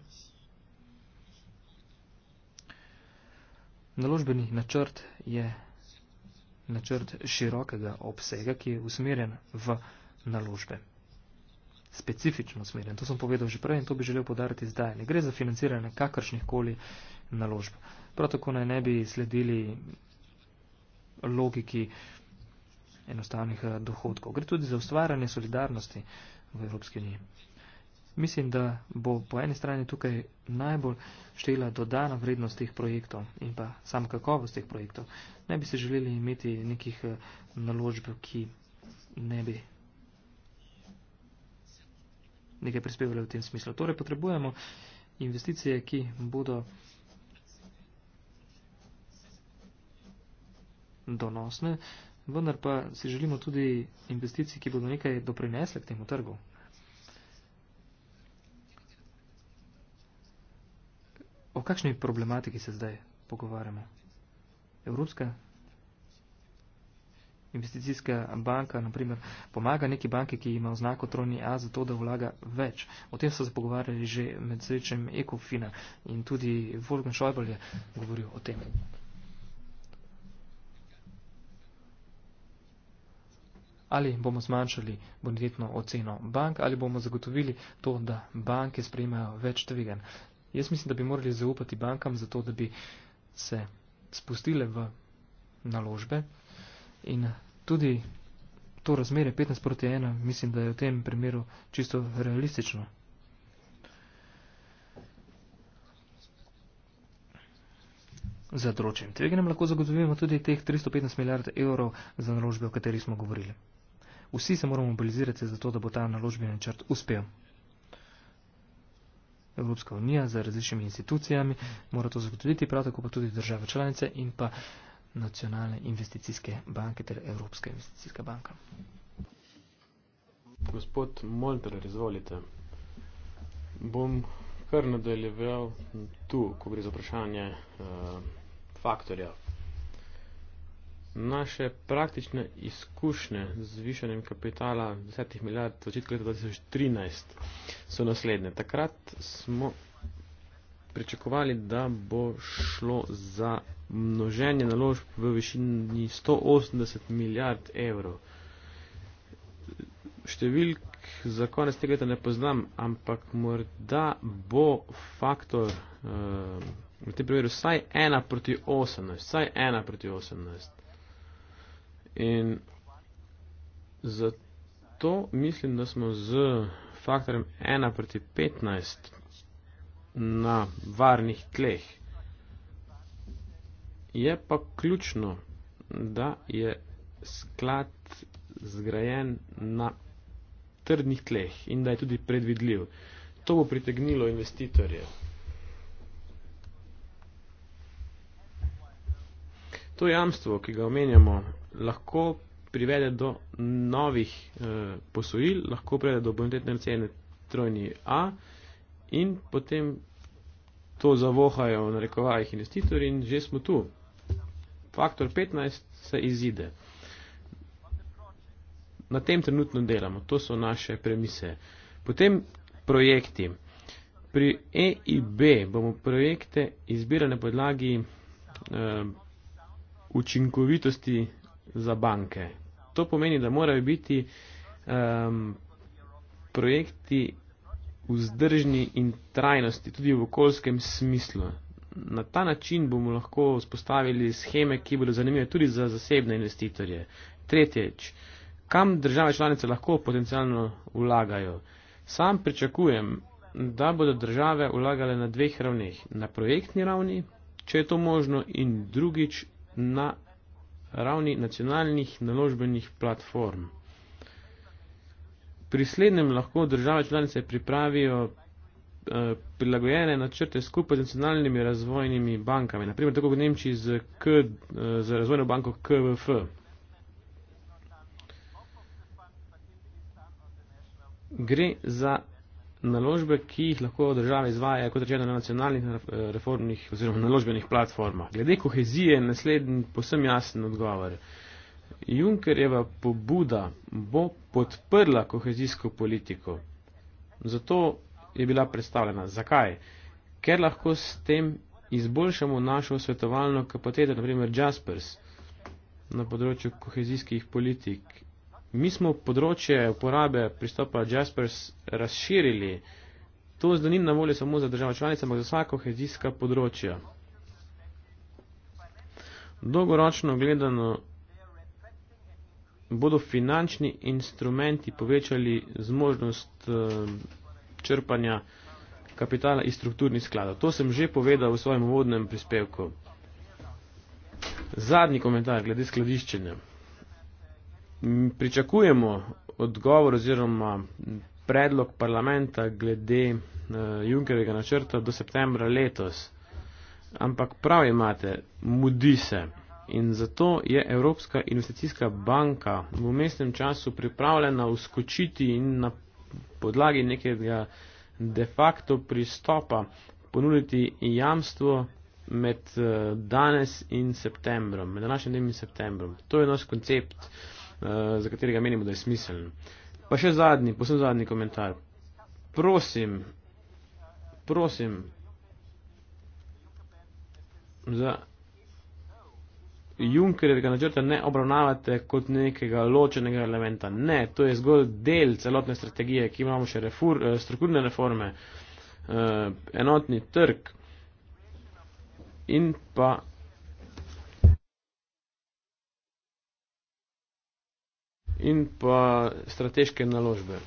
Naložbeni načrt je načrt širokega obsega, ki je usmerjen v naložbe specifično usmerjen. To sem povedal že prej in to bi želel podariti zdaj. Ne gre za financiranje kakršnih koli naložb. Prav tako naj ne bi sledili logiki enostavnih eh, dohodkov. Gre tudi za ustvarjanje solidarnosti v Evropski uniji. Mislim, da bo po eni strani tukaj najbolj štela dodana vrednost teh projektov in pa sam kakovost teh projektov. Ne bi se želeli imeti nekih eh, naložb, ki ne bi nekaj prispevali v tem smislu. Torej potrebujemo investicije, ki bodo donosne, vendar pa si želimo tudi investicij, ki bodo nekaj doprinesle k temu trgu. O kakšni problematiki se zdaj pogovarjamo? Evropska investicijska banka, naprimer, pomaga neki banki, ki ima oznako trojni A, zato da vlaga več. O tem so se pogovarjali že med srečem Ekofina in tudi Volkan Šojbol je govoril o tem. Ali bomo zmanjšali bonitetno oceno bank, ali bomo zagotovili to, da banke sprejemajo več tvegan. Jaz mislim, da bi morali zaupati bankam, zato da bi se spustile v naložbe, In tudi to razmerje 15 proti 1, mislim, da je v tem primeru čisto realistično. Za dročen tveganjem lahko zagotovimo tudi teh 315 milijard evrov za naložbe, o katerih smo govorili. Vsi se moramo mobilizirati za to, da bo ta naložbeni načrt uspel. Evropska unija z različnimi institucijami mora to zagotoviti, prav tako pa tudi države članice in pa nacionalne investicijske banke ter Evropska investicijska banka. Gospod Molter, izvolite. Bom kar nadaljeval tu, ko gre za vprašanje eh, faktorja. Naše praktične izkušnje z višanjem kapitala 10 milijard v začetku leta 2013 so naslednje. Takrat smo pričakovali, da bo šlo za množenje naložb v višini 180 milijard evrov. Številk za konec tega leta ne poznam, ampak morda bo faktor uh, v tem primeru vsaj 1 proti 18. Vsaj 1 proti 18. In zato mislim, da smo z faktorjem 1 proti 15 na varnih tleh. Je pa ključno, da je sklad zgrajen na trdnih tleh in da je tudi predvidljiv. To bo pritegnilo investitorje. To jamstvo, ki ga omenjamo, lahko privede do novih eh, posojil, lahko privede do bonitetne cene trojni A in potem to zavohajo na rekovajih investitorji in že smo tu. Faktor 15 se izide. Na tem trenutno delamo, to so naše premise. Potem projekti. Pri EIB bomo projekte izbirali na podlagi eh, učinkovitosti za banke. To pomeni, da morajo biti eh, projekti vzdržni in trajnosti, tudi v okoljskem smislu na ta način bomo lahko vzpostavili scheme, ki bodo zanimive tudi za zasebne investitorje. Tretjič, kam države članice lahko potencialno vlagajo? Sam pričakujem, da bodo države vlagale na dveh ravneh. Na projektni ravni, če je to možno, in drugič na ravni nacionalnih naložbenih platform. Pri slednjem lahko države članice pripravijo Eh, prilagojene načrte skupaj z nacionalnimi razvojnimi bankami, naprimer tako v Nemčiji z, K, eh, z razvojno banko KVF. Gre za naložbe, ki jih lahko države izvajajo, kot rečeno, na nacionalnih eh, reformnih oziroma naložbenih platformah. Glede kohezije je naslednji posem jasen odgovor. Junkerjeva pobuda bo podprla kohezijsko politiko. Zato je bila predstavljena. Zakaj? Ker lahko s tem izboljšamo našo svetovalno kapaciteto, naprimer Jaspers na področju kohezijskih politik. Mi smo področje uporabe pristopa Jaspers razširili. To zdaj ni na voljo samo za državo članice, ampak za vsako kohezijska področja. Dolgoročno gledano bodo finančni instrumenti povečali zmožnost. Uh, črpanja kapitala iz strukturnih skladov. To sem že povedal v svojem uvodnem prispevku. Zadnji komentar glede skladiščenja. Pričakujemo odgovor oziroma predlog parlamenta glede uh, eh, Junkerjega načrta do septembra letos. Ampak prav imate, mudi se. In zato je Evropska investicijska banka v mestnem času pripravljena uskočiti in na podlagi nekega de facto pristopa ponuditi jamstvo med eh, danes in septembrom, med današnjim dnem in septembrom. To je naš koncept, eh, za katerega menimo, da je smiseln. Pa še zadnji, posebno zadnji komentar. Prosim, prosim, za Junckerjevega načrta ne obravnavate kot nekega ločenega elementa. Ne, to je zgolj del celotne strategije, ki imamo še refur, eh, strukturne reforme, eh, enotni trg in pa. In pa strateške naložbe.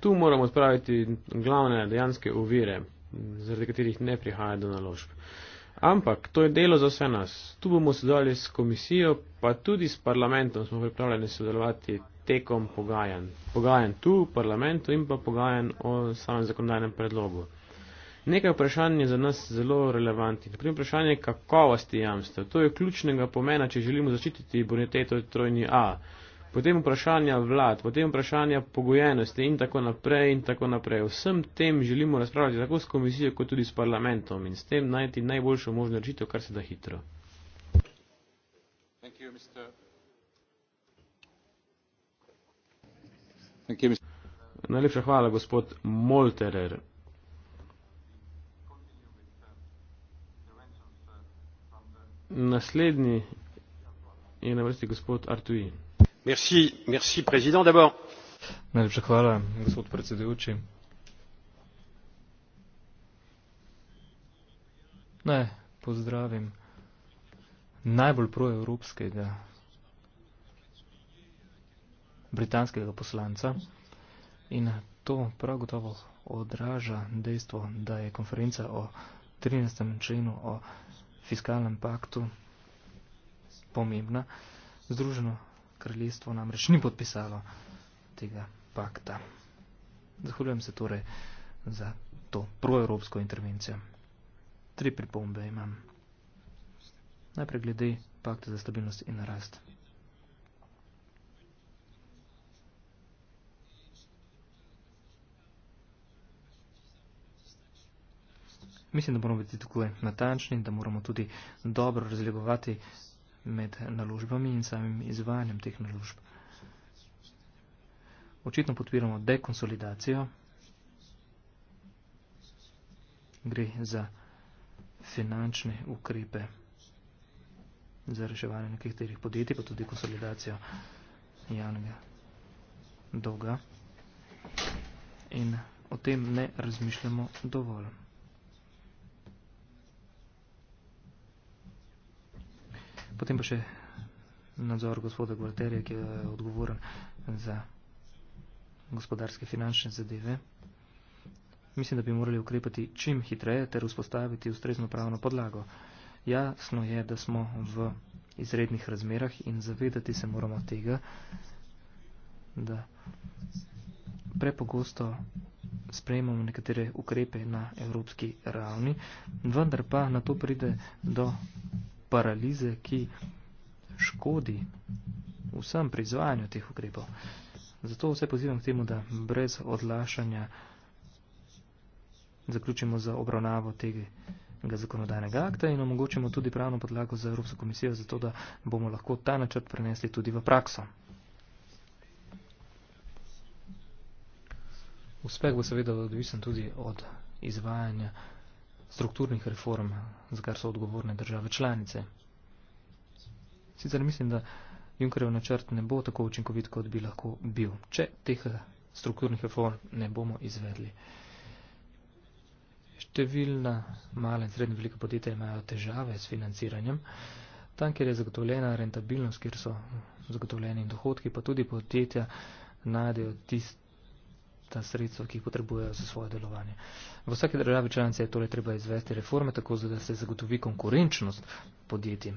Tu moramo odpraviti glavne dejanske uvire, zaradi katerih ne prihaja do naložb. Ampak to je delo za vse nas. Tu bomo sodelovali s komisijo, pa tudi s parlamentom smo pripravljeni sodelovati tekom pogajanj. Pogajanj tu, v parlamentu in pa pogajanj o samem zakonodajnem predlogu. Nekaj vprašanj je za nas zelo relevantnih. Naprimer, vprašanje kakovosti jamstva. To je ključnega pomena, če želimo zaščititi boniteto trojni A potem vprašanja vlad, potem vprašanja pogojenosti in tako naprej in tako naprej. Vsem tem želimo razpravljati tako s komisijo, kot tudi s parlamentom in s tem najti najboljšo možno rešitev, kar se da hitro. Thank you, Thank you, Najlepša hvala, gospod Molterer. Naslednji je na vrsti gospod Artuin najlepša hvala gospod predsedujoči. naj pozdravim najbolj proevropskega britanskega poslanca in to prav gotovo odraža dejstvo, da je konferenca o 13. členu o fiskalnem paktu pomembna. Združeno kraljestvo namreč ni podpisalo tega pakta. Zahvaljujem se torej za to proevropsko intervencijo. Tri pripombe imam. Najprej glede pakta za stabilnost in rast. Mislim, da moramo biti tukaj natančni in da moramo tudi dobro razlegovati med naložbami in samim izvajanjem teh naložb. Očitno podpiramo dekonsolidacijo. Gre za finančne ukrepe za reševanje nekih terih podjetij, pa tudi konsolidacijo javnega dolga. In o tem ne razmišljamo dovolj. Potem pa še nadzor gospoda Gualterja, ki je odgovoren za gospodarske finančne zadeve. Mislim, da bi morali ukrepati čim hitreje ter vzpostaviti ustrezno pravno podlago. Jasno je, da smo v izrednih razmerah in zavedati se moramo tega, da prepogosto sprejemamo nekatere ukrepe na evropski ravni, vendar pa na to pride do paralize, ki škodi vsem pri izvajanju teh ukrepov. Zato vse pozivam k temu, da brez odlašanja zaključimo za obravnavo tega zakonodajnega akta in omogočimo tudi pravno podlago za Evropsko komisijo, zato da bomo lahko ta načrt prenesli tudi v prakso. Uspeh bo seveda odvisen tudi od izvajanja strukturnih reform, za kar so odgovorne države članice. Sicer mislim, da Junkerjev načrt ne bo tako učinkovit, kot bi lahko bil, če teh eh, strukturnih reform ne bomo izvedli. Številna mala in srednja velika podjetja imajo težave s financiranjem. Tam, kjer je zagotovljena rentabilnost, kjer so zagotovljeni dohodki, pa tudi podjetja najdejo tisti, ta sredstva, ki jih potrebujejo za svoje delovanje. V vsaki državi članice je torej treba izvesti reforme, tako da se zagotovi konkurenčnost podjetij.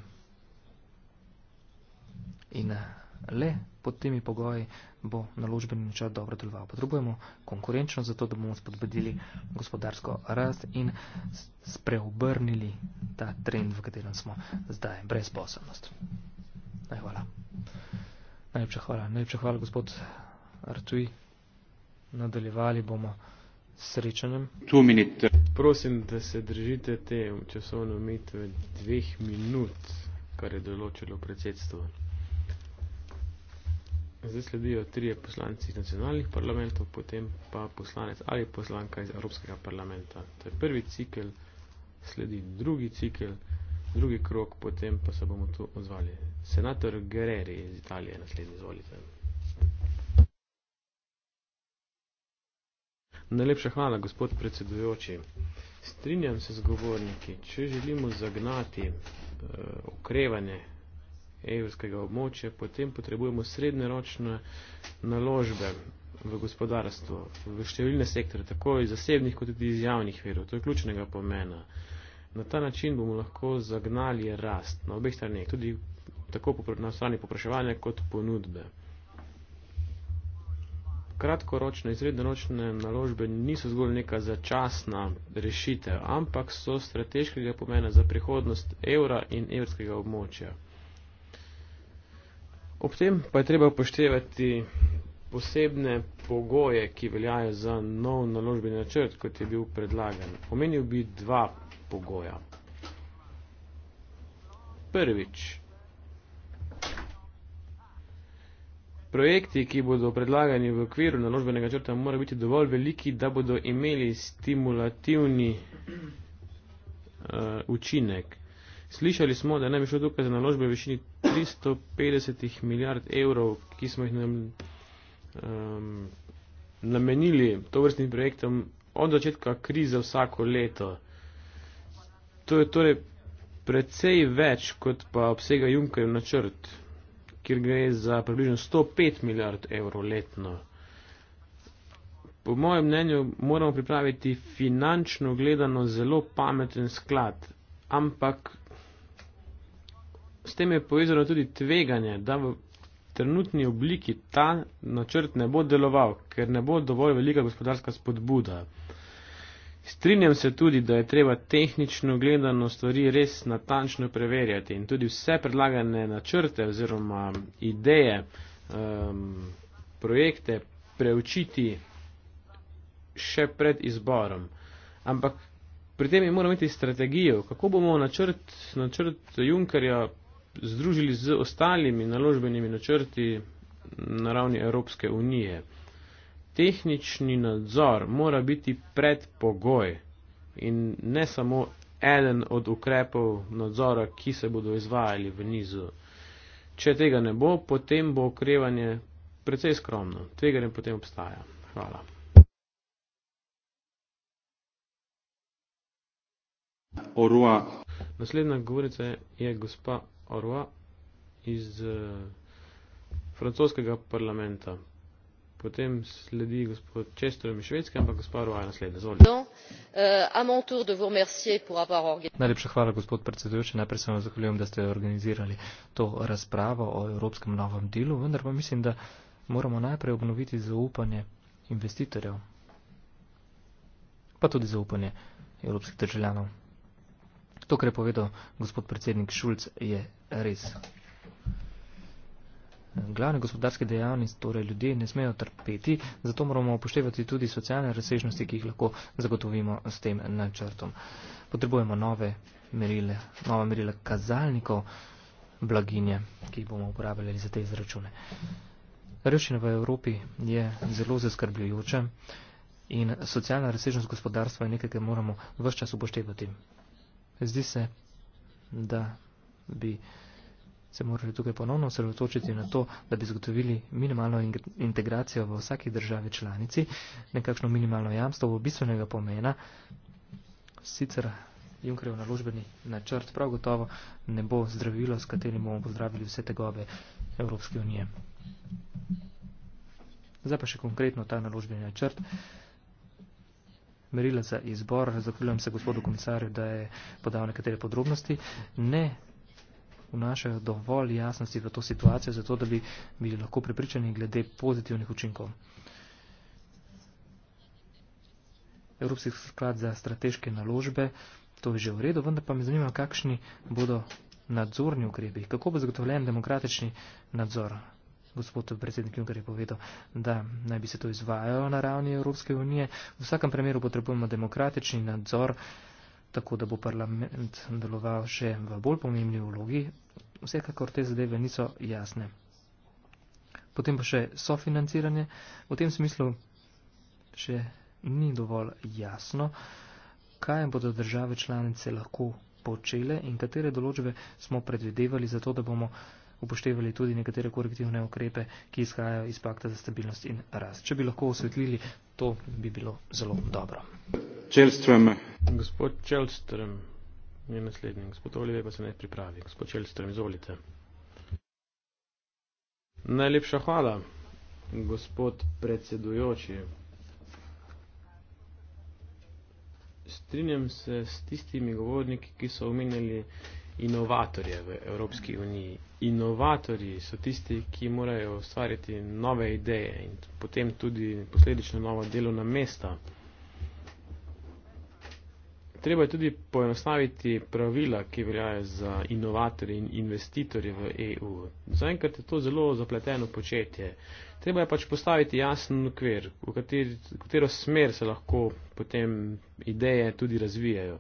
In eh, le pod temi pogoji bo naložbeni načrt dobro deloval. Potrebujemo konkurenčnost, zato da bomo spodbudili gospodarsko rast in spreobrnili ta trend, v katerem smo zdaj, brezposobnost. Najhvala. Najlepša hvala. Najlepša hvala, gospod Artui nadaljevali bomo srečanjem. Prosim, da se držite te časovne omejitve dveh minut, kar je določilo predsedstvo. Zdaj sledijo trije poslanci iz nacionalnih parlamentov, potem pa poslanec ali poslanka iz Evropskega parlamenta. To je prvi cikel, sledi drugi cikel, drugi krok, potem pa se bomo tu odzvali. Senator Guerreri iz Italije, naslednji izvolite. Najlepša hvala, gospod predsedujoči. Strinjam se z govorniki, če želimo zagnati uh, okrevanje evropskega območja, potem potrebujemo srednjeročne naložbe v gospodarstvo, v številne sektore, tako iz zasebnih kot tudi iz javnih verov. To je ključnega pomena. Na ta način bomo lahko zagnali rast na obeh straneh, tudi tako na strani popraševanja kot ponudbe kratkoročne in srednjeročne naložbe niso zgolj neka začasna rešitev, ampak so strateškega pomena za prihodnost evra in evrskega območja. Ob tem pa je treba upoštevati posebne pogoje, ki veljajo za nov naložbeni načrt, kot je bil predlagan. Omenil bi dva pogoja. Prvič. Projekti, ki bodo predlagani v okviru naložbenega črta, morajo biti dovolj veliki, da bodo imeli stimulativni uh, učinek. Slišali smo, da naj bi šlo tukaj za naložbe v višini 350 milijard evrov, ki smo jih nam, um, namenili tovrstnim projektom od začetka krize vsako leto. To je torej precej več, kot pa obsega Junkerjev načrt kjer gre za približno 105 milijard evrov letno. Po mojem mnenju moramo pripraviti finančno gledano zelo pameten sklad, ampak s tem je povezano tudi tveganje, da v trenutni obliki ta načrt ne bo deloval, ker ne bo dovolj velika gospodarska spodbuda. Strinjam se tudi, da je treba tehnično gledano stvari res natančno preverjati in tudi vse predlagane načrte oziroma ideje, um, projekte preučiti še pred izborom. Ampak pri tem moramo imeti strategijo, kako bomo načrt, načrt Junkerja združili z ostalimi naložbenimi načrti na ravni Evropske unije tehnični nadzor mora biti predpogoj in ne samo eden od ukrepov nadzora, ki se bodo izvajali v nizu. Če tega ne bo, potem bo okrevanje precej skromno. Tveganje potem obstaja. Hvala. Orua. Naslednja govorica je gospa Orua iz uh, francoskega parlamenta. Potem sledi gospod Čestrom iz Švedske, ampak gospod Roja naslednja. Zvolite. No, eh, Najlepša hvala, gospod predsedujoči. Najprej se vam zahvaljujem, da ste organizirali to razpravo o evropskem novem delu, vendar pa mislim, da moramo najprej obnoviti zaupanje investitorjev, pa tudi zaupanje evropskih državljanov. To, kar je povedal gospod predsednik Šulc, je res glavne gospodarske dejavnosti, torej ljudje, ne smejo trpeti, zato moramo upoštevati tudi socialne razsežnosti, ki jih lahko zagotovimo s tem načrtom. Potrebujemo nove merile, nova merila kazalnikov blaginje, ki jih bomo uporabljali za te izračune. Revščina v Evropi je zelo zaskrbljujoča in socialna razsežnost gospodarstva je nekaj, kar moramo vse čas upoštevati. Zdi se, da bi se morali tukaj ponovno osredotočiti na to, da bi zagotovili minimalno integracijo v vsaki državi članici, nekakšno minimalno jamstvo v bistvenega pomena. Sicer Junkerjev naložbeni načrt prav gotovo ne bo zdravilo, s katerim bomo pozdravili vse tegobe Evropske unije. Zdaj pa še konkretno ta naložbeni načrt. Merila za izbor, zahvaljujem se gospodu komisarju, da je podal nekatere podrobnosti. Ne vnašajo dovolj jasnosti v to situacijo, zato da bi bili lahko prepričani glede pozitivnih učinkov. Evropski sklad za strateške naložbe, to je že v redu, vendar pa me zanima, kakšni bodo nadzorni ukrepi, kako bo zagotovljen demokratični nadzor. Gospod predsednik Junker je povedal, da naj bi se to izvajalo na ravni Evropske unije. V vsakem primeru potrebujemo demokratični nadzor. Uh, tako da bo parlament deloval še v bolj pomembni vlogi, vsekakor te zadeve niso jasne. Potem pa še sofinanciranje. V tem smislu še ni dovolj jasno, kaj bodo države članice lahko počele in katere določbe smo predvidevali za to, da bomo upoštevali tudi nekatere korektivne ukrepe, ki izhajajo iz pakta za stabilnost in rast. Če bi lahko osvetlili, to bi bilo zelo dobro. Čelstvem. Gospod Čelstrem je naslednji. Gospod Olive pa se naj pripravi. Gospod Čelstrem, izvolite. Najlepša hvala, gospod predsedujoči. Strinjam se s tistimi govorniki, ki so omenjali inovatorje v Evropski uniji. Inovatorji so tisti, ki morajo ustvarjati nove ideje in potem tudi posledično nova delovna mesta treba je tudi poenostaviti pravila, ki veljajo za inovatorje in investitorje v EU. Zaenkrat je to zelo zapleteno početje. Treba je pač postaviti jasen okvir, v kateri, katero smer se lahko potem ideje tudi razvijajo.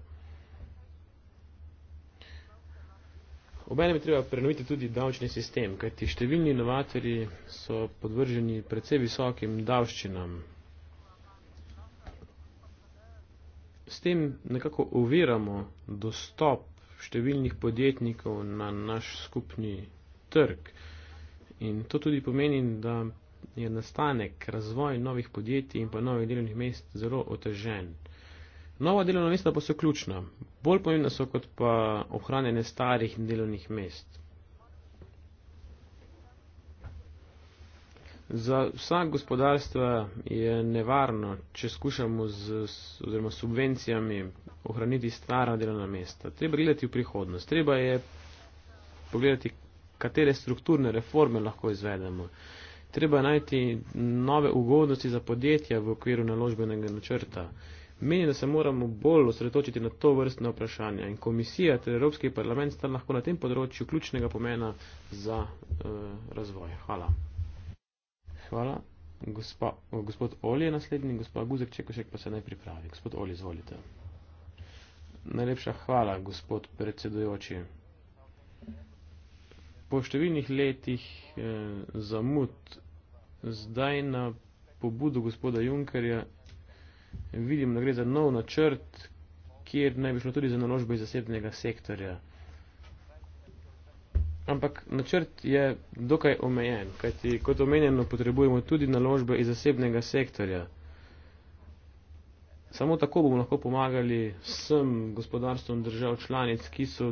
Obenem je treba prenoviti tudi davčni sistem, kajti številni inovatori so podvrženi predvsej visokim davščinam, s tem nekako oviramo dostop številnih podjetnikov na naš skupni trg. In to tudi pomeni, da je nastanek, razvoj novih podjetij in pa novih delovnih mest zelo otežen. Nova delovna mesta pa so ključna, bolj pomembna so kot pa ohranjene starih delovnih mest. Za vsa gospodarstva je nevarno, če skušamo z oziroma, subvencijami ohraniti stara delovna mesta. Treba gledati v prihodnost, treba je pogledati, katere strukturne reforme lahko izvedemo. Treba najti nove ugodnosti za podjetja v okviru naložbenega načrta. Menim, da se moramo bolj osredotočiti na to vrstne vprašanja in komisija ter Evropski parlament sta lahko na tem področju ključnega pomena za eh, razvoj. Hvala. Hvala. Gospa, gospod Oli je naslednji, gospa Guzek Čekošek pa se naj pripravi. Gospod Oli, izvolite. Najlepša hvala, gospod predsedujoči. Po številnih letih eh, zamud zdaj na pobudu gospoda Junkerja vidim, da gre za nov načrt, kjer naj bi šlo tudi za naložbe iz zasebnega sektorja. Ampak načrt je dokaj omejen, kajti kot omenjeno potrebujemo tudi naložbe iz zasebnega sektorja. Samo tako bomo lahko pomagali vsem gospodarstvom držav članic, ki so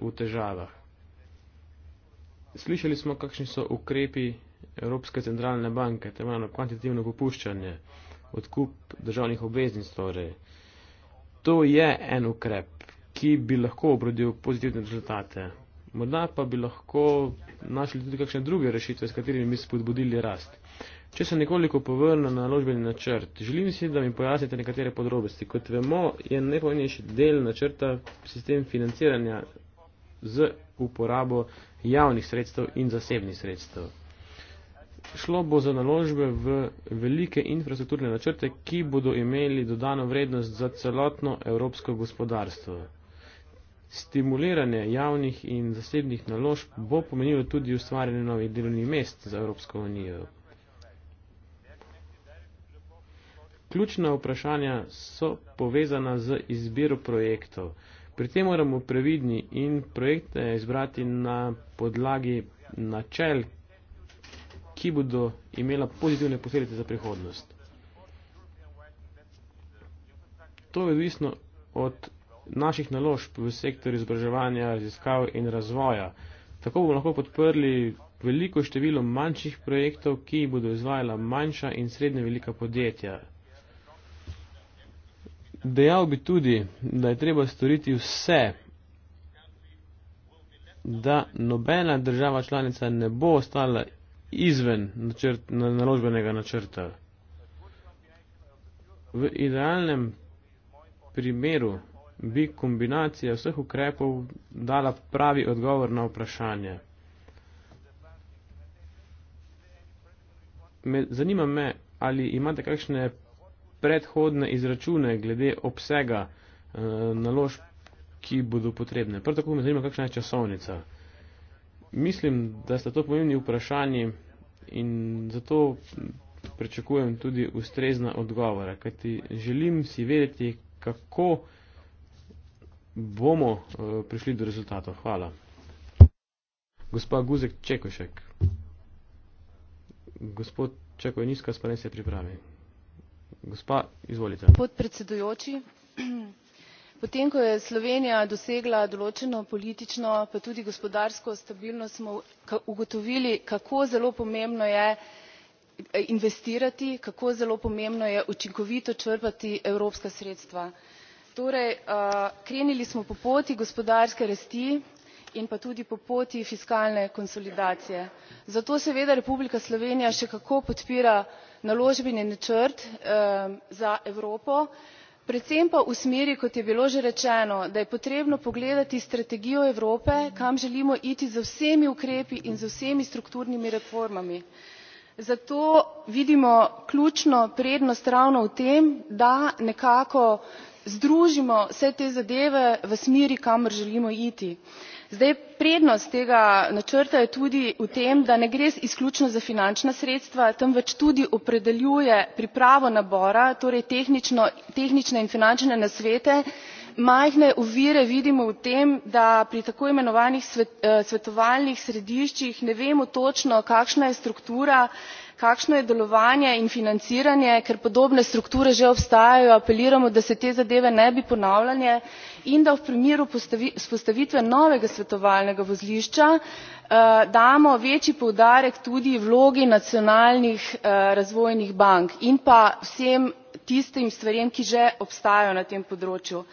v težavah. Slišali smo, kakšni so ukrepi Evropske centralne banke, temeljno kvantitativno popuščanje, odkup državnih obveznic. Torej. To je en ukrep, ki bi lahko obrodil pozitivne rezultate, Morda pa bi lahko našli tudi kakšne druge rešitve, s katerimi bi spodbudili rast. Če se nekoliko povrnem na naložbeni načrt, želim si, da mi pojasnite nekatere podrobnosti. Kot vemo, je najpomembnejši del načrta sistem financiranja z uporabo javnih sredstev in zasebnih sredstev. Šlo bo za naložbe v velike infrastrukturne načrte, ki bodo imeli dodano vrednost za celotno evropsko gospodarstvo. Stimuliranje javnih in zasebnih naložb bo pomenilo tudi ustvarjanje novih delovnih mest za Evropsko unijo. Ključna vprašanja so povezana z izbiro projektov. Pri tem moramo previdni in projekte izbrati na podlagi načel, ki bodo imela pozitivne posledice za prihodnost. To je odvisno od naših naložb v sektor izobraževanja, raziskav in razvoja. Tako bomo lahko podprli veliko število manjših projektov, ki jih bodo izvajala manjša in srednje velika podjetja. Dejal bi tudi, da je treba storiti vse, da nobena država članica ne bo ostala izven načrt, naložbenega načrta. V idealnem primeru bi kombinacija vseh ukrepov dala pravi odgovor na vprašanje. Me, zanima me, ali imate kakšne predhodne izračune glede obsega e, naložb, ki bodo potrebne. Prav tako me zanima, kakšna je časovnica. Mislim, da sta to pomembni vprašanji in zato pričakujem tudi ustrezna odgovora, kajti želim si vedeti, kako bomo eh, prišli do rezultata. Hvala. Gospa Guzek Čekošek. Gospod Čekoj Niska, spane se pripravi. Gospa, izvolite. Podpredsedujoči, potem, ko je Slovenija dosegla določeno politično, pa tudi gospodarsko stabilnost, smo ugotovili, kako zelo pomembno je eh, investirati, kako zelo pomembno je učinkovito črpati evropska sredstva torej eh, krenili smo po poti gospodarske rasti in pa tudi po poti fiskalne konsolidacije zato seveda republika slovenija še kako podpira naložbeni načrt eh, za evropo predvsem pa v smeri kot je bilo že rečeno da je potrebno pogledati strategijo evrope kam želimo iti z vsemi ukrepi in z vsemi strukturnimi reformami zato vidimo ključno prednost ravno v tem da nekako združimo vse te zadeve v smeri kamor želimo iti. zdaj prednost tega načrta je tudi v tem da ne gre izključno za finančna sredstva temveč tudi opredeljuje pripravo nabora torej tehnične in finančne nasvete majhne ovire vidimo v tem da pri tako imenovanih eh, svetovalnih središčih ne vemo točno kakšna je struktura kakšno je delovanje in financiranje ker podobne strukture že obstajajo apeliramo da se te zadeve ne bi ponavljale in da v primeru vzpostavitve novega svetovalnega vozlišča eh, damo večji poudarek tudi vlogi nacionalnih eh, razvojnih bank in pa vsem tistim stvarem ki že obstajajo na tem področju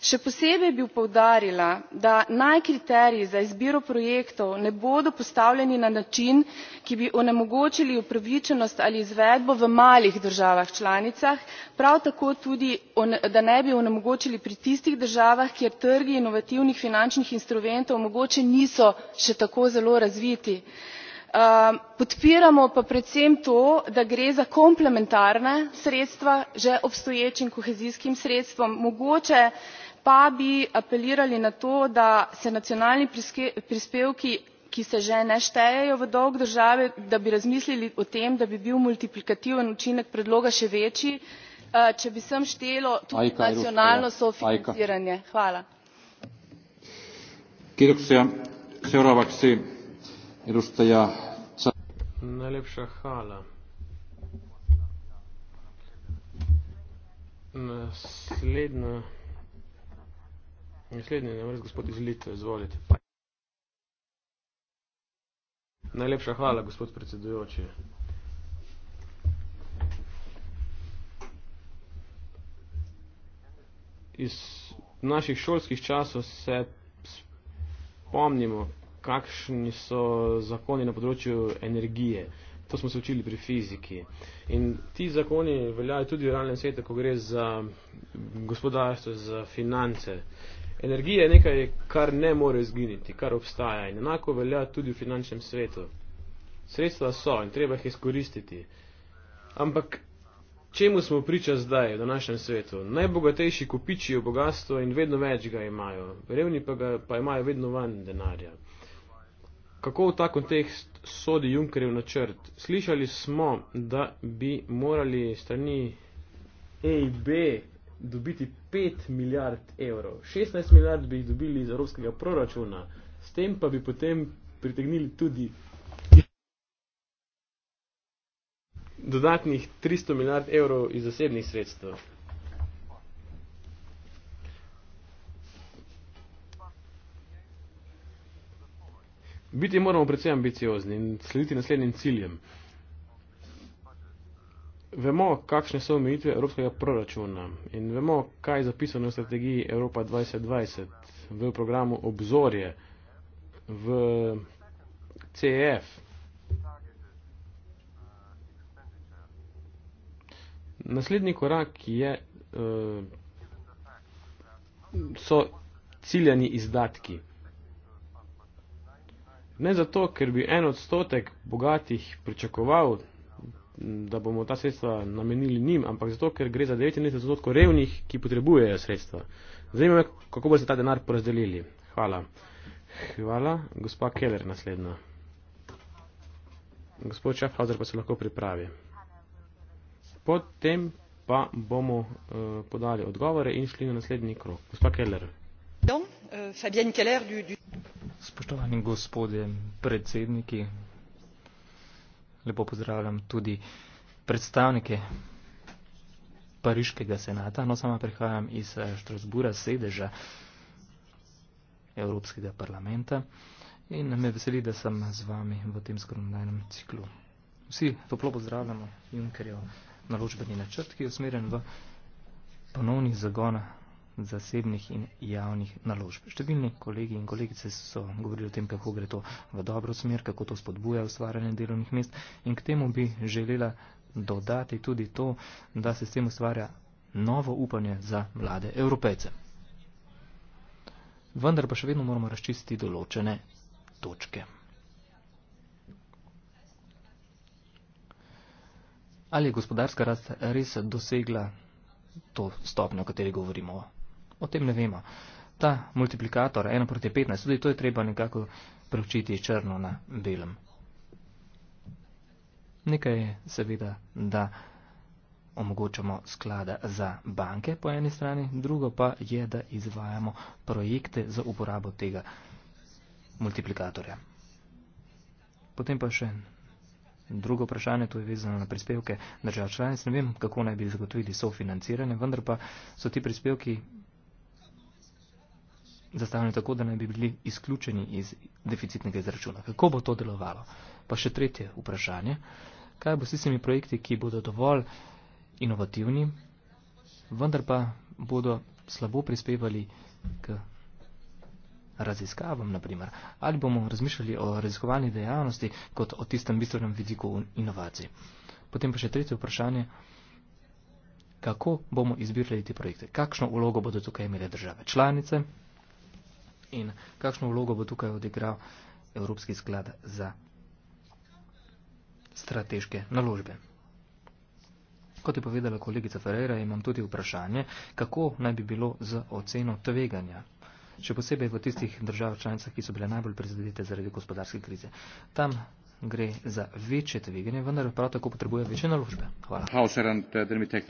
še posebej bi poudarila da naj kriteriji za izbiro projektov ne bodo postavljeni na način ki bi onemogočili upravičenost ali izvedbo v malih državah članicah prav tako tudi da ne bi onemogočili pri tistih državah kjer trgi inovativnih finančnih instrumentov mogoče niso še tako zelo razviti. Ehm, podpiramo pa predvsem to da gre za komplementarna sredstva že obstoječim kohezijskim sredstvom mogoče pa bi apelirali na to da se nacionalni prispevki ki se že ne štejejo v dolg države da bi razmislili o tem da bi bil multiplikativen učinek predloga še večji eh, če bi sem štelo tudi nacionalno ja. sofinanciranje. Naslednji na vrst gospod Izlit, izvolite. Najlepša hvala, gospod predsedujoči. Iz naših šolskih časov se spomnimo, kakšni so zakoni na področju energije. To smo se učili pri fiziki. In ti zakoni veljajo tudi v realnem svetu, ko gre za gospodarstvo, za finance. Energija je nekaj, kar ne more izginiti, kar obstaja in enako velja tudi v finančnem svetu. Sredstva so in treba jih izkoristiti. Ampak čemu smo priča zdaj, v današnjem svetu? Najbogatejši kupičijo bogatstvo in vedno več ga imajo, revni pa, ga, pa imajo vedno manj denarja. Kako v ta kontekst sodi Junkerjev načrt? Slišali smo, da bi morali strani EIB dobiti 5 milijard evrov. 16 milijard bi jih dobili iz evropskega proračuna, s tem pa bi potem pritegnili tudi dodatnih 300 milijard evrov iz zasebnih sredstev. Biti moramo predvsem ambiciozni in slediti naslednjim ciljem vemo, kakšne so omejitve evropskega proračuna in vemo, kaj je zapisano v strategiji Evropa 2020, v programu Obzorje, v CEF. Naslednji korak je, eh, so ciljani izdatki. Ne zato, ker bi en odstotek bogatih pričakoval da bomo ta sredstva namenili njim, ampak zato, ker gre za 99% revnih, ki potrebujejo sredstva. Zanima me, kako boste ta denar porazdelili. Hvala. Hvala. Gospa Keller, naslednja. Gospod Schaffhauser pa se lahko pripravi. Potem pa bomo uh, podali odgovore in šli na naslednji krok. Gospa Keller. Eh, Fabien Keller, du, du... Spoštovani gospodje predsedniki, lepo pozdravljam tudi predstavnike Pariškega senata. No, sama prihajam iz eh, Štrasbura, sedeža Evropskega parlamenta in me veseli, da sem z vami v tem skromnem ciklu. Vsi toplo pozdravljamo Junkerjev naložbeni načrt, ki je usmerjen v ponovni zagona zasebnih in javnih naložb. Številni kolegi in kolegice so govorili o tem, kako gre to v dobro smer, kako to spodbuja ustvarjanje delovnih mest in k temu bi želela dodati tudi to, da se s tem ustvarja novo upanje za mlade evropejce. Vendar pa še vedno moramo razčistiti določene točke. Ali je gospodarska rast res dosegla to stopnjo, o kateri govorimo o tem ne vemo. Ta multiplikator 1 proti 15, tudi to je treba nekako preučiti črno na belem. Nekaj je seveda, da omogočamo sklada za banke po eni strani, drugo pa je, da izvajamo projekte za uporabo tega multiplikatorja. Potem pa še drugo vprašanje, to je vezano na prispevke držav članic. Ne vem, kako naj bi zagotovili sofinanciranje, vendar pa so ti prispevki zastavljeni tako, da naj bi bili izključeni iz deficitnega izračuna. Kako bo to delovalo? Pa še tretje vprašanje. Kaj bo s tistimi projekti, ki bodo dovolj inovativni, vendar pa bodo slabo prispevali k raziskavam, naprimer. ali bomo razmišljali o raziskovalni dejavnosti kot o tistem bistvenem vidiku inovacij. Potem pa še tretje vprašanje, kako bomo izbirali te projekte, kakšno ulogo bodo tukaj imele države članice in kakšno vlogo bo tukaj odigral Evropski sklad za strateške naložbe. Kot je povedala kolegica Ferreira, imam tudi vprašanje, kako naj bi bilo z oceno tveganja, še posebej v tistih državah članicah, ki so bile najbolj prizadete zaradi gospodarske krize. Tam gre za večje tveganje, vendar prav tako potrebuje večje naložbe. Hvala. Hauser and, uh,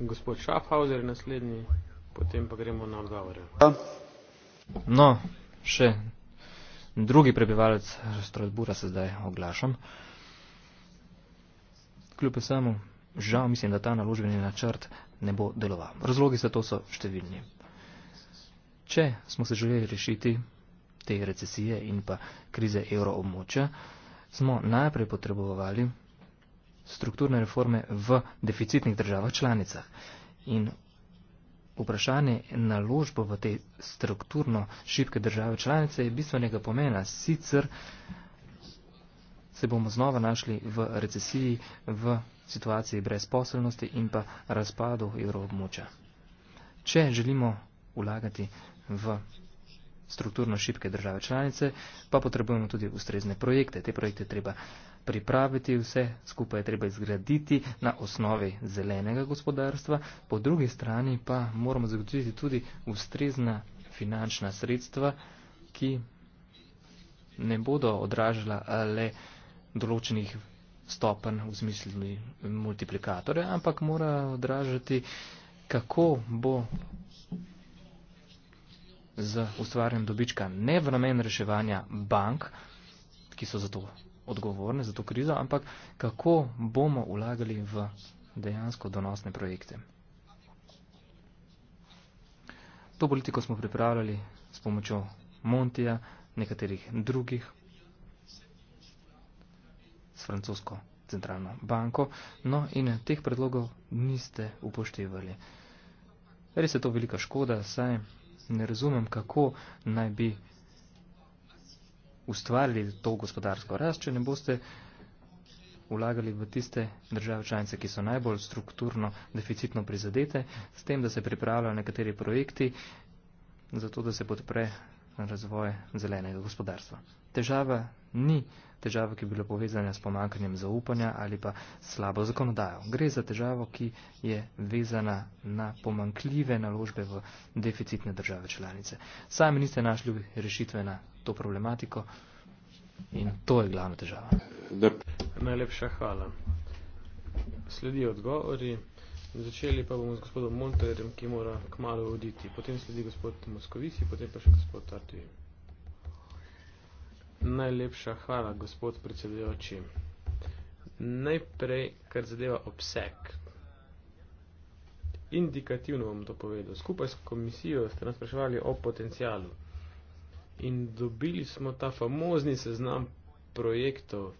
Gospod Schaffhauser je naslednji, potem pa gremo na odgovore. Uh. No, še drugi prebivalec Strasbura se zdaj oglašam. Kljub samo, žal mislim, da ta naložbeni načrt ne bo deloval. Razlogi za to so številni. Če smo se želeli rešiti te recesije in pa krize evroobmočja, smo najprej potrebovali strukturne reforme v deficitnih državah članicah. In vprašanje naložbo v te strukturno šibke države članice je bistvenega pomena. Sicer se bomo znova našli v recesiji, v situaciji brezposelnosti in pa razpadu evroobmoča. Če želimo ulagati v strukturno šibke države članice, pa potrebujemo tudi ustrezne projekte. Te projekte treba pripraviti, vse skupaj je treba izgraditi na osnovi zelenega gospodarstva, po drugi strani pa moramo zagotoviti tudi ustrezna finančna sredstva, ki ne bodo odražila le določenih stopen v smislu multiplikatorja, ampak mora odražati, kako bo z ustvarjanjem dobička ne v namen reševanja bank, ki so zato odgovorne za to krizo, ampak kako bomo ulagali v dejansko donosne projekte. To politiko smo pripravljali s pomočjo Montija, nekaterih drugih, s francosko centralno banko, no in teh predlogov niste upoštevali. Res je to velika škoda, saj ne razumem, kako naj bi ustvarili to gospodarsko rast, če ne boste vlagali v tiste države članice, ki so najbolj strukturno deficitno prizadete, s tem, da se pripravljajo nekateri projekti, zato da se podpre razvoj zelenega gospodarstva. Težava ni težava, ki je bila povezana s pomankanjem zaupanja ali pa slabo zakonodajo. Gre za težavo, ki je vezana na pomankljive naložbe v deficitne države članice. Sami niste našli rešitve na to problematiko in to je glavna težava. Da. Najlepša hvala. Sledi odgovori. Začeli pa bomo z gospodom Montajerem, ki mora kmalo oditi. Potem sledi gospod Moskovici, potem pa še gospod Tartuji. Najlepša hvala, gospod predsedujoči. Najprej, kar zadeva obseg. Indikativno vam to povedal. Skupaj s komisijo ste nas spraševali o potencijalu in dobili smo ta famozni seznam projektov,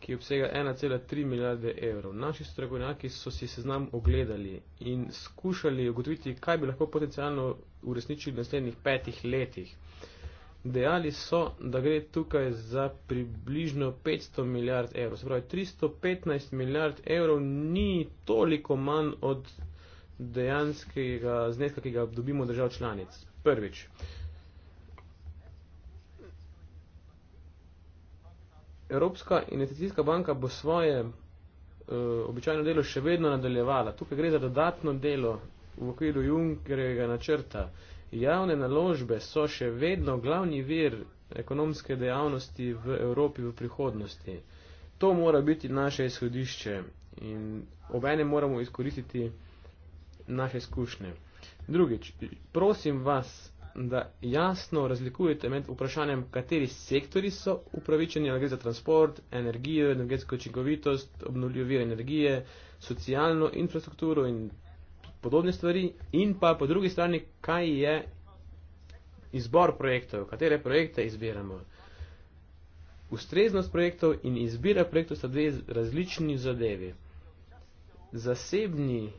ki obsega 1,3 milijarde evrov. Naši strokovnjaki so si seznam ogledali in skušali ugotoviti, kaj bi lahko potencialno uresničili v naslednjih petih letih. Dejali so, da gre tukaj za približno 500 milijard evrov. Se pravi, 315 milijard evrov ni toliko manj od dejanskega zneska, ki ga dobimo držav članic. Prvič. Evropska investicijska banka bo svoje uh, običajno delo še vedno nadaljevala. Tukaj gre za dodatno delo v okviru Junckerjevega načrta. Javne naložbe so še vedno glavni vir ekonomske dejavnosti v Evropi v prihodnosti. To mora biti naše izhodišče in ob ene moramo izkoristiti naše izkušnje. Drugič, prosim vas, da jasno razlikujete med vprašanjem, kateri sektori so upravičeni, ali gre za transport, energijo, energetsko učinkovitost, obnovljive vire energije, socialno infrastrukturo in podobne stvari, in pa po drugi strani, kaj je izbor projektov, katere projekte izbiramo. Ustreznost projektov in izbira projektov sta dve različni zadevi. Zasebni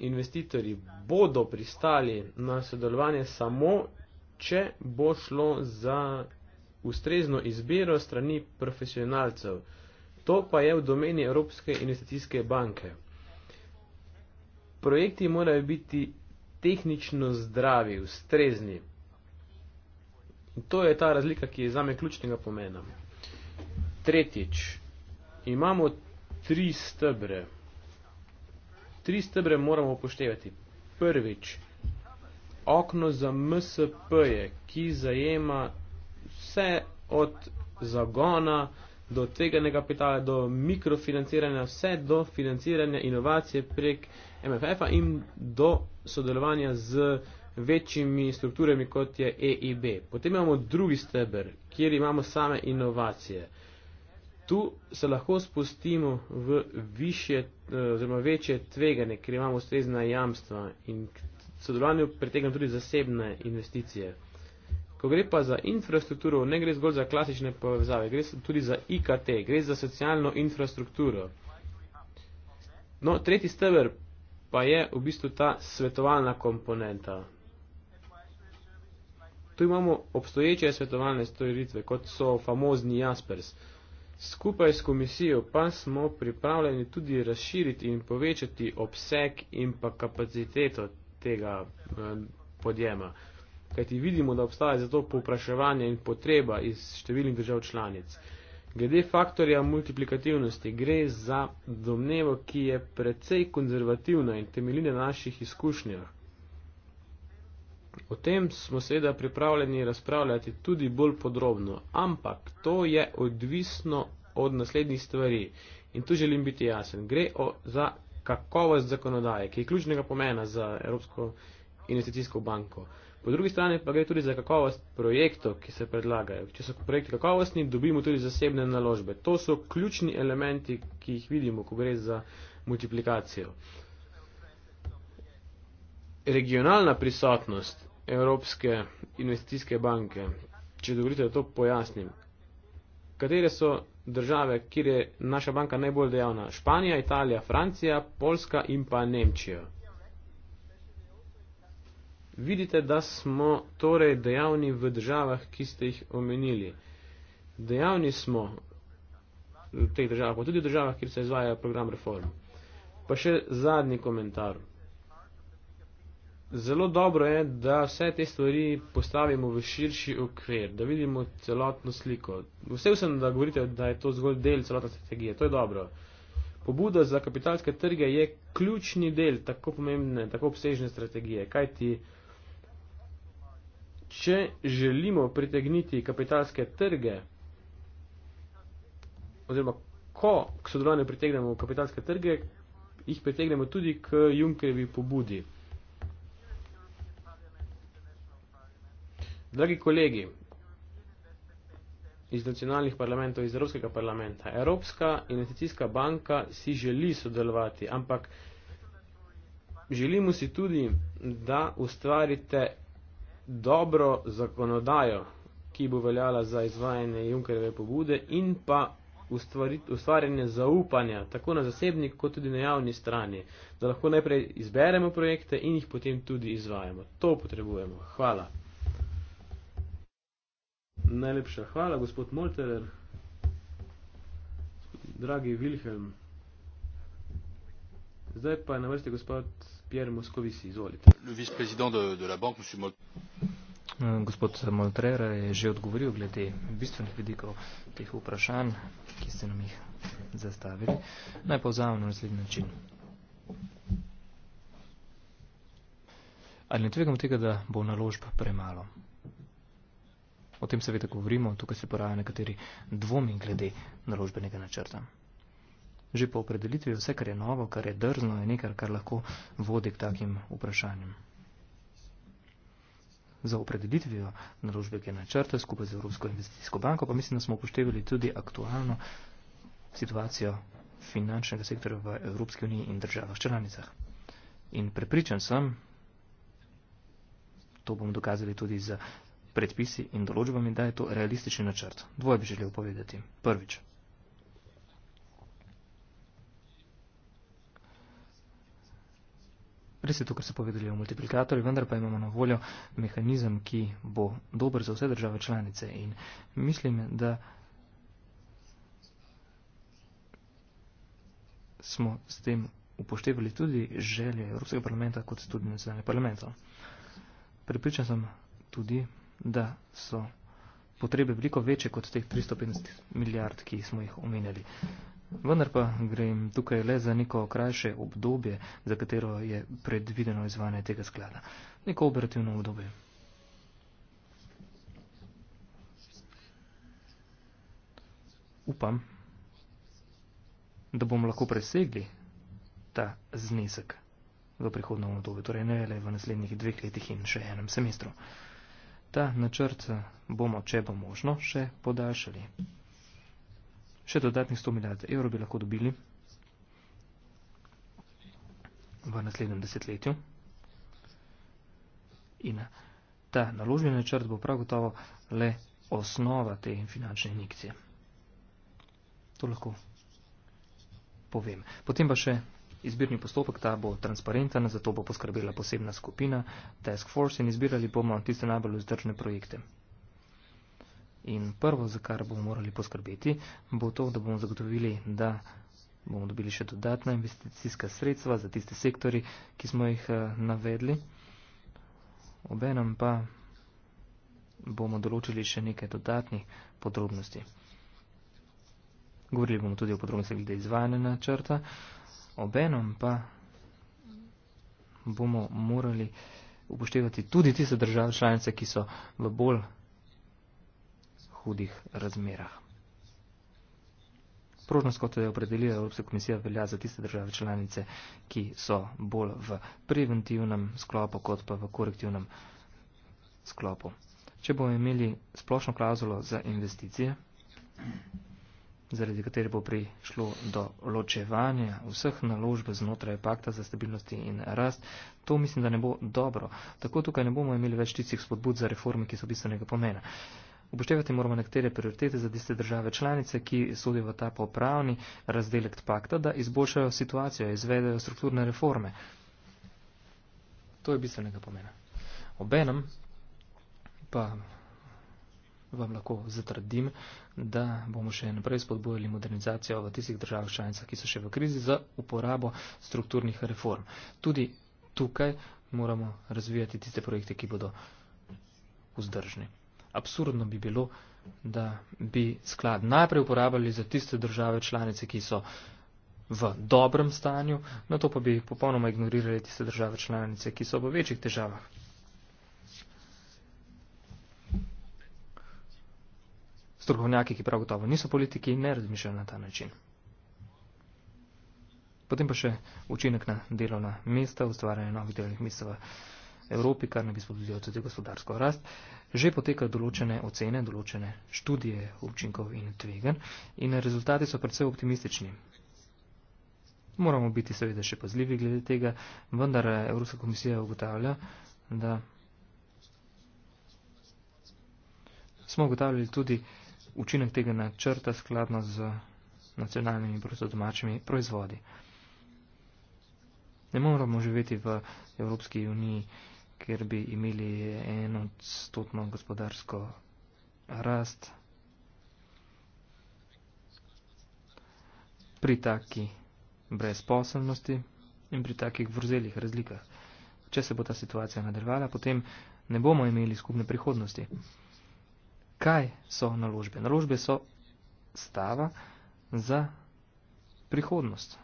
investitorji bodo pristali na sodelovanje samo, če bo šlo za ustrezno izbiro strani profesionalcev. To pa je v domeni Evropske investicijske banke. Projekti morajo biti tehnično zdravi, ustrezni. In to je ta razlika, ki je zame ključnega pomena. Tretjič, imamo tri stebre tri stebre moramo upoštevati. Prvič, okno za MSP-je, ki zajema vse od zagona do tveganega kapitala, do mikrofinanciranja, vse do financiranja inovacije prek MFF-a in do sodelovanja z večjimi strukturami kot je EIB. Potem imamo drugi steber, kjer imamo same inovacije. Tu se lahko spustimo v više, eh, oziroma večje tveganje, ker imamo ustrezna jamstva in k sodelovanju pritegnemo tudi zasebne investicije. Ko gre pa za infrastrukturo, ne gre zgolj za klasične povezave, gre tudi za IKT, gre za socialno infrastrukturo. No, tretji steber pa je v bistvu ta svetovalna komponenta. Tu imamo obstoječe svetovalne storitve, kot so famozni Jaspers. Skupaj s komisijo pa smo pripravljeni tudi razširiti in povečati obseg in pa kapaciteto tega eh, podjema, kajti vidimo, da obstaja zato povpraševanje in potreba iz številnih držav članic. Glede faktorja multiplikativnosti gre za domnevo, ki je precej konzervativna in temeljina naših izkušnjah. O tem smo seveda pripravljeni razpravljati tudi bolj podrobno, ampak to je odvisno od naslednjih stvari. In tu želim biti jasen. Gre o za kakovost zakonodaje, ki je ključnega pomena za Evropsko investicijsko banko. Po drugi strani pa gre tudi za kakovost projektov, ki se predlagajo. Če so projekti kakovostni, dobimo tudi zasebne naložbe. To so ključni elementi, ki jih vidimo, ko gre za multiplikacijo. Regionalna prisotnost Evropske investicijske banke. Če dovolite, da to pojasnim. Katere so države, kjer je naša banka najbolj dejavna? Španija, Italija, Francija, Poljska in pa Nemčija. Vidite, da smo torej dejavni v državah, ki ste jih omenili. Dejavni smo v teh državah, pa tudi v državah, kjer se izvaja program reform. Pa še zadnji komentar zelo dobro je, da vse te stvari postavimo v širši okvir, da vidimo celotno sliko. Vse vsem, da govorite, da je to zgolj del celotne strategije, to je dobro. Pobuda za kapitalske trge je ključni del tako pomembne, tako obsežne strategije, kajti če želimo pritegniti kapitalske trge, oziroma ko k sodelovanju pritegnemo kapitalske trge, jih pritegnemo tudi k Junkerjevi pobudi. Dragi kolegi iz nacionalnih parlamentov, iz Evropskega parlamenta, Evropska investicijska banka si želi sodelovati, ampak želimo si tudi, da ustvarite dobro zakonodajo, ki bo veljala za izvajanje Junkerjeve pobude in pa ustvarjanje zaupanja, tako na zasebni, kot tudi na javni strani, da lahko najprej izberemo projekte in jih potem tudi izvajamo. To potrebujemo. Hvala. Najlepša hvala, gospod Molterer. Dragi Wilhelm. Zdaj pa je na vrsti gospod Pierre Moscovici, izvolite. Vice-president de, de la banque, monsieur Molterer. Eh, gospod Molterer je že odgovoril glede bistvenih vidikov teh vprašanj, ki ste nam jih zastavili. Naj povzamem na naslednji način. Ali ne tvegamo tega, da bo naložb premalo? O tem seveda govorimo, tukaj se porajajo nekateri dvomi glede naložbenega načrta. Že po opredelitvi vse, kar je novo, kar je drzno, je nekaj, kar lahko vodi k takim vprašanjem. Za opredelitvijo naložbenega načrta skupaj z Evropsko investicijsko banko pa mislim, da smo upoštevali tudi aktualno situacijo finančnega sektorja v Evropski uniji in državah članicah. In prepričan sem, to bom dokazali tudi z predpisi in določbami, da je to realistični načrt. Dvoje bi želel povedati. Prvič. Res je to, kar se povedali o multiplikatorju, vendar pa imamo na voljo mehanizem, ki bo dober za vse države članice. In mislim, da smo s tem upoštevali tudi želje Evropskega parlamenta, kot tudi nacionalnih parlamentov. Pripričan sem tudi, da so potrebe veliko večje kot teh 350 milijard, ki smo jih omenjali. Vendar pa gre jim tukaj le za neko krajše obdobje, za katero je predvideno izvajanje tega sklada. Neko operativno obdobje. Upam, da bomo lahko presegli ta znesek v prihodnjem obdobju, torej ne le v naslednjih dveh letih in še enem semestru ta načrt bomo, če bo možno, še podaljšali. Še dodatnih 100 milijard evrov bi lahko dobili v naslednjem desetletju. In ta naložbeni načrt bo prav gotovo le osnova te finančne injekcije. To lahko povem. Potem pa še Izbirni postopek ta bo transparenten, zato bo poskrbela posebna skupina Task Force in izbirali bomo tiste najbolj vzdržne projekte. In prvo, za kar bomo morali poskrbeti, bo to, da bomo zagotovili, da bomo dobili še dodatna investicijska sredstva za tiste sektori, ki smo jih eh, navedli. Obenem pa bomo določili še nekaj dodatnih podrobnosti. Govorili bomo tudi o podrobnosti glede izvajanja načrta. črta obenem pa bomo morali upoštevati tudi tiste države članice, ki so v bolj hudih razmerah. Prožnost, kot je opredelila Evropska komisija, velja za tiste države članice, ki so bolj v preventivnem sklopu, kot pa v korektivnem sklopu. Če bomo imeli splošno klauzulo za investicije, zaradi katere bo prišlo do ločevanja vseh naložb znotraj pakta za stabilnosti in rast, to mislim, da ne bo dobro. Tako tukaj ne bomo imeli več tistih spodbud za reforme, ki so bistvenega pomena. Upoštevati moramo nekatere prioritete za tiste države članice, ki sodijo v ta popravni razdelek pakta, da izboljšajo situacijo, izvedejo strukturne reforme. To je bistvenega pomena. Obenem pa vam lahko zatrdim, da bomo še naprej spodbojali modernizacijo v tistih državah članicah, ki so še v krizi za uporabo strukturnih reform. Tudi tukaj moramo razvijati tiste projekte, ki bodo vzdržni. Absurdno bi bilo, da bi sklad najprej uporabljali za tiste države članice, ki so v dobrem stanju, na to pa bi popolnoma ignorirali tiste države članice, ki so v večjih težavah. strokovnjaki, ki prav gotovo niso politiki, ne razmišljajo na ta način. Potem pa še učinek na delovna mesta, ustvarjanje novih delovnih mest v Evropi, kar ne bi spodbudilo tudi gospodarsko rast. Že potekajo določene ocene, določene študije učinkov in tvegan in rezultati so predvsej optimistični. Moramo biti seveda še pozljivi glede tega, vendar Evropska komisija ugotavlja, da smo ugotavljali tudi, učinek tega načrta skladno z nacionalnimi brutodomačimi proizvodi. Ne moramo živeti v Evropski uniji, kjer bi imeli enostotno gospodarsko rast pri taki brezposelnosti in pri takih vrzelih razlikah. Če se bo ta situacija nadaljevala, potem ne bomo imeli skupne prihodnosti. Kaj so naložbe? Naložbe so stava za prihodnost.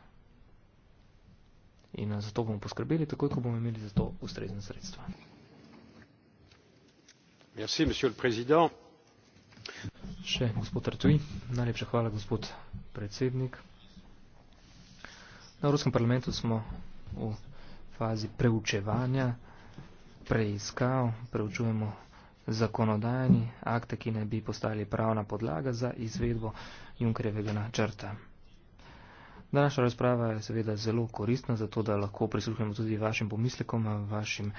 In eh, zato bomo poskrbeli, tako kot bomo imeli za to ustrezne sredstva. Merci, monsieur le président. Še gospod Artui, najlepša hvala, gospod predsednik. Na Evropskem parlamentu smo v fazi preučevanja, preiskav, preučujemo zakonodajni akte, ki naj bi postali pravna podlaga za izvedbo Junkrevega načrta. Današnja razprava je seveda zelo koristna, zato da lahko prisluhnemo tudi vašim pomislekom, vašim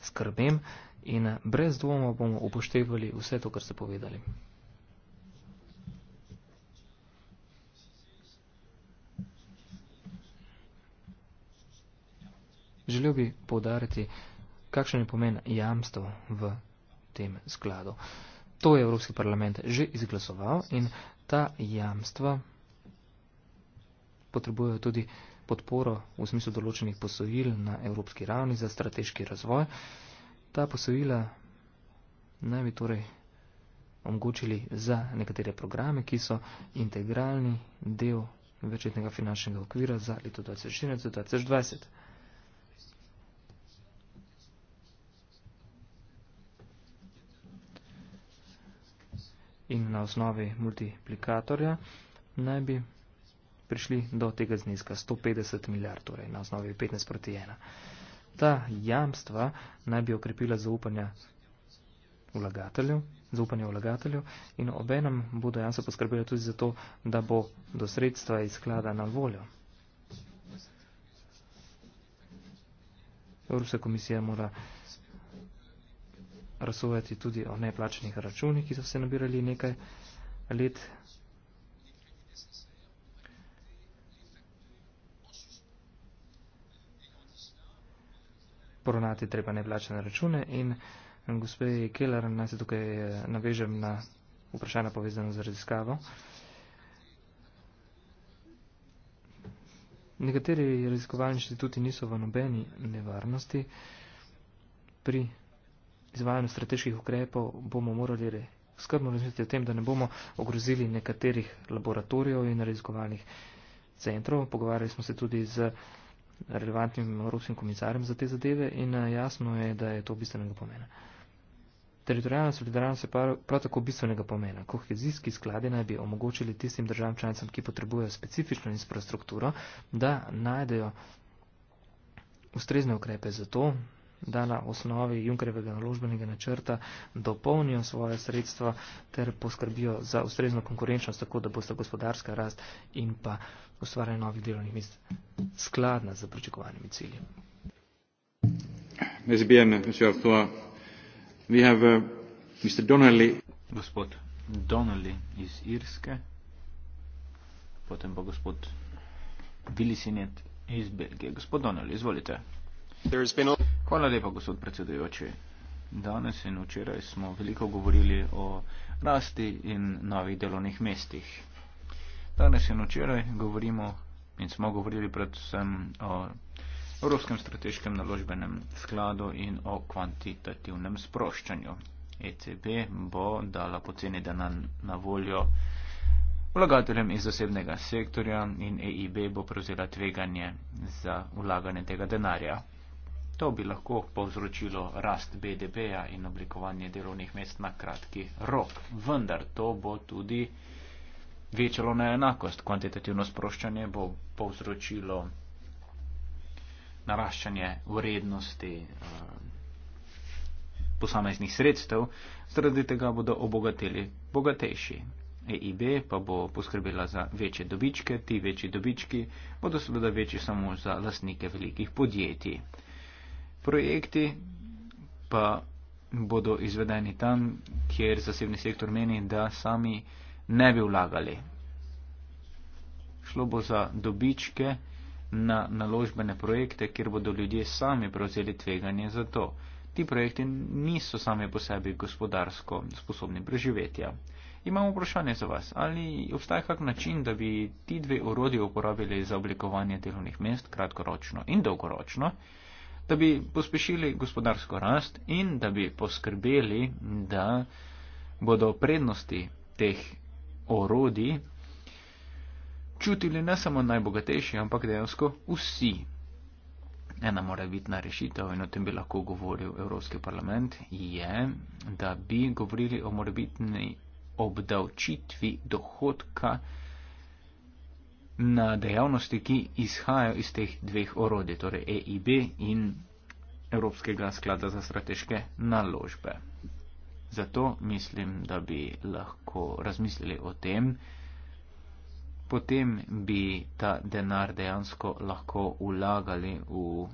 skrbem in brez dvoma bomo upoštevali vse to, kar ste povedali. Želel bi podariti, kakšen je pomen jamstvo v tem skladu. To je Evropski parlament že izglasoval in ta jamstva potrebujejo tudi podporo v smislu določenih posojil na evropski ravni za strateški razvoj. Ta posojila naj bi torej omogočili za nekatere programe, ki so integralni del večletnega finančnega okvira za leto 2014-2020. in na osnovi multiplikatorja naj bi prišli do tega zneska 150 milijard, torej na osnovi 15 proti 1. Ta jamstva naj bi okrepila zaupanja vlagateljev zaupanje vlagateljev in obenem bodo jamstva poskrbela tudi za to, da bo do sredstva iz sklada na voljo. Evropska komisija mora razsojati tudi o neplačenih računih, ki so se nabirali nekaj let. Poronati treba neplačene račune in gospe Keller, naj se tukaj eh, navežem na vprašanje povezano z raziskavo. Nekateri raziskovalni inštituti niso v nobeni nevarnosti pri izvajanju strateških ukrepov bomo morali re. skrbno razmisliti o tem, da ne bomo ogrozili nekaterih laboratorijev in raziskovalnih centrov. Pogovarjali smo se tudi z relevantnim evropskim komisarjem za te zadeve in eh, jasno je, da je to bistvenega pomena. Teritorijalna solidarnost je prav tako bistvenega pomena. Kohezijski skladi naj bi omogočili tistim državam članicam, ki potrebujejo specifično infrastrukturo, da najdejo ustrezne ukrepe za to, da na osnovi Junkerjevega naložbenega načrta dopolnijo svoje sredstva ter poskrbijo za ustrezno konkurenčnost, tako da boste gospodarska rast in pa ustvarjanje novih delovnih mest skladna z pričakovanimi cilji. Uh, gospod Donnelly iz Irske, potem pa gospod Vilisinet iz Belgije. Gospod Donnelly, izvolite. Hvala lepa, gospod predsedujoči. Danes in včeraj smo veliko govorili o rasti in novih delovnih mestih. Danes in včeraj govorimo in smo govorili predvsem o Evropskem strateškem naložbenem skladu in o kvantitativnem sproščanju. ECB bo dala poceni denar na voljo vlagateljem iz zasebnega sektorja in EIB bo prevzela tveganje za vlaganje tega denarja. To bi lahko povzročilo rast BDP-ja in oblikovanje delovnih mest na kratki rok. Vendar to bo tudi večalo neenakost. Kvantitativno sproščanje bo povzročilo naraščanje vrednosti uh, posameznih sredstev, zaradi tega bodo obogateli bogatejši. EIB pa bo poskrbela za večje dobičke, ti večji dobički bodo seveda večji samo za lastnike velikih podjetij projekti pa bodo izvedeni tam, kjer zasebni sektor meni, da sami ne bi vlagali. Šlo bo za dobičke na naložbene projekte, kjer bodo ljudje sami prevzeli tveganje za to. Ti projekti niso sami po sebi gospodarsko sposobni preživetja. Imamo vprašanje za vas. Ali obstaja kak način, da bi ti dve urodi uporabili za oblikovanje delovnih mest kratkoročno in dolgoročno? da bi pospešili gospodarsko rast in da bi poskrbeli, da bodo prednosti teh orodij čutili ne samo najbogatejši, ampak dejansko vsi. Ena mora biti na rešitev in o tem bi lahko govoril Evropski parlament, je, da bi govorili o morebitni obdavčitvi dohodka, na dejavnosti, ki izhajajo iz teh dveh orodij, torej EIB in Evropskega sklada za strateške naložbe. Zato mislim, da bi lahko razmislili o tem, potem bi ta denar dejansko lahko vlagali v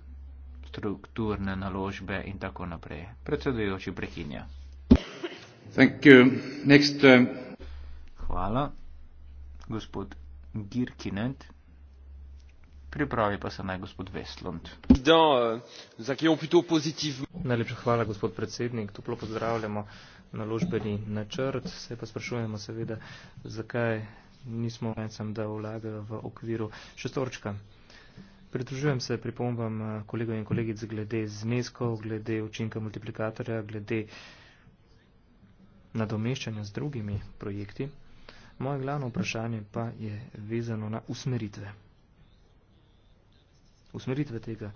strukturne naložbe in tako naprej. Predsedujoči prekinja. Next, um... Hvala, gospod Girkinent. Pripravi pa se naj gospod Vestlund. Euh, Najlepša hvala, gospod predsednik. Toplo pozdravljamo na ložbeni načrt. Se pa sprašujemo seveda, zakaj nismo vencem, da vlaga v okviru šestorčka. Pridružujem se pripombam eh, kolegov in kolegic glede zneskov, glede učinka multiplikatorja, glede nadomeščanja z drugimi projekti. Moje glavno vprašanje pa je vezano na usmeritve. Usmeritve tega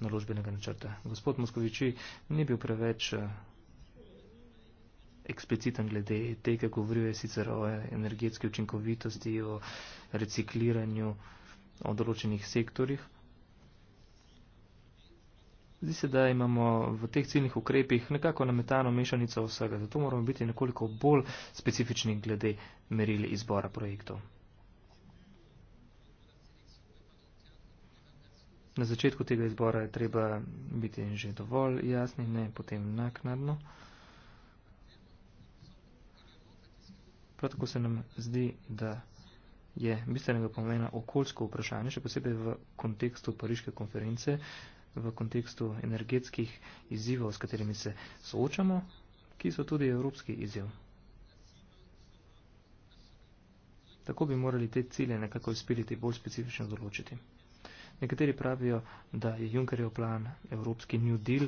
naložbenega načrta. Gospod Moskoviči ni bil preveč eh, ekspliciten glede tega, govoril je sicer o energetski učinkovitosti, o recikliranju, o določenih sektorjih. Zdi se, da imamo v teh ciljnih ukrepih nekako nametano mešanico vsega, zato moramo biti nekoliko bolj specifični glede meril izbora projektov. Na začetku tega izbora je treba biti že dovolj jasni, ne potem naknadno. Prav tako se nam zdi, da je bistvenega pomena okoljsko vprašanje, še posebej v kontekstu pariške konference, v kontekstu energetskih izzivov, s katerimi se soočamo, ki so tudi evropski izziv. Tako bi morali te cilje nekako izpiliti, bolj specifično določiti. Nekateri pravijo, da je Junckerjev plan evropski New Deal,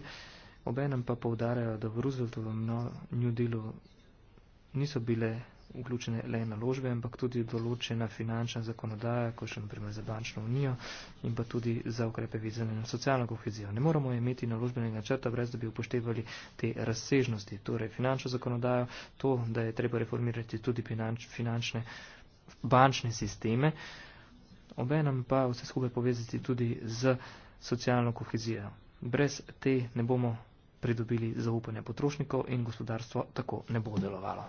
obenem pa povdarjajo, da v Rooseveltovem no, New Dealu niso bile vključene le naložbe, ampak tudi določena finančna zakonodaja, kot še naprimer za bančno unijo in pa tudi za ukrepe vizene na socialno kohezijo. Ne moramo imeti naložbenega črta, brez da bi upoštevali te razsežnosti, torej finančno zakonodajo, to, da je treba reformirati tudi finanč, finančne bančne sisteme, obenem pa vse skupaj povezati tudi z socialno kohezijo. Brez te ne bomo pridobili zaupanja potrošnikov in gospodarstvo tako ne bo delovalo.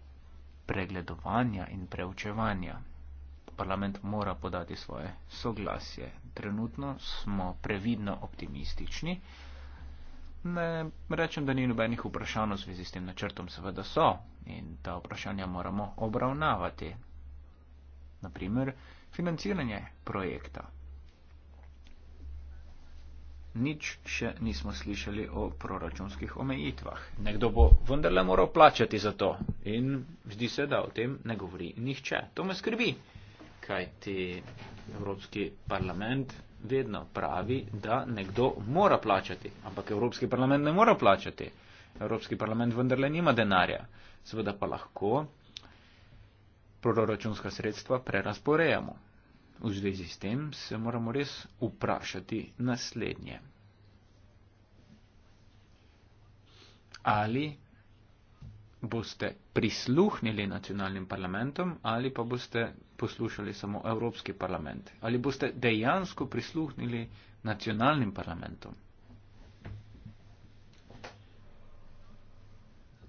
pregledovanja in preučevanja. Parlament mora podati svoje soglasje. Trenutno smo previdno optimistični. Ne rečem, da ni nobenih vprašanj v zvezi s tem načrtom, seveda so in ta vprašanja moramo obravnavati. Naprimer, financiranje projekta nič še nismo slišali o proračunskih omejitvah. Nekdo bo vendarle moral plačati za to in zdi se, da o tem ne govori nihče. To me skrbi, kaj ti Evropski parlament vedno pravi, da nekdo mora plačati, ampak Evropski parlament ne mora plačati. Evropski parlament vendarle nima denarja. Seveda pa lahko proračunska sredstva prerasporejamo. V zvezi s tem se moramo res vprašati naslednje. Ali boste prisluhnili nacionalnim parlamentom ali pa boste poslušali samo Evropski parlament? Ali boste dejansko prisluhnili nacionalnim parlamentom?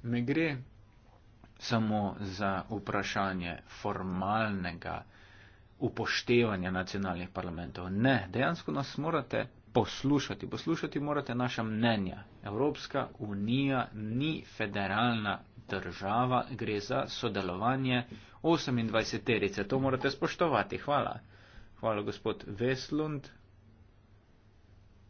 Ne gre samo za vprašanje formalnega upoštevanja nacionalnih parlamentov. Ne, dejansko nas morate poslušati. Poslušati morate naša mnenja. Evropska unija ni federalna država, gre za sodelovanje 28-terice. To morate spoštovati. Hvala. Hvala, gospod Veslund.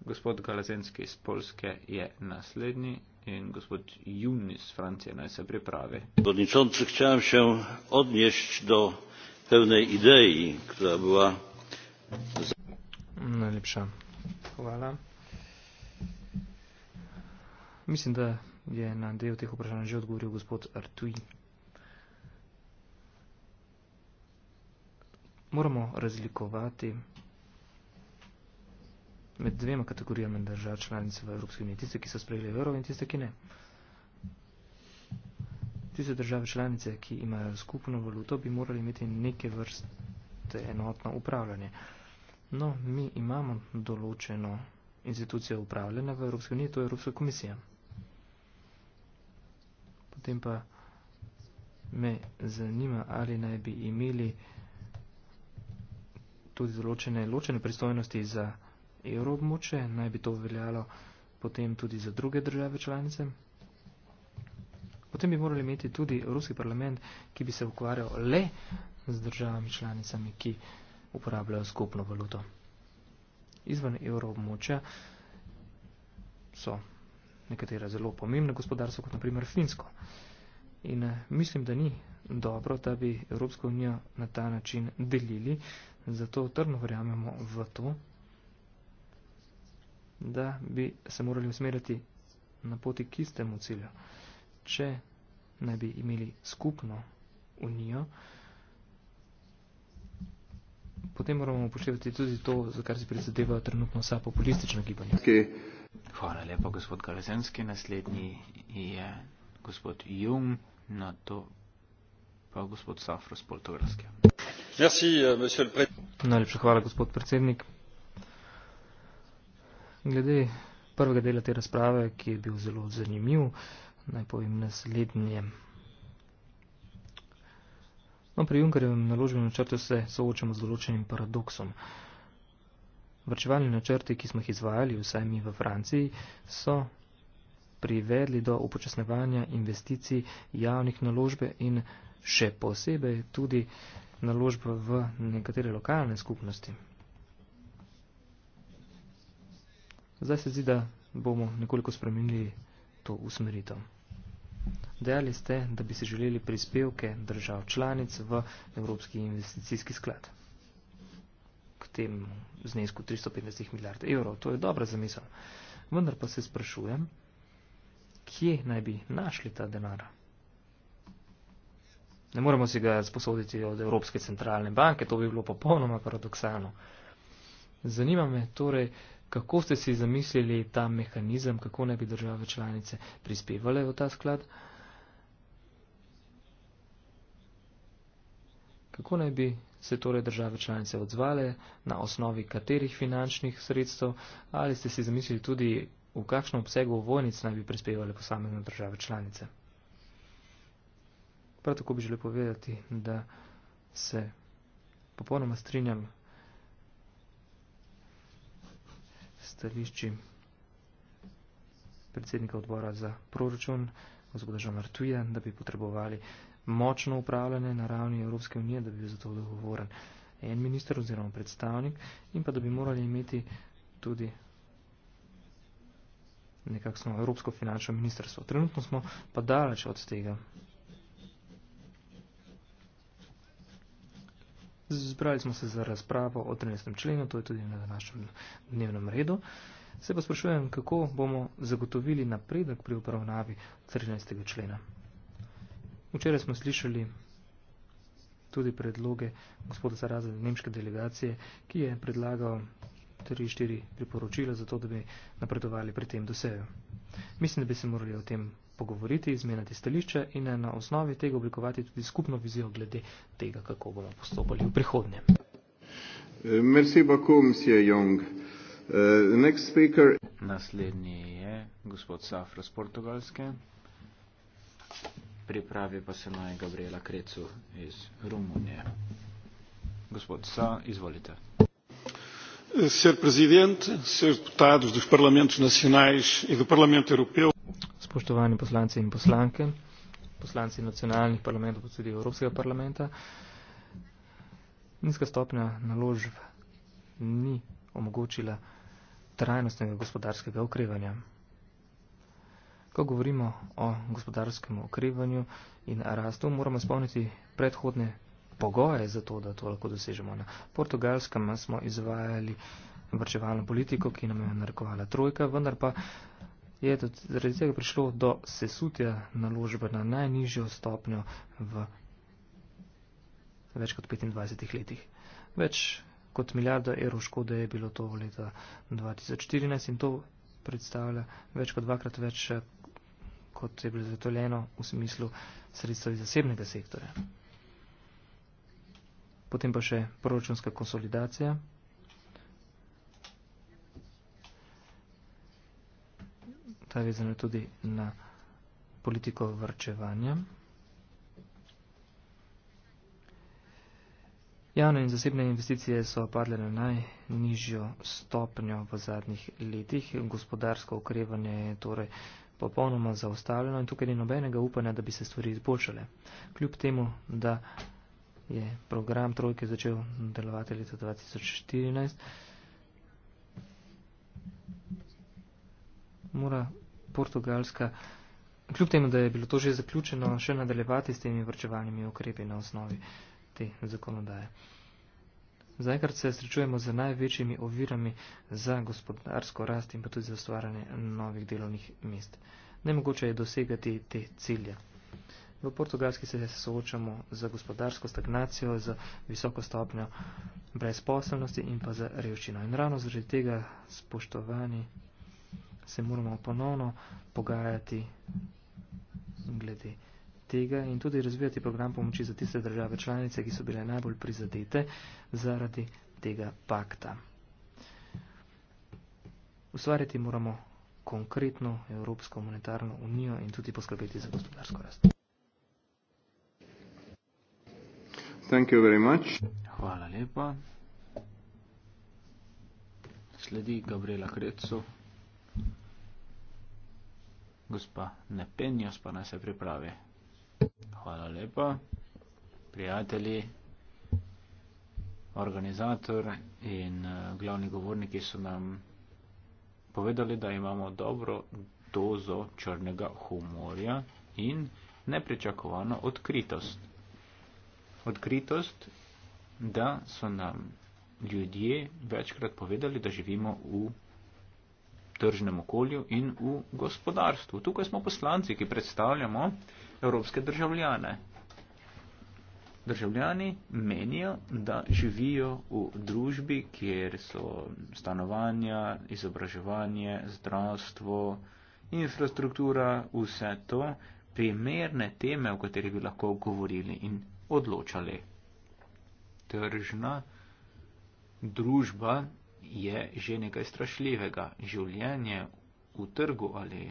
Gospod Galazenski iz Polske je naslednji in gospod Junis iz Francije naj se pripravi. Podničoncu, chciałem się odnieść do pewnej idei, która była. Najlepsza. Hvala. Mislim, da je na del teh vprašanj že odgovoril gospod Artui. Moramo razlikovati med dvema kategorijama držav članic v Evropski uniji, tiste, ki so sprejeli evro in tiste, ki ne. Uh, Tiste države članice, ki imajo skupno valuto, bi morali imeti neke vrste enotno upravljanje. No, mi imamo določeno institucijo upravljanja v Evropski uniji, to je Evropska komisija. Potem pa me zanima, ali naj bi imeli tudi določene ločene pristojnosti za evroobmoče, naj bi to veljalo potem tudi za druge države članice. Potem bi morali imeti tudi ruski parlament, ki bi se ukvarjal le z državami članicami, ki uporabljajo skupno valuto. Izven evroobmočja so nekatera zelo pomembna gospodarstva, kot naprimer Finsko. In eh, mislim, da ni dobro, da bi Evropsko unijo na ta način delili, zato trdno verjamemo v to, da bi se morali usmerjati na poti k istemu cilju če naj bi imeli skupno unijo, potem moramo upoštevati tudi to, za kar si prizadeva trenutno vsa populistična gibanja. Okay. Hvala lepa, gospod Karazenski. Naslednji je gospod Jung, na to pa gospod Safro z Portugalske. Najlepša hvala, gospod predsednik. Glede prvega dela te razprave, ki je bil zelo zanimiv, naj povem, naslednje. No, pri Junkerjevem naložbenem načrtu se soočamo z določenim paradoksom. Vrčevalni načrti, ki smo jih izvajali, vsaj mi v Franciji, so privedli do upočasnevanja investicij javnih naložbe in še posebej tudi naložbe v nekatere lokalne skupnosti. Zdaj se zdi, da bomo nekoliko spremenili to usmeritev. Dejali ste, da bi se želeli prispevke držav članic v Evropski investicijski sklad k tem znesku 350 milijard evrov. To je dobra zamisel. Vendar pa se sprašujem, kje naj bi našli ta denar. Ne moramo si ga sposoditi od Evropske centralne banke, to bi bilo popolnoma paradoksalno. Zanima me torej, kako ste si zamislili ta mehanizem, kako naj bi države članice prispevale v ta sklad? Kako naj bi se torej države članice odzvale, na osnovi katerih finančnih sredstev, ali ste si zamislili tudi, v kakšnem obsegu vojnic naj bi prispevale posamezne države članice? Prav tako bi želel povedati, da se popolnoma strinjam stališči predsednika odbora za proračun, gospoda Žonartuje, da bi potrebovali močno upravljanje na ravni Evropske unije, da bi bil za to dogovoren en minister oziroma predstavnik in pa da bi morali imeti tudi nekakšno Evropsko finančno ministrstvo. Trenutno smo pa daleč od tega. Zbrali smo se za razpravo o 13. členu, to je tudi na današnjem dnevnem redu. Se pa sprašujem, kako bomo zagotovili napredek pri upravnavi 13. člena. Včeraj smo slišali tudi predloge gospoda Saraza nemške delegacije, ki je predlagal 3-4 priporočila za to, da bi napredovali pri tem doseju. Mislim, da bi se morali o tem pogovoriti, izmenjati stališče in na osnovi tega oblikovati tudi skupno vizijo glede tega, kako bomo postopali v prihodnje. Eh, merci beaucoup, monsieur Young. Uh, next speaker. Naslednji je gospod Safra z Portugalske. Pripravi pa se naj Gabriela Krecu iz Romunije. Gospod Sa, izvolite. Eh, sr. Prezident, sr. Deputados dos Parlamentos Nacionais e do Parlamento Europeu spoštovani poslanci in poslanke, poslanci nacionalnih parlamentov, pa tudi Evropskega parlamenta. Nizka stopnja naložb ni omogočila trajnostnega gospodarskega okrevanja. Ko govorimo o gospodarskem okrevanju in rastu, moramo spomniti predhodne pogoje za to, da to lahko dosežemo. Na Portugalskem smo izvajali vrčevalno politiko, ki nam je narekovala trojka, vendar pa je tudi zaradi tega prišlo do sesutja naložbe na najnižjo stopnjo v več kot 25 letih. Več kot milijarda evrov škode je bilo to v leta 2014 in to predstavlja več kot dvakrat več, kot je bilo zatoljeno v smislu sredstev iz zasebnega sektorja. Potem pa še proračunska konsolidacija. Ta vezana je tudi na politiko vrčevanja. Javne in zasebne investicije so padle na najnižjo stopnjo v zadnjih letih. Gospodarsko okrevanje je torej popolnoma zaustavljeno in tukaj ni nobenega upanja, da bi se stvari izboljšale. Kljub temu, da je program Trojke začel delovati leta 2014, mora Portugalska, kljub temu, da je bilo to že zaključeno, še nadaljevati s temi vrčevalnimi ukrepi na osnovi te zakonodaje. Zajkrat se srečujemo z največjimi ovirami za gospodarsko rast in pa tudi za stvaranje novih delovnih mest. Nemogoče je dosegati te cilje. V Portugalski se soočamo z gospodarsko stagnacijo, z visoko stopnjo brezposelnosti in pa z revščino. In ravno zaradi tega, spoštovani se moramo ponovno pogajati glede tega in tudi razvijati program pomoči za tiste države članice, ki so bile najbolj prizadete zaradi tega pakta. Ustvariti moramo konkretno Evropsko monetarno unijo in tudi poskrbeti za gospodarsko rast. Thank you very much. Hvala lepa. Sledi Gabriela Krecu gospa Nepenjos pa naj se pripravi. Hvala lepa, prijatelji, organizator in eh, glavni govorniki so nam povedali, da imamo dobro dozo črnega humorja in nepričakovano odkritost. Odkritost, da so nam ljudje večkrat povedali, da živimo v tržnem okolju in v gospodarstvu. Tukaj smo poslanci, ki predstavljamo evropske državljane. Državljani menijo, da živijo v družbi, kjer so stanovanja, izobraževanje, zdravstvo, infrastruktura, vse to primerne teme, o katerih bi lahko govorili in odločali. Tržna družba je že nekaj strašljivega. Življenje v trgu ali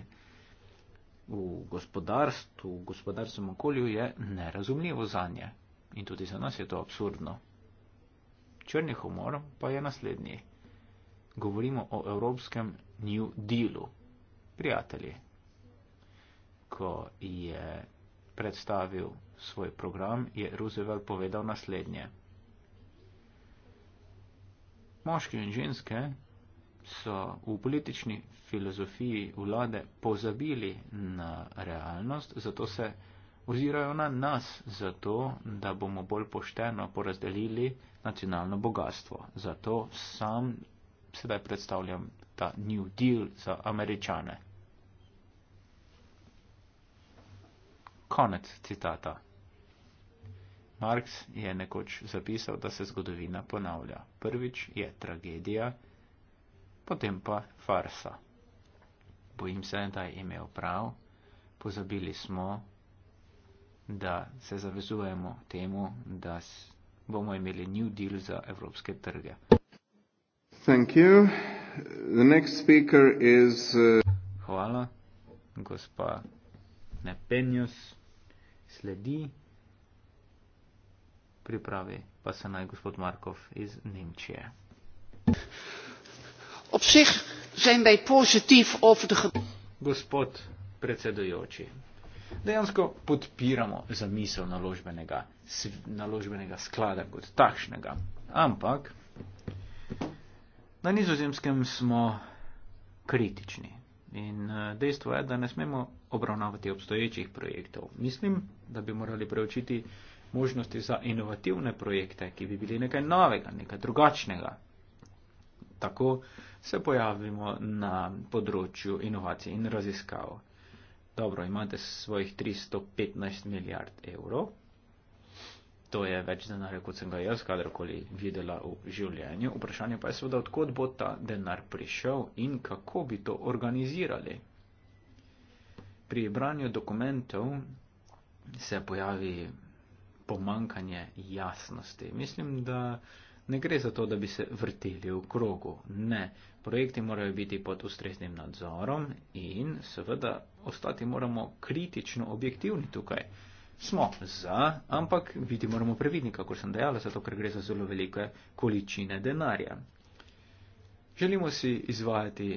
v gospodarstvu, v gospodarskem okolju je nerazumljivo za nje. In tudi za nas je to absurdno. Črni humor pa je naslednji. Govorimo o evropskem New Dealu. Prijatelji, ko je predstavil svoj program, je Roosevelt povedal naslednje. Moški in ženske so v politični filozofiji vlade pozabili na realnost, zato se ozirajo na nas, zato da bomo bolj pošteno porazdelili nacionalno bogatstvo. Zato sam sedaj predstavljam ta New Deal za američane. Konec citata. Marx je nekoč zapisal, da se zgodovina ponavlja. Prvič je tragedija, potem pa farsa. Bojim se, da je imel prav, pozabili smo, da se zavezujemo temu, da bomo imeli New Deal za evropske trge. Is, uh... Hvala, gospa Nepenjus. Sledi pripravi pa se naj gospod Markov iz Nemčije. Op zich zijn wij positief over de. Gospod predsedujoči, dejansko podpiramo zamisel naložbenega, naložbenega sklada kot takšnega. Ampak na nizozemskem smo kritični in eh, dejstvo je, da ne smemo obravnavati obstoječih projektov. Mislim, da bi morali preučiti možnosti za inovativne projekte, ki bi bili nekaj novega, nekaj drugačnega. Tako se pojavimo na področju inovacij in raziskav. Dobro, imate svojih 315 milijard evrov. To je več denarja, kot sem ga jaz kadarkoli videla v življenju. Vprašanje pa je seveda, odkot bo ta denar prišel in kako bi to organizirali pri branju dokumentov se pojavi pomankanje jasnosti. Mislim, da ne gre za to, da bi se vrteli v krogu. Ne, projekti morajo biti pod ustreznim nadzorom in seveda ostati moramo kritično objektivni tukaj. Smo za, ampak biti moramo previdni, kako sem dejala, zato ker gre za zelo velike količine denarja. Želimo si izvajati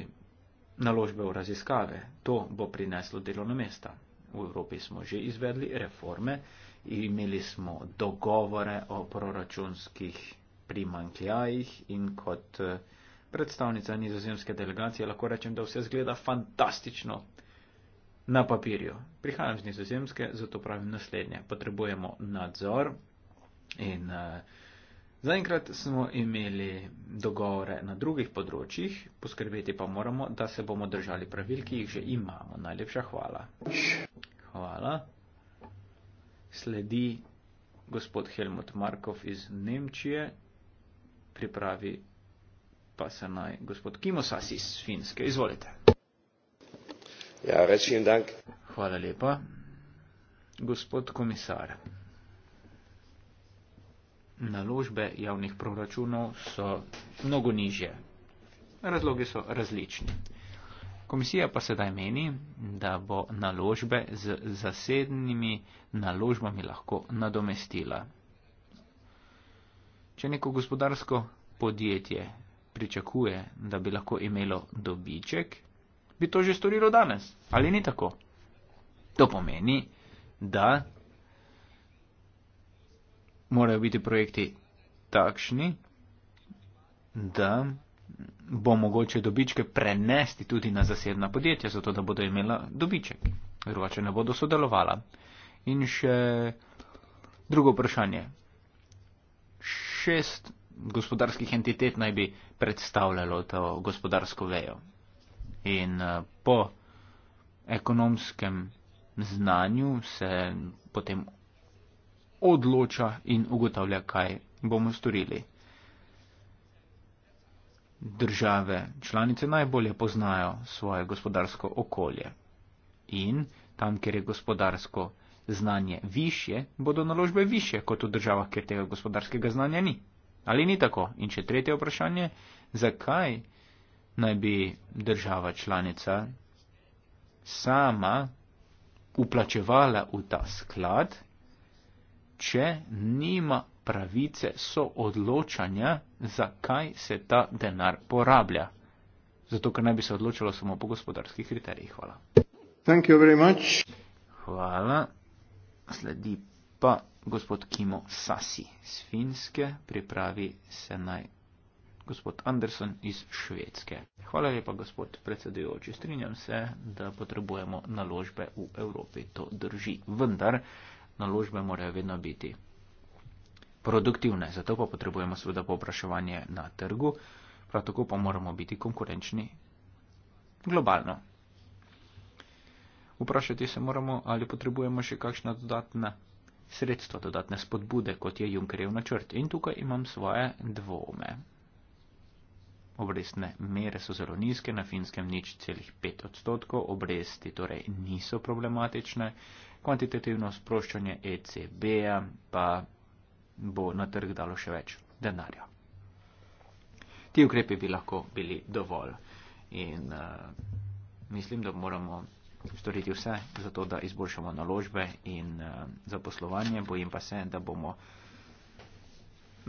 naložbe v raziskave. To bo prineslo delovna mesta. V Evropi smo že izvedli reforme, imeli smo dogovore o proračunskih primankljajih in kot eh, predstavnica nizozemske delegacije lahko rečem, da vse zgleda fantastično na papirju. Prihajam z nizozemske, zato pravim naslednje. Potrebujemo nadzor in uh, Zaenkrat smo imeli dogovore na drugih področjih, poskrbeti pa moramo, da se bomo držali pravil, ki jih že imamo. Najlepša hvala. Hvala. Sledi gospod Helmut Markov iz Nemčije, pripravi pa se naj gospod Kimosas iz Finske. Izvolite. Ja, rečim dank. Hvala lepa. Gospod komisar naložbe javnih proračunov so mnogo nižje. Razlogi so različni. Komisija pa sedaj meni, da bo naložbe z zasednimi naložbami lahko nadomestila. Če neko gospodarsko podjetje pričakuje, da bi lahko imelo dobiček, bi to že storilo danes, ali ni tako? To pomeni, da morajo biti projekti takšni, da bo mogoče dobičke prenesti tudi na zasebna podjetja, zato da bodo imela dobiček, drugače ne bodo sodelovala. In še drugo vprašanje. Šest gospodarskih entitet naj bi predstavljalo to gospodarsko vejo. In eh, po ekonomskem znanju se potem odloča in ugotavlja, kaj bomo storili. Države članice najbolje poznajo svoje gospodarsko okolje in tam, kjer je gospodarsko znanje više, bodo naložbe više kot v državah, kjer tega gospodarskega znanja ni. Ali ni tako? In še tretje vprašanje, zakaj naj bi država članica sama uplačevala v ta sklad če nima pravice so odločanja, zakaj se ta denar porablja. Zato, ker naj bi se odločilo samo po gospodarskih kriterijih. Hvala. Hvala. Sledi pa gospod Kimo Sasi iz Finske, pripravi se naj gospod Anderson iz Švedske. Hvala lepa, gospod predsedujoči. Strinjam se, da potrebujemo naložbe v Evropi. To drži. Vendar naložbe morajo vedno biti produktivne, zato pa potrebujemo seveda povpraševanje na trgu, prav tako pa moramo biti konkurenčni globalno. Vprašati se moramo, ali potrebujemo še kakšna dodatna sredstva, dodatne spodbude, kot je Junkerjev načrt. In tukaj imam svoje dvome. Obrestne mere so zelo nizke, na finskem nič celih 5 odstotkov, obresti torej niso problematične, kvantitativno sproščanje ECB-ja pa bo na trg dalo še več denarja. Ti ukrepi bi lahko bili dovolj in uh, mislim, da moramo storiti vse za to, da izboljšamo naložbe in uh, zaposlovanje. Bojim pa se, da bomo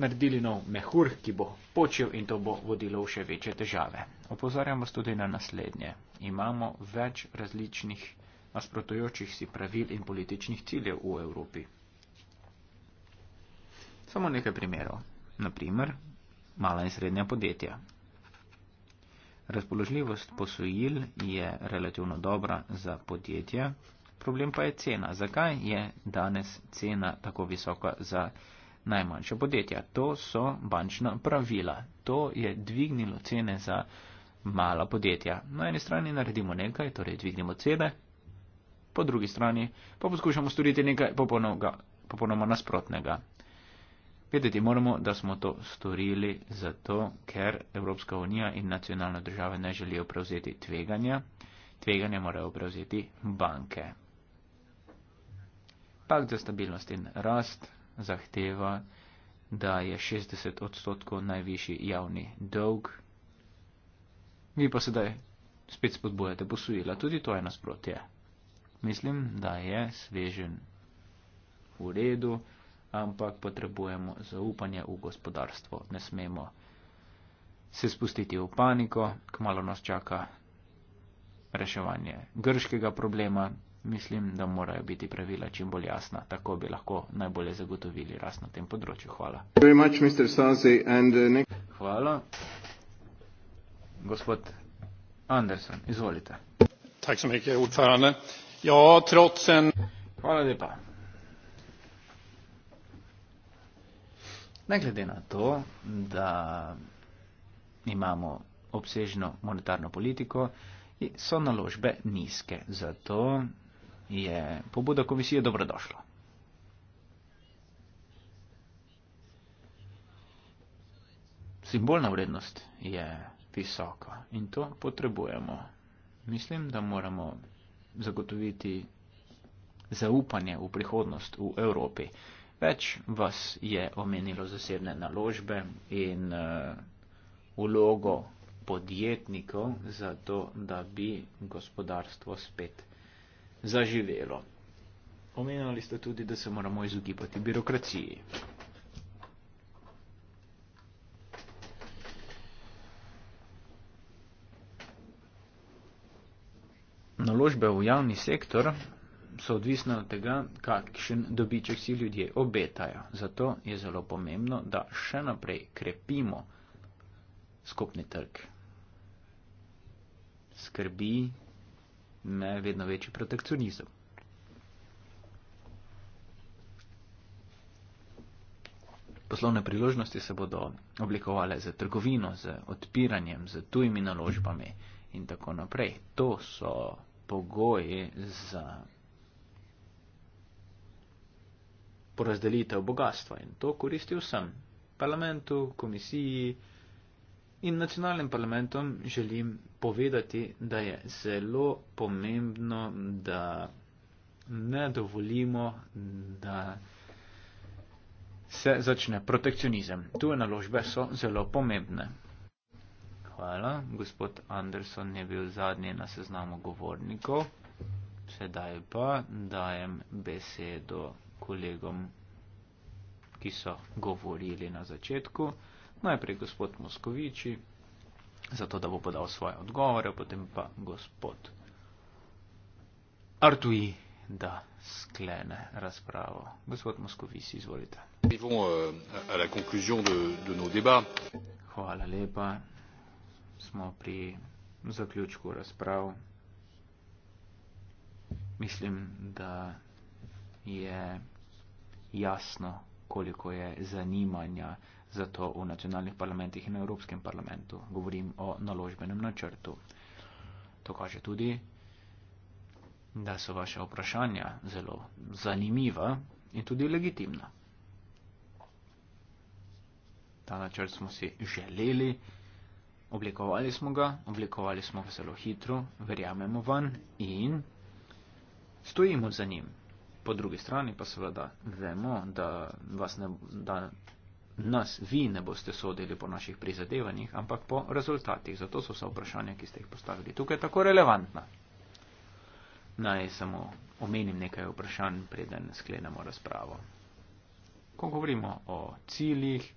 naredili nov mehur, ki bo počel in to bo vodilo v še večje težave. Opozarjamo tudi na naslednje. Imamo več različnih nasprotujočih si pravil in političnih ciljev v Evropi. Samo nekaj primerov. Naprimer, mala in srednja podjetja. Razpoložljivost posojil je relativno dobra za podjetja, problem pa je cena. Zakaj je danes cena tako visoka za najmanjša podjetja? To so bančna pravila. To je dvignilo cene za mala podjetja. Na eni strani naredimo nekaj, torej dvignimo cene, po drugi strani pa poskušamo storiti nekaj popolnoma, popolnoma nasprotnega. Vedeti moramo, da smo to storili zato, ker Evropska unija in nacionalne države ne želijo prevzeti tveganja. Tveganje morajo prevzeti banke. Pakt za stabilnost in rast zahteva, da je 60 odstotkov najvišji javni dolg. Vi pa sedaj spet spodbujate posojila, tudi to je nasprotje. Mislim, da je svežen v redu, ampak potrebujemo zaupanje v gospodarstvo. Ne smemo se spustiti v paniko, kmalo nas čaka reševanje grškega problema. Mislim, da morajo biti pravila čim bolj jasna, tako bi lahko najbolje zagotovili rast na tem področju. Hvala. Much, And, uh, next... Hvala. Gospod Anderson, izvolite. Tak, so mi, Ja, trots en... Hvala lepa. Ne glede na to, da imamo obsežno monetarno politiko, so naložbe nizke. Zato je pobuda komisije dobrodošla. Simbolna vrednost je visoka in to potrebujemo. Mislim, da moramo zagotoviti zaupanje v prihodnost v Evropi. Več vas je omenilo zasebne naložbe in eh, vlogo podjetnikov za to, da bi gospodarstvo spet zaživelo. Omenjali ste tudi, da se moramo izogibati birokraciji. naložbe v javni sektor so odvisne od tega, kakšen dobiček si ljudje obetajo. Zato je zelo pomembno, da še naprej krepimo skupni trg. Skrbi me vedno večji protekcionizem. Poslovne priložnosti se bodo oblikovale z trgovino, z odpiranjem, z tujimi naložbami in tako naprej. To so pogoji za porazdelitev bogatstva in to koristi vsem. Parlamentu, komisiji in nacionalnim parlamentom želim povedati, da je zelo pomembno, da ne dovolimo, da se začne protekcionizem. Tu je naložbe so zelo pomembne hvala. Gospod Anderson je bil zadnji na seznamu govornikov. Sedaj pa dajem besedo kolegom, ki so govorili na začetku. Najprej gospod Moskoviči, zato da bo podal svoje odgovore, potem pa gospod Artui, da sklene razpravo. Gospod Moskovici, izvolite. Euh, hvala lepa smo pri zaključku razprav. Mislim, da je jasno, koliko je zanimanja za to v nacionalnih parlamentih in na Evropskem parlamentu. Govorim o naložbenem načrtu. To kaže tudi, da so vaše vprašanja zelo zanimiva in tudi legitimna. Ta načrt smo si želeli. Oblikovali smo ga, oblikovali smo ga zelo hitro, verjamemo van in stojimo za njim. Po drugi strani pa seveda vemo, da, ne, da nas vi ne boste sodili po naših prizadevanjih, ampak po rezultatih. Zato so vsa vprašanja, ki ste jih postavili tukaj, tako relevantna. Naj samo omenim nekaj vprašanj, preden sklenemo razpravo. Ko govorimo o ciljih,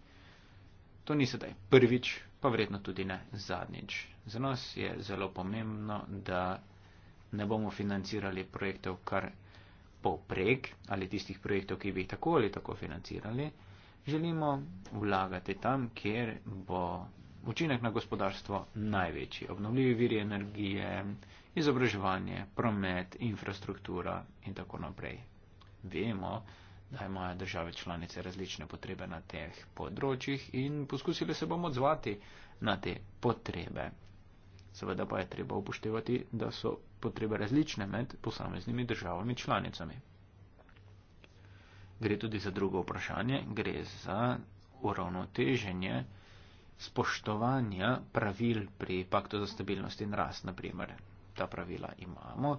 to ni sedaj prvič pa vredno tudi ne zadnjič. Za nas je zelo pomembno, da ne bomo financirali projektov kar poprek ali tistih projektov, ki bi jih tako ali tako financirali. Želimo vlagati tam, kjer bo učinek na gospodarstvo največji. Obnovljivi viri energije, izobraževanje, promet, infrastruktura in tako naprej. Vemo, da imajo države članice različne potrebe na teh področjih in poskusili se bomo odzvati na te potrebe. Seveda pa je treba upoštevati, da so potrebe različne med posameznimi državami članicami. Gre tudi za drugo vprašanje, gre za uravnoteženje spoštovanja pravil pri paktu za stabilnost in rast, naprimer. Ta pravila imamo,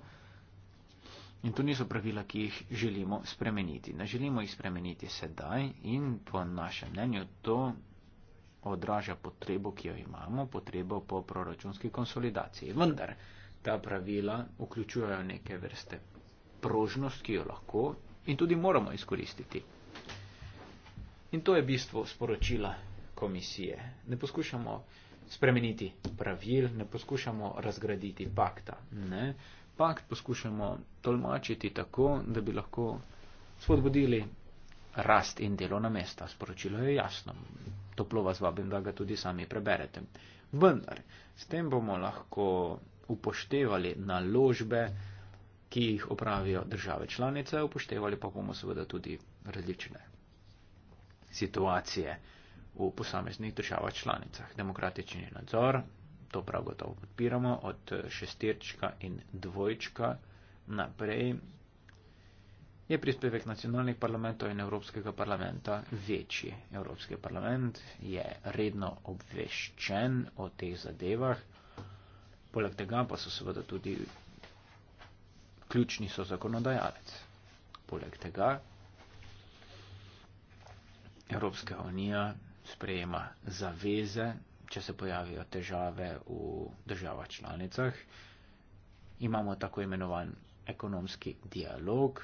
In to niso pravila, ki jih želimo spremeniti. Ne želimo jih spremeniti sedaj in po našem mnenju to odraža potrebo, ki jo imamo, potrebo po proračunski konsolidaciji. Vendar ta pravila vključujejo neke vrste prožnost, ki jo lahko in tudi moramo izkoristiti. In to je bistvo sporočila komisije. Ne poskušamo spremeniti pravil, ne poskušamo razgraditi pakta. Ne pakt poskušamo tolmačiti tako, da bi lahko spodbudili rast in delovna mesta. Sporočilo je jasno. Toplo vas vabim, da ga tudi sami preberete. Vendar, s tem bomo lahko upoštevali naložbe, ki jih opravijo države članice, upoštevali pa bomo seveda tudi različne situacije v posameznih državah članicah. Demokratični nadzor, to prav gotovo podpiramo, od eh, šestirčka in dvojčka naprej, je prispevek nacionalnih parlamentov in Evropskega parlamenta večji. Evropski parlament je redno obveščen o teh zadevah, poleg tega pa so seveda tudi ključni so zakonodajalec. Poleg tega Evropska unija sprejema zaveze če se pojavijo težave v državah članicah. Imamo tako imenovan ekonomski dialog.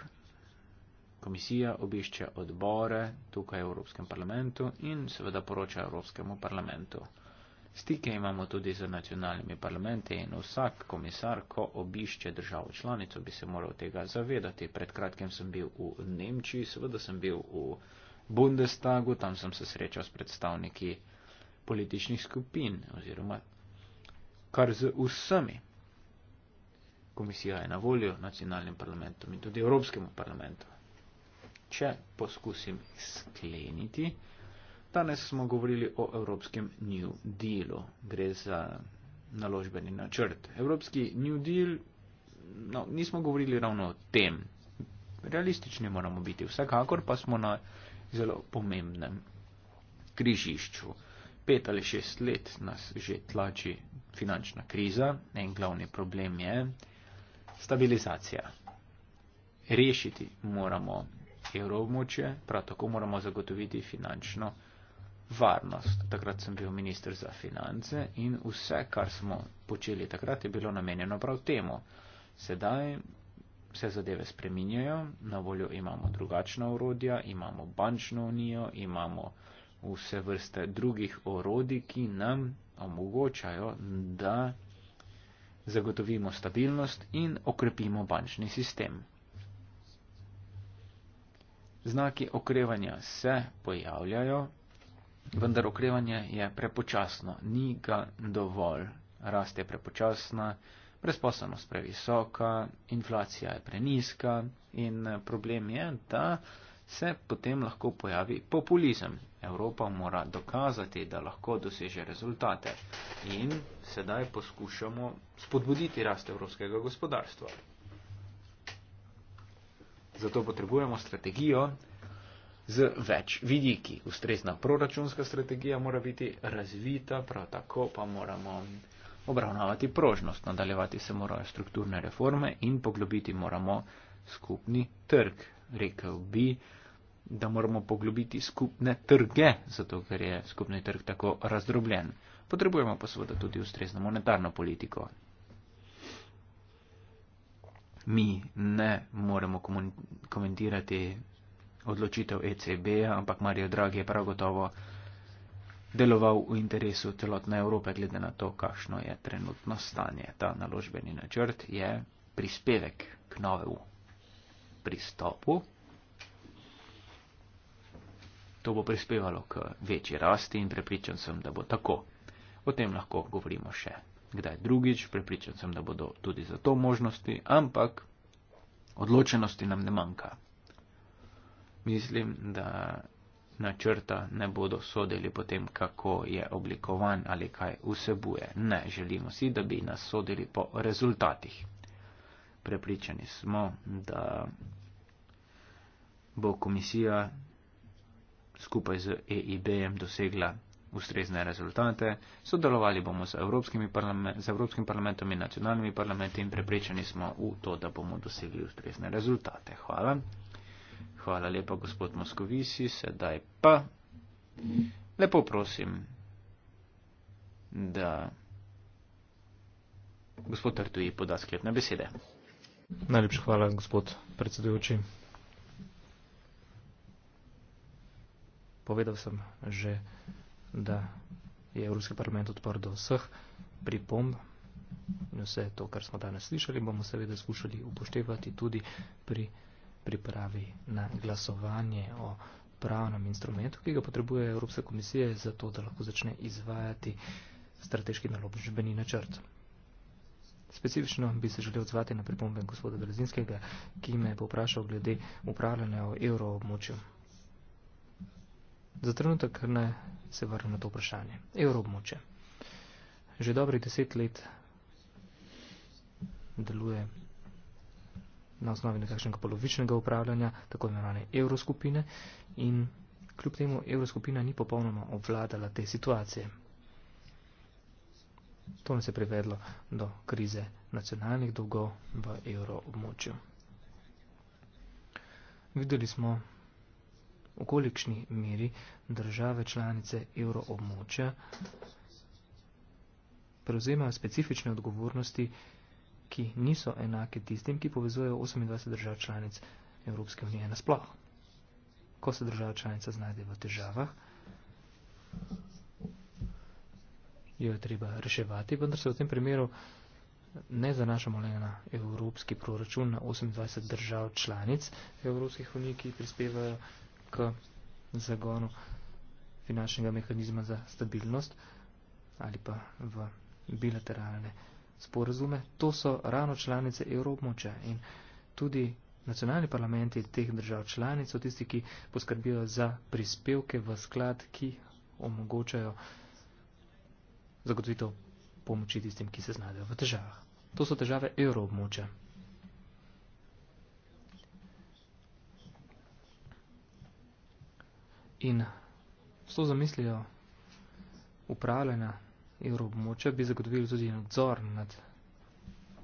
Komisija obišče odbore tukaj v Evropskem parlamentu in seveda poroča Evropskemu parlamentu. Stike imamo tudi z nacionalnimi parlamenti in vsak komisar, ko obišče državo članico, bi se moral tega zavedati. Pred kratkim sem bil v Nemčiji, seveda sem bil v Bundestagu, tam sem se srečal s predstavniki političnih skupin oziroma kar z vsemi. Komisija je na voljo nacionalnim parlamentom in tudi Evropskemu parlamentu. Če poskusim skleniti, danes smo govorili o Evropskem New Dealu. Gre za naložbeni načrt. Evropski New Deal, no, nismo govorili ravno o tem. Realistični moramo biti, vsekakor pa smo na zelo pomembnem križišču pet ali šest let nas že tlači finančna kriza in glavni problem je stabilizacija. Rešiti moramo evroobmočje, prav tako moramo zagotoviti finančno varnost. Takrat sem bil minister za finance in vse, kar smo počeli takrat, je bilo namenjeno prav temu. Sedaj vse zadeve spreminjajo, na voljo imamo drugačna urodja, imamo bančno unijo, imamo vse vrste drugih orodij, ki nam omogočajo, da zagotovimo stabilnost in okrepimo bančni sistem. Znaki okrevanja se pojavljajo, vendar okrevanje je prepočasno, ni ga dovolj. Rast je prepočasna, brezposobnost previsoka, inflacija je preniska in problem je, da se potem lahko pojavi populizem. Evropa mora dokazati, da lahko doseže rezultate in sedaj poskušamo spodbuditi rast evropskega gospodarstva. Zato potrebujemo strategijo z več vidiki. Ustrezna proračunska strategija mora biti razvita, prav tako pa moramo obravnavati prožnost. Nadaljevati se morajo strukturne reforme in poglobiti moramo skupni trg, rekel bi da moramo poglobiti skupne trge, zato ker je skupni trg tako razdrobljen. Potrebujemo pa seveda tudi ustrezno monetarno politiko. Mi ne moremo komentirati odločitev ECB, ampak Mario Draghi je prav gotovo deloval v interesu celotne Evrope, glede na to, kakšno je trenutno stanje. Ta naložbeni načrt je prispevek k novemu pristopu to bo prispevalo k večji rasti in prepričan sem, da bo tako. O tem lahko govorimo še kdaj drugič, prepričan sem, da bodo tudi za to možnosti, ampak odločenosti nam ne manjka. Mislim, da načrta ne bodo sodili potem, kako je oblikovan ali kaj vsebuje. Ne želimo si, da bi nas sodili po rezultatih. Prepričani smo, da bo komisija skupaj z EIB-jem dosegla ustrezne rezultate, sodelovali bomo z Evropskim, parlament, z Evropskim parlamentom in nacionalnimi parlamenti in prepričani smo v to, da bomo dosegli ustrezne rezultate. Hvala. Hvala lepa, gospod Moskovisi. Sedaj pa lepo prosim, da gospod Artuji poda sklepne besede. Najlepša hvala, gospod predsedujoči. Povedal sem že, da je Evropski parlament odprl do vseh pripomb in vse to, kar smo danes slišali, bomo seveda skušali upoštevati tudi pri pripravi na glasovanje o pravnem instrumentu, ki ga potrebuje Evropska komisija za to, da lahko začne izvajati strateški naložbeni načrt. Specifično bi se želel odzvati na pripombe gospoda Brezinskega, ki me je poprašal glede upravljanja o evroobmočju. Za trenutek ne se vrnem na to vprašanje. Evroobmoče. Že dobrih deset let deluje na osnovi nekakšnega polovičnega upravljanja, tako imenovane evroskupine in kljub temu evroskupina ni popolnoma obvladala te situacije. To nas je privedlo do krize nacionalnih dolgov v evroobmočju. Videli smo v kolikšni meri države članice euroobmočja prevzemajo specifične odgovornosti, ki niso enake tistim, ki povezujejo 28 držav članic Evropske unije nasploh. Ko se država članica znajde v težavah, jo je treba reševati, vendar se v tem primeru ne zanašamo le na evropski proračun, na 28 držav članic Evropskih unij, ki prispevajo k zagonu finančnega mehanizma za stabilnost ali pa v bilateralne sporazume. To so ravno članice evroobmoča in tudi nacionalni parlamenti teh držav članic so tisti, ki poskrbijo za prispevke v sklad, ki omogočajo zagotovitev pomoči tistim, ki se znajdejo v težavah. To so težave evroobmoča. in so zamislijo upravljena evroobmočja, bi zagotovili tudi nadzor nad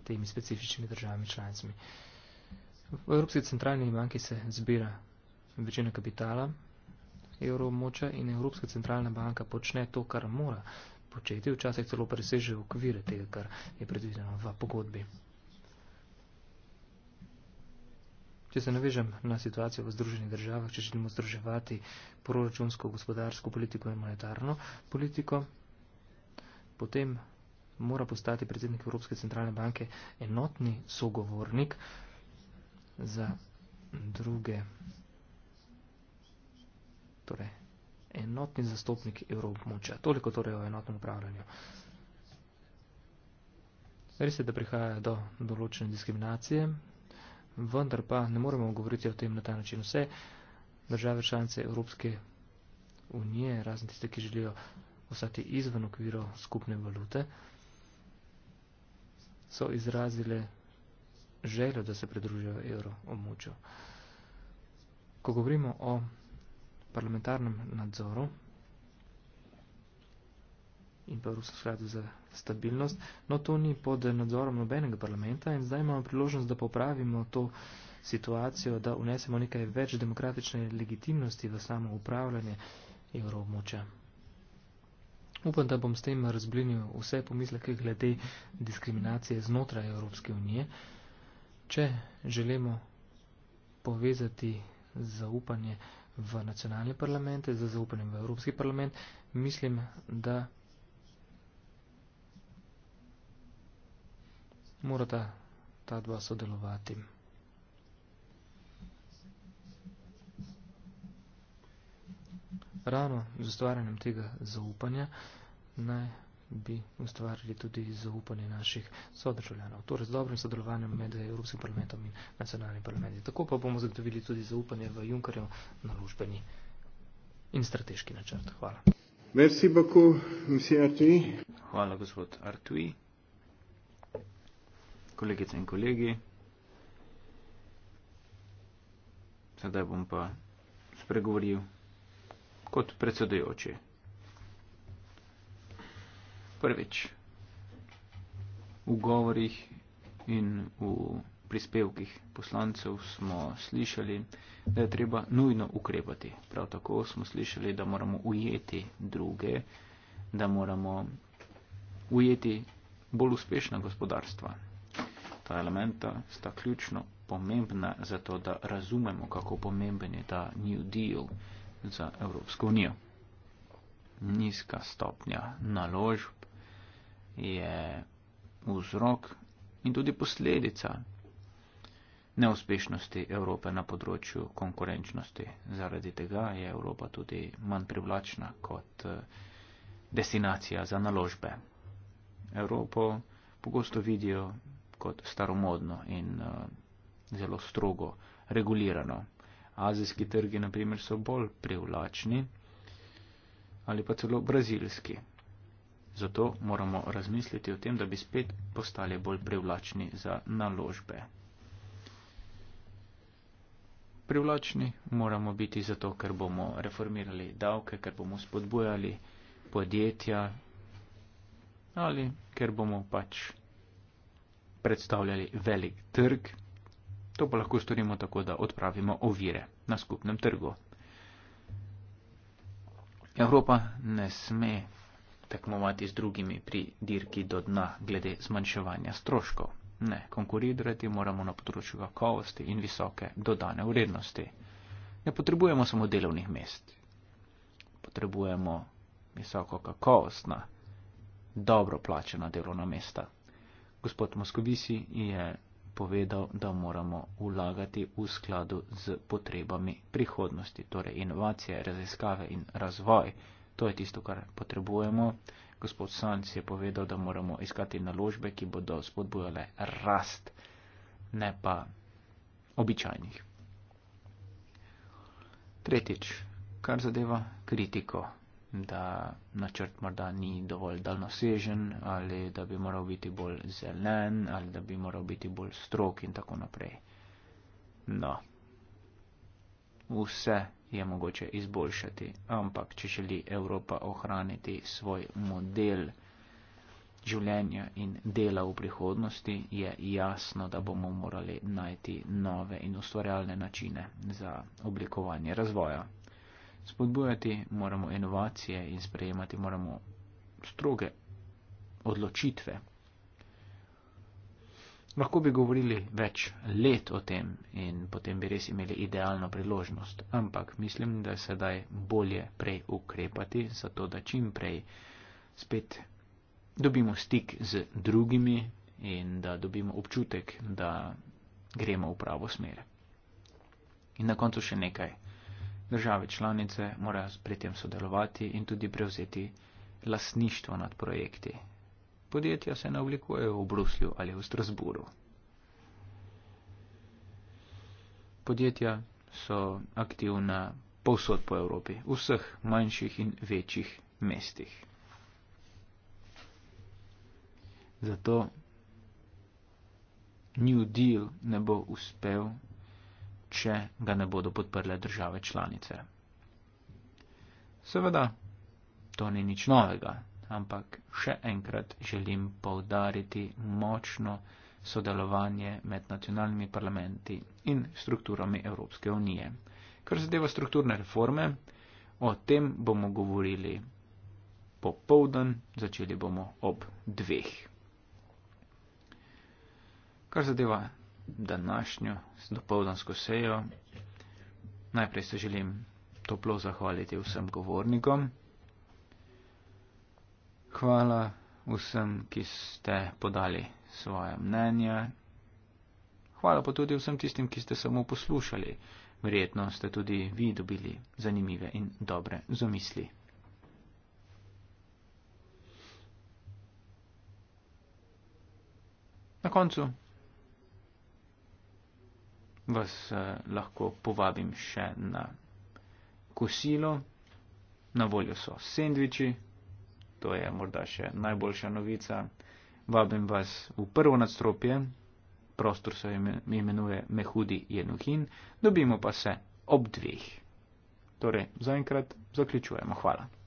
temi specifičnimi državami članicami. V Evropski centralni banki se zbira večina kapitala evroobmočja in Evropska centralna banka počne to, kar mora početi, včasih celo preseže okvire tega, kar je predvideno v pogodbi. Če se navežem na situacijo v Združenih državah, če želimo združevati proračunsko, gospodarsko politiko in monetarno politiko, potem mora postati predsednik Evropske centralne banke enotni sogovornik za druge, torej enotni zastopnik Evropa moča. Toliko torej o enotnem upravljanju. Res je, da prihaja do določene diskriminacije vendar pa ne moremo govoriti o tem na ta način. Vse države članice Evropske unije, razen tiste, ki želijo ostati izven okvira skupne valute, so izrazile željo, da se pridružijo evro območju. Ko govorimo o parlamentarnem nadzoru, in pa Evropskem skladu za stabilnost, no to ni pod nadzorom nobenega parlamenta in zdaj imamo priložnost, da popravimo to situacijo, da unesemo nekaj več demokratične legitimnosti v samo upravljanje evroobmoča. Upam, da bom s tem razblinil vse pomisleke glede diskriminacije znotraj Evropske unije. Če želimo povezati zaupanje v nacionalne parlamente, za zaupanje v Evropski parlament, mislim, da morata ta dva sodelovati. Ravno z ustvarjanjem tega zaupanja naj bi ustvarili tudi zaupanje naših sodržavljanov, torej z dobrim sodelovanjem med Evropskim parlamentom in nacionalnim parlamentom. Tako pa bomo zagotovili tudi zaupanje v Junkarjev naložbeni in strateški načrt. Hvala. Merci beaucoup, monsieur Artui. Hvala, gospod Artui kolegice in kolegi. Sedaj bom pa spregovoril kot predsedujoči. Prvič, v govorih in v prispevkih poslancev smo slišali, da je treba nujno ukrepati. Prav tako smo slišali, da moramo ujeti druge, da moramo ujeti bolj uspešna gospodarstva ta elementa sta ključno pomembna za to, da razumemo, kako pomemben je ta New Deal za Evropsko unijo. Nizka stopnja naložb je vzrok in tudi posledica neuspešnosti Evrope na področju konkurenčnosti. Zaradi tega je Evropa tudi manj privlačna kot eh, destinacija za naložbe. Evropo pogosto vidijo kot staromodno in uh, zelo strogo regulirano. Azijski trgi, na primer, so bolj privlačni ali pa celo brazilski. Zato moramo razmisliti o tem, da bi spet postali bolj privlačni za naložbe. Privlačni moramo biti zato, ker bomo reformirali davke, ker bomo spodbujali podjetja ali ker bomo pač predstavljali velik trg, to pa lahko storimo tako, da odpravimo ovire na skupnem trgu. Evropa ne sme tekmovati z drugimi pri dirki do dna glede zmanjševanja stroškov. Ne, konkurirati moramo na področju kakovosti in visoke dodane vrednosti. Ne potrebujemo samo delovnih mest. Potrebujemo visoko kakovostna, dobro plačena delovna mesta gospod Moskovici je povedal, da moramo vlagati v skladu z potrebami prihodnosti, torej inovacije, raziskave in razvoj. To je tisto, kar potrebujemo. Gospod Sanc je povedal, da moramo iskati naložbe, ki bodo spodbujale rast, ne pa običajnih. Tretjič, kar zadeva kritiko da načrt morda ni dovolj daljnosežen ali da bi moral biti bolj zelen ali da bi moral biti bolj strok in tako naprej. No, vse je mogoče izboljšati, ampak če želi Evropa ohraniti svoj model življenja in dela v prihodnosti, je jasno, da bomo morali najti nove in ustvarjalne načine za oblikovanje razvoja spodbujati, moramo inovacije in sprejemati moramo stroge odločitve. Lahko bi govorili več let o tem in potem bi res imeli idealno priložnost, ampak mislim, da se daj bolje prej ukrepati, zato da čim prej spet dobimo stik z drugimi in da dobimo občutek, da gremo v pravo smer. In na koncu še nekaj Države članice morajo pri tem sodelovati in tudi prevzeti lasništvo nad projekti. Podjetja se ne oblikujejo v Bruslju ali v Strasburu. Podjetja so aktivna povsod po Evropi, v vseh manjših in večjih mestih. Zato New Deal ne bo uspel če ga ne bodo podprle države članice. Seveda, to ni nič novega, ampak še enkrat želim povdariti močno sodelovanje med nacionalnimi parlamenti in strukturami Evropske unije. Kar zadeva strukturne reforme, o tem bomo govorili popovdan, začeli bomo ob dveh. Kar zadeva današnjo dopoldansko sejo. Najprej se želim toplo zahvaliti vsem govornikom. Hvala vsem, ki ste podali svoje mnenja. Hvala pa tudi vsem tistim, ki ste samo poslušali. Verjetno ste tudi vi dobili zanimive in dobre zamisli. Na koncu vas eh, lahko povabim še na kosilo. Na voljo so sendviči, to je morda še najboljša novica. Vabim vas v prvo nadstropje, prostor se imenuje Mehudi Jenuhin, dobimo pa se ob dveh. Torej, zaenkrat zaključujemo. Hvala.